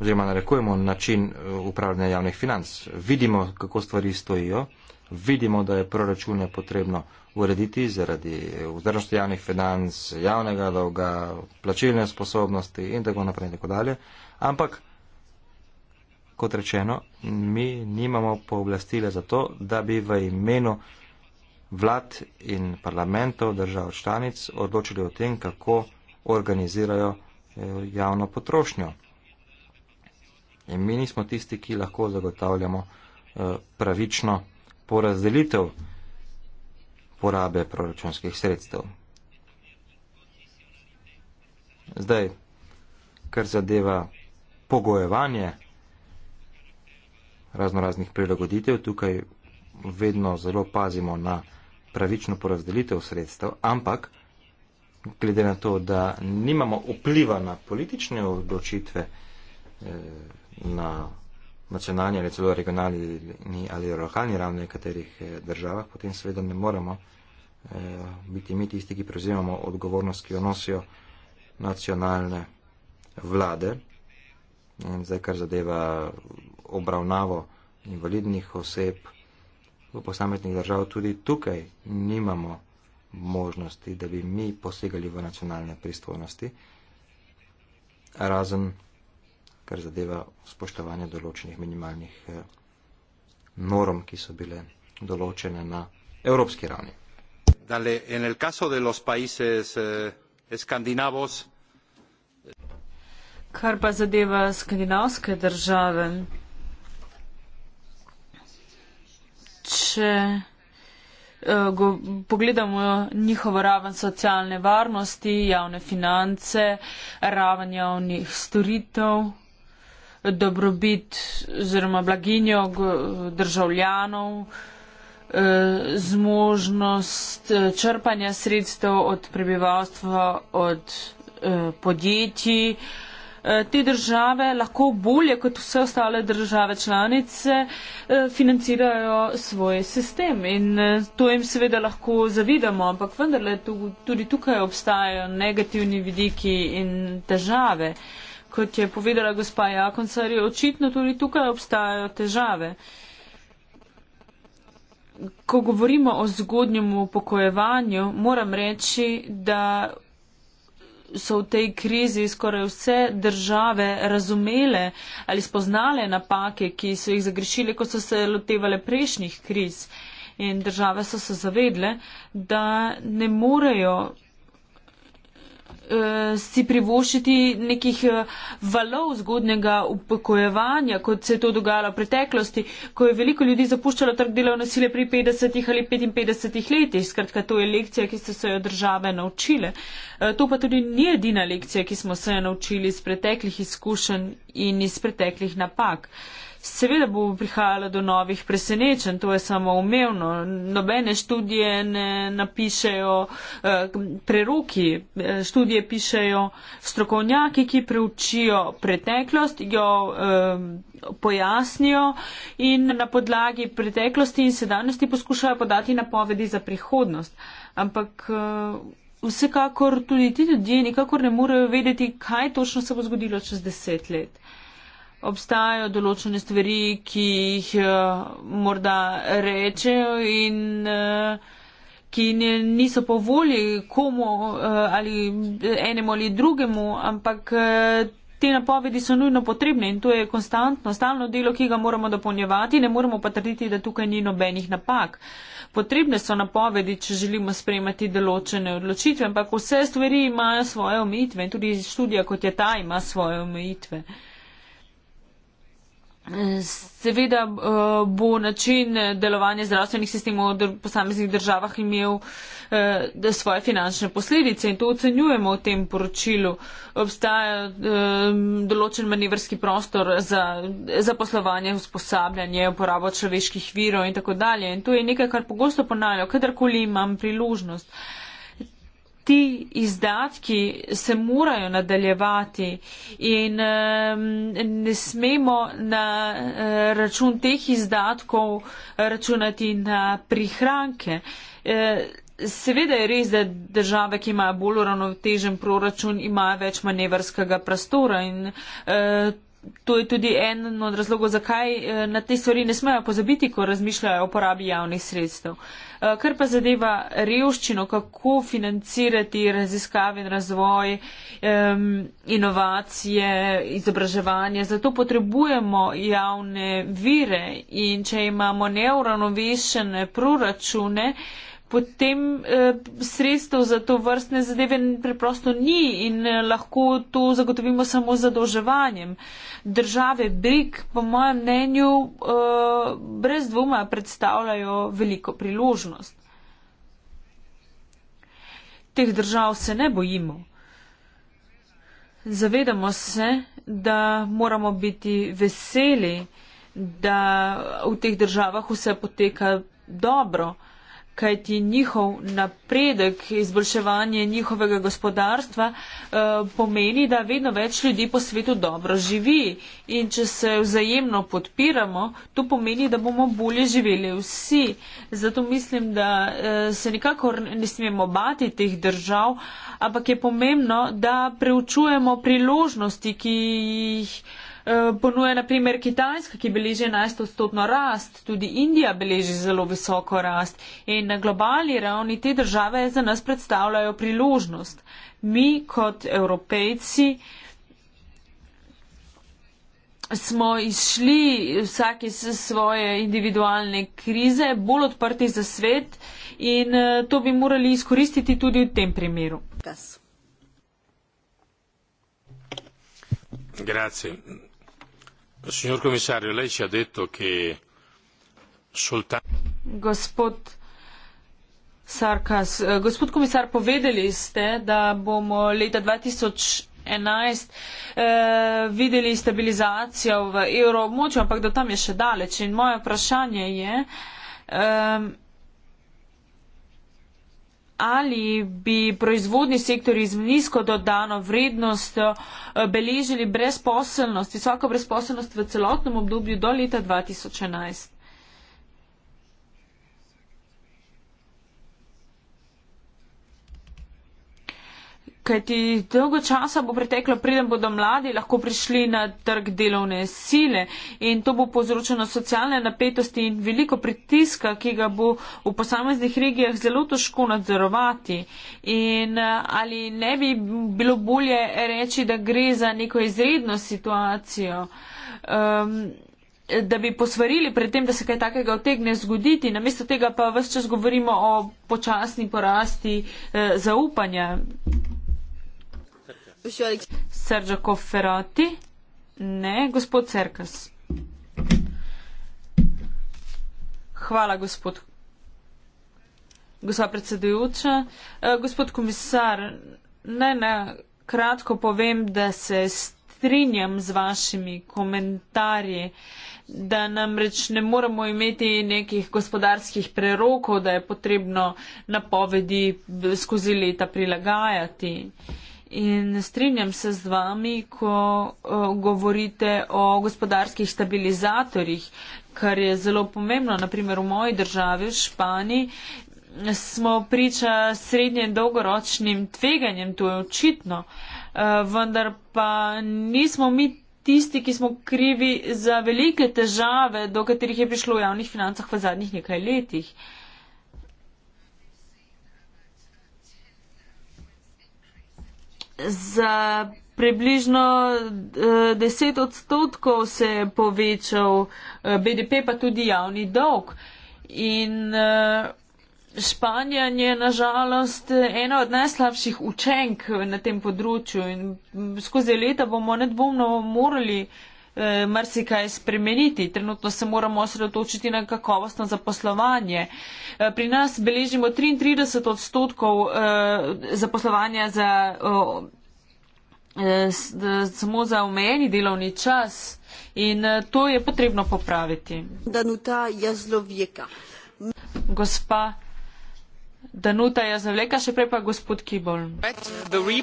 oziroma narekujemo način uh, upravljanja javnih financ. Vidimo, kako stvari stojijo, vidimo, da je proračune potrebno urediti zaradi uh, vzdržnosti javnih financ, javnega dolga, plačilne sposobnosti in tako naprej in tako dalje. Ampak, kot rečeno, mi nimamo pooblastile za to, da bi v imenu vlad in parlamentov držav članic odločili o tem, kako organizirajo eh, javno potrošnjo. In mi nismo tisti, ki lahko zagotavljamo eh, pravično porazdelitev porabe proračunskih sredstev. Zdaj, kar zadeva pogojevanje raznoraznih prilagoditev, tukaj vedno zelo pazimo na pravično porazdelitev sredstev, ampak glede na to, da nimamo vpliva na politične odločitve eh, na nacionalni ali celo regionalni ali lokalni ravni v katerih eh, državah, potem seveda ne moremo eh, biti mi tisti, ki prevzemamo odgovornost, ki jo nosijo nacionalne vlade. In zdaj, kar zadeva obravnavo invalidnih oseb, v posameznih držav tudi tukaj nimamo možnosti, da bi mi posegali v nacionalne pristojnosti, razen kar zadeva spoštovanje določenih minimalnih eh, norm, ki so bile določene na evropski ravni. Dale, en el caso de los países eh, escandinavos. Kar pa zadeva skandinavske države, če uh, go, pogledamo njihovo raven socialne varnosti, javne finance, raven javnih storitev, dobrobit oziroma blaginjo državljanov, uh, zmožnost eh, črpanja sredstev od prebivalstva, od uh, podjetij, uh, Eh, te države lahko bolje kot vse ostale države članice eh, financirajo svoj sistem in eh, to jim seveda lahko zavidamo, ampak vendarle tudi tukaj obstajajo negativni vidiki in težave. Kot je povedala gospa Jakoncar, je očitno tudi tukaj obstajajo težave. Ko govorimo o zgodnjemu upokojevanju, moram reči, da so v tej krizi skoraj vse države razumele ali spoznale napake, ki so jih zagrešile, ko so se lotevale prejšnjih kriz. In države so se zavedle, da ne morejo uh, si privošiti nekih uh, valov zgodnega upokojevanja, kot se je to dogajalo v preteklosti, ko je veliko ljudi zapuščalo trg delovne sile pri 50 ali 55 letih. Skratka, to je lekcija, ki so se jo države naučile. Uh, to pa tudi ni edina lekcija, ki smo se jo naučili iz preteklih izkušenj in iz preteklih napak. Uh, Seveda bo prihajalo do novih presenečenj, to je samo umevno. Nobene študije ne napišejo eh, preroki, eh, študije pišejo strokovnjaki, ki preučijo preteklost, jo eh, pojasnijo in na podlagi preteklosti in sedanjosti poskušajo podati napovedi za prihodnost. Ampak. Vsekakor tudi ti ljudje nikakor ne morejo vedeti, kaj točno se bo zgodilo čez deset let obstajajo določene stvari, ki jih eh, morda rečejo in eh, ki niso po volji komu eh, ali enemu ali drugemu, ampak te napovedi so nujno potrebne in to je konstantno, stalno delo, ki ga moramo dopolnjevati, ne moramo pa trditi, da tukaj ni nobenih napak. Potrebne so napovedi, če želimo sprejemati določene odločitve, ampak vse stvari imajo svoje omejitve in tudi študija kot je ta ima svoje omejitve. Seveda eh, bo način delovanja zdravstvenih sistemov v posameznih državah imel eh, svoje finančne posledice in to ocenjujemo v tem poročilu. Obstaja eh, določen manevrski prostor za, za poslovanje, usposabljanje, uporabo človeških virov in tako dalje. In to je nekaj, kar pogosto ponavljam, kadarkoli imam priložnost ti izdatki se morajo nadaljevati in ehm, ne smemo na eh, račun teh izdatkov računati na prihranke. Eh, seveda je res, da države, ki imajo bolj uravnotežen proračun, imajo več manevrskega prostora in eh, to je tudi en od razlogov, zakaj na te stvari ne smejo pozabiti, ko razmišljajo o porabi javnih sredstev. Eh, kar pa zadeva revščino, kako financirati raziskave in razvoj, inovacije, izobraževanje, zato potrebujemo javne vire in če imamo neuravnovešene proračune, potem eh, sredstev za to vrstne zadeve preprosto ni in eh, lahko to zagotovimo samo zadolževanjem. Države BRIK, po mojem mnenju, eh, brez dvoma predstavljajo veliko priložnost. Teh držav se ne bojimo. Zavedamo se, da moramo biti veseli, da v teh državah vse poteka dobro kajti njihov napredek, izboljševanje njihovega gospodarstva eh, pomeni, da vedno več ljudi po svetu dobro živi in če se vzajemno podpiramo, to pomeni, da bomo bolje živeli vsi. Zato mislim, da eh, se nikakor ne smemo bati teh držav, ampak je pomembno, da preučujemo priložnosti, ki jih. Eh, ponuja naprimer Kitajska, ki beleži 11-stotno rast, tudi Indija beleži zelo visoko rast in na globalni ravni te države za nas predstavljajo priložnost. Mi kot evropejci smo izšli vsaki se svoje individualne krize, bolj odprti za svet in eh, to bi morali izkoristiti tudi v tem primeru. Grazie signor commissario lei ci ha detto che soltanto. gospod sarkas eh, gospod komisar povedali ste da bomo leta dva tisoč enajst eh, videli stabilizacijo v evroobmočju ampak da tam je še daleč in moje vprašanje je um, ali bi proizvodni sektori z nizko dodano vrednost eh, beležili brezposelnost, visoko brezposelnost v celotnem obdobju do leta 2011? kajti dolgo časa bo preteklo, preden bodo mladi lahko prišli na trg delovne sile in to bo povzročeno socialne napetosti in veliko pritiska, ki ga bo v posameznih regijah zelo težko nadzorovati. In eh, ali ne bi bilo bolje reči, da gre za neko izredno situacijo? Um, da bi posvarili pred tem, da se kaj takega otegne zgoditi, namesto tega pa vse čas govorimo o počasni porasti eh, zaupanja. Sergio Cofferotti? Ne, gospod Cerkas. Hvala, gospod. Gospa predsedujoča, eh, gospod komisar, naj na kratko povem, da se strinjam z vašimi komentarji, da namreč ne moramo imeti nekih gospodarskih prerokov, da je potrebno napovedi skozi leta prilagajati. Uh, In strinjam se z vami, ko eh, govorite o gospodarskih stabilizatorjih, kar je zelo pomembno. Naprimer, v moji državi, v Španiji, smo priča srednje dolgoročnim tveganjem, to je očitno, eh, vendar pa nismo mi tisti, ki smo krivi za velike težave, do katerih je prišlo v javnih financah v zadnjih nekaj letih. Za približno 10 eh, odstotkov se je povečal eh, BDP, pa tudi javni dolg. In eh, Španija je nažalost ena od najslabših učenk na tem področju in skozi leta bomo nedvomno morali uh, Eh, marsikaj spremeniti. Trenutno se moramo osredotočiti na kakovostno zaposlovanje. Eh, pri nas beležimo 33 odstotkov eh, zaposlovanja za, samo za omejeni delovni čas in to je potrebno popraviti. Danuta Jazlovjeka. Gospa Danuta Jazlovjeka, še prej pa gospod Kibol. Really,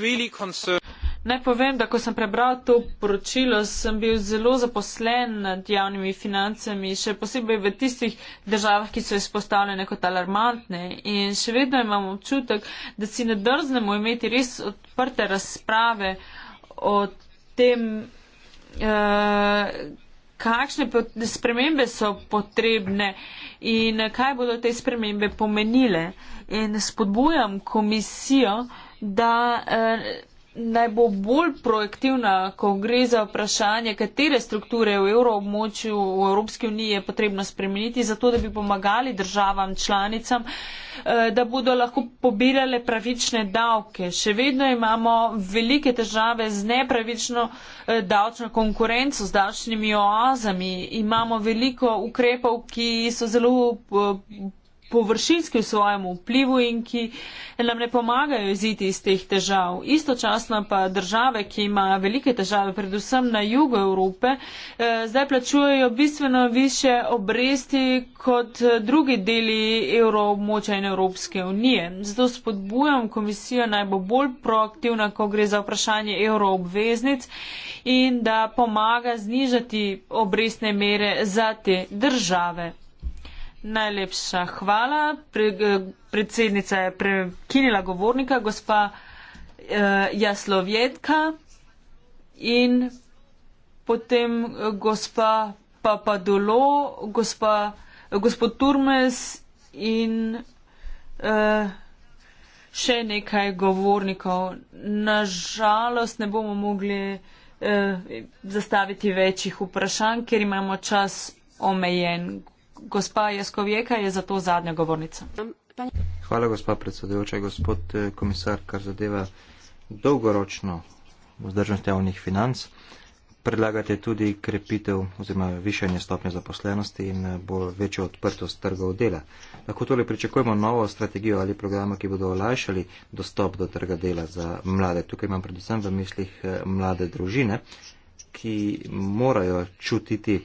really concerned... Naj povem, da ko sem prebral to poročilo, sem bil zelo zaposlen nad javnimi financami, še posebej v tistih državah, ki so izpostavljene kot alarmantne. In še vedno imam občutek, da si ne drznemo imeti res odprte razprave o tem, eh, kakšne spremembe so potrebne in kaj bodo te spremembe pomenile. In spodbujam komisijo, da. Eh, naj bo bolj proaktivna, ko gre za vprašanje, katere strukture v evroobmočju, v Evropski uniji je potrebno spremeniti, zato da bi pomagali državam, članicam, eh, da bodo lahko pobirale pravične davke. Še vedno imamo velike težave z nepravično eh, davčno konkurenco, z davčnimi oazami. Imamo veliko ukrepov, ki so zelo eh, površinski v svojem vplivu in ki nam ne pomagajo iziti iz teh težav. Istočasno pa države, ki imajo velike težave, predvsem na jugu Evrope, eh, zdaj plačujejo bistveno više obresti kot eh, drugi deli evroobmočja in Evropske unije. Zato spodbujam komisijo naj bo bolj proaktivna, ko gre za vprašanje evroobveznic in da pomaga znižati obrestne mere za te države. Najlepša hvala. Pre, eh, predsednica je prekinila govornika, gospa eh, Jaslovjetka in potem eh, gospa Papadolo, gospa, eh, gospod Turmes in eh, še nekaj govornikov. Nažalost ne bomo mogli eh, zastaviti večjih vprašanj, ker imamo čas omejen. Gospa Jaskovjeka je zato zadnja govornica. Hvala, gospa predsedujoča. Gospod eh, komisar, kar zadeva dolgoročno vzdržnost javnih financ, predlagate tudi krepitev oziroma višanje stopnje zaposlenosti in eh, bolj večjo odprtost trgov dela. Lahko torej pričakujemo novo strategijo ali programa, ki bodo olajšali dostop do trga dela za mlade. Tukaj imam predvsem v mislih eh, mlade družine, ki morajo čutiti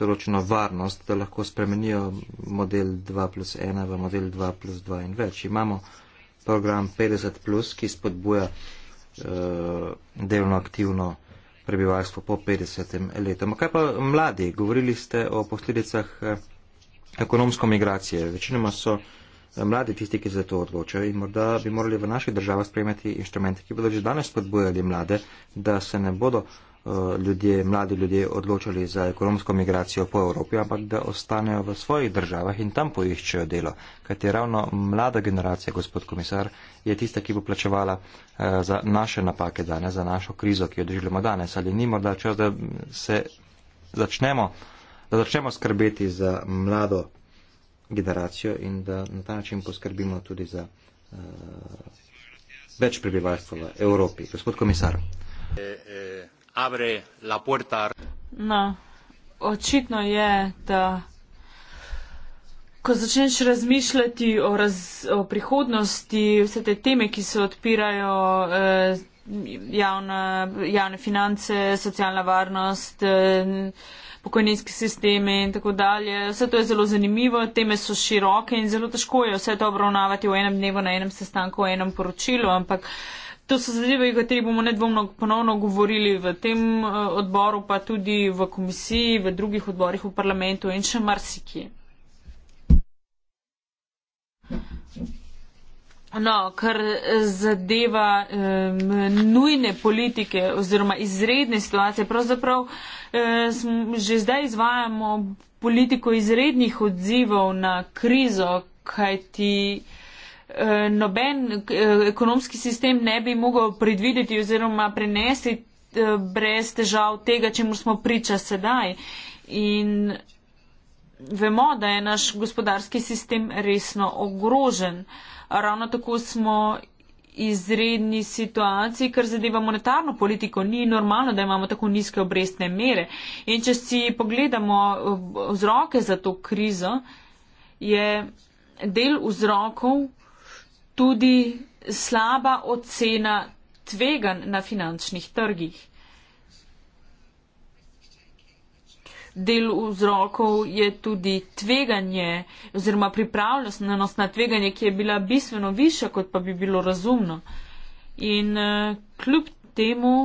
določeno varnost, da lahko spremenijo model 2 plus 1 v model 2 plus 2 in več. Imamo program 50, plus, ki spodbuja uh, delno aktivno prebivalstvo po 50 letom. Kaj pa mladi? Govorili ste o posledicah eh, ekonomsko migracije. Večinoma so eh, mladi tisti, ki za to odločajo in morda bi morali v naših državah spremeti inštrumente, ki bodo že danes spodbujali mlade, da se ne bodo uh, Eh, ljudje, mladi ljudje odločali za ekonomsko migracijo po Evropi, ampak da ostanejo v svojih državah in tam poiščejo delo. Kajti ravno mlada generacija, gospod komisar, je tista, ki bo plačevala eh, za naše napake danes, za našo krizo, ki jo doživljamo danes. Ali ni morda čas, da se začnemo, da začnemo skrbeti za mlado generacijo in da na ta način poskrbimo tudi za uh, več prebivalstva v Evropi. Gospod komisar. E, e abre la puerta. No, očitno je, da ko začneš razmišljati o, raz, o prihodnosti, vse te teme, ki se odpirajo, eh, javna, javne finance, socialna varnost, eh, pokojninski sistemi in tako dalje. Vse to je zelo zanimivo, teme so široke in zelo težko je vse to obravnavati v enem dnevu, na enem sestanku, v enem poročilu, ampak eh, To so zadeve, o katerih bomo nedvomno ponovno govorili v tem eh, odboru, pa tudi v komisiji, v drugih odborih v parlamentu in še marsikje. No, kar eh, zadeva um, nujne politike oziroma izredne situacije, pravzaprav um, že zdaj izvajamo politiko izrednih odzivov na krizo, kajti. Eh, noben eh, ekonomski sistem ne bi mogel predvideti oziroma prenesti eh, brez težav tega, čemu smo priča sedaj. In vemo, da je naš gospodarski sistem resno ogrožen. Ravno tako smo izredni situaciji, kar zadeva monetarno politiko. Ni normalno, da imamo tako nizke obrestne mere. In če si pogledamo vzroke za to krizo, je del vzrokov tudi slaba ocena tvegan na finančnih trgih. Del vzrokov je tudi tveganje oziroma pripravljenost na nosna tveganje, ki je bila bistveno više, kot pa bi bilo razumno. In eh, kljub temu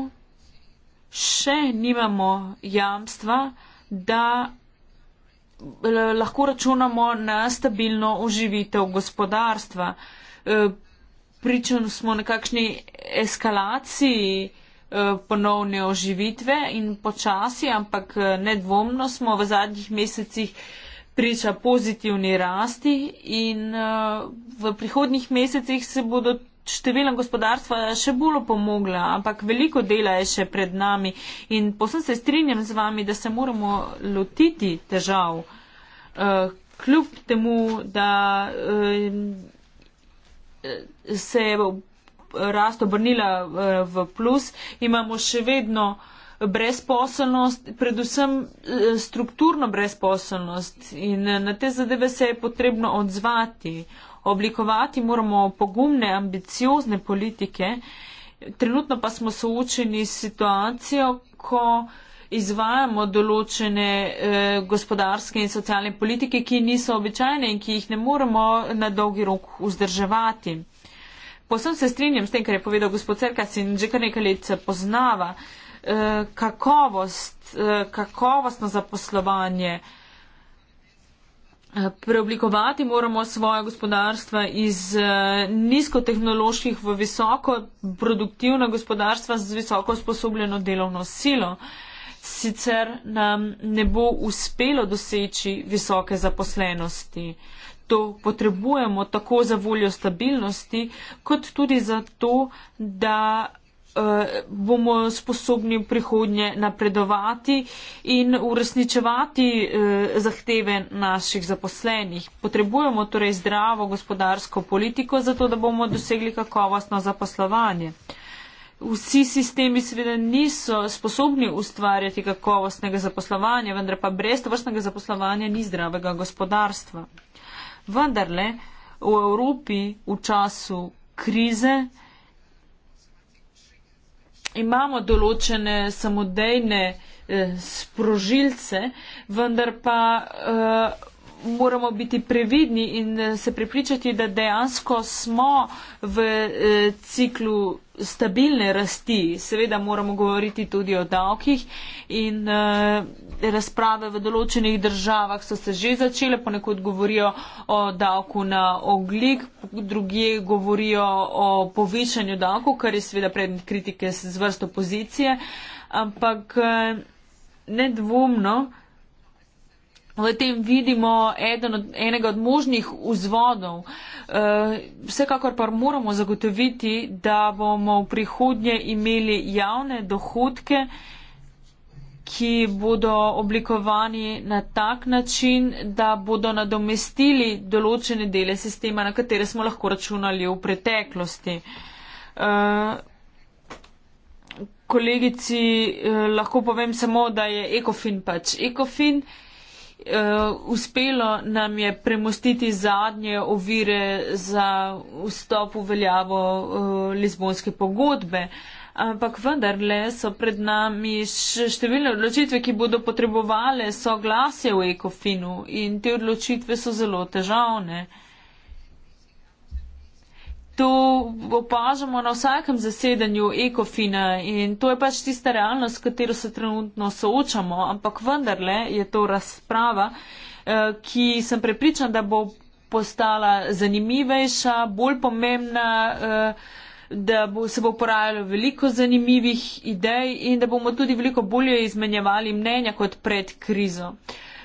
še nimamo jamstva, da eh, lahko računamo na stabilno oživitev gospodarstva. Eh, pričali smo nekakšni eskalaciji eh, ponovne oživitve in počasi, ampak eh, nedvomno smo v zadnjih mesecih priča pozitivni rasti in v prihodnjih mesecih se bodo števila gospodarstva še bolj pomogla, ampak veliko dela je še pred nami in posem se strinjam z vami, da se moramo lotiti težav. Kljub temu, da se je rast obrnila eh, v plus, imamo še vedno brezposelnost, predvsem eh, strukturno brezposelnost in eh, na te zadeve se je potrebno odzvati. Oblikovati moramo pogumne, ambiciozne politike. Trenutno pa smo soočeni s situacijo, ko uh, izvajamo določene eh, gospodarske in socialne politike, ki niso običajne in ki jih ne moremo na dolgi rok vzdrževati. Posem se strinjam s tem, kar je povedal gospod Cerkas in že kar nekaj let se poznava, eh, kakovost, eh, kakovostno zaposlovanje. Eh, preoblikovati moramo svoje gospodarstva iz eh, nizkotehnoloških v visoko produktivna gospodarstva z visoko sposobljeno delovno silo. Eh, sicer nam ne bo uspelo doseči visoke zaposlenosti. To potrebujemo tako za voljo stabilnosti, kot tudi za to, da eh, bomo sposobni v prihodnje napredovati in uresničevati eh, zahteve naših zaposlenih. Potrebujemo torej zdravo gospodarsko politiko, zato da bomo dosegli kakovostno zaposlovanje vsi sistemi seveda niso sposobni ustvarjati kakovostnega zaposlovanja, vendar pa brez tovrstnega zaposlovanja ni zdravega gospodarstva. Vendarle v Evropi v času krize imamo določene samodejne eh, sprožilce, vendar pa eh, moramo biti previdni in eh, se prepričati, da dejansko smo v eh, ciklu stabilne rasti. Seveda moramo govoriti tudi o davkih in eh, razprave v določenih državah so se že začele, ponekod govorijo o davku na oglik, druge govorijo o povišanju davku, kar je seveda predmet kritike z vrsto pozicije, ampak nedvomno, V tem vidimo od, enega od možnih vzvodov. Eh, vsekakor pa moramo zagotoviti, da bomo v prihodnje imeli javne dohodke, ki bodo oblikovani na tak način, da bodo nadomestili določene dele sistema, na katere smo lahko računali v preteklosti. Eh, kolegici eh, lahko povem samo, da je ECOFIN pač ECOFIN. Eh, uspelo nam je premostiti zadnje ovire za vstop v veljavo eh, Lizbonske pogodbe. Ampak vendarle so pred nami številne odločitve, ki bodo potrebovale soglasje v ekofinu in te odločitve so zelo težavne. To opažamo na vsakem zasedanju ekofine in to je pač tista realnost, s katero se trenutno soočamo, ampak vendarle je to razprava, eh, ki sem prepričan, da bo postala zanimivejša, bolj pomembna, eh, da bo, se bo porajalo veliko zanimivih idej in da bomo tudi veliko bolje izmenjevali mnenja kot pred krizo.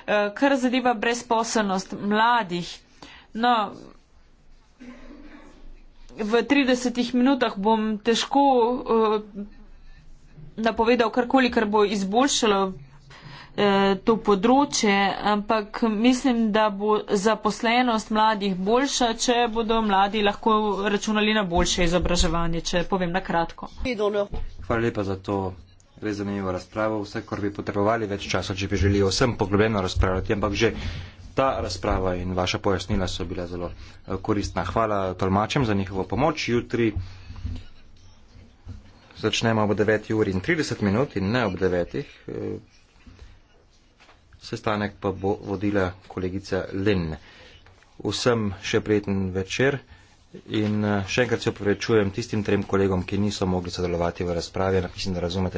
Eh, kar zadeva brezposelnost mladih. No, v 30 minutah bom težko uh, napovedal karkoli, kar bo izboljšalo eh, to področje, ampak mislim, da bo zaposlenost mladih boljša, če bodo mladi lahko računali na boljše izobraževanje, če povem na kratko. Hvala lepa za to res zanimivo razpravo. Vsekor bi potrebovali več časa, če bi želeli vsem poglobljeno razpravljati, ampak že Ta razprava in vaša pojasnila so bila zelo eh, koristna. Hvala tolmačem za njihovo pomoč. Jutri začnemo ob 9. uri in 30 minut in ne ob 9. Eh, sestanek pa bo vodila kolegica Lenne. Vsem še prijeten večer in eh, še enkrat se oprečujem tistim trem kolegom, ki niso mogli sodelovati v razpravi. Mislim, da razumete.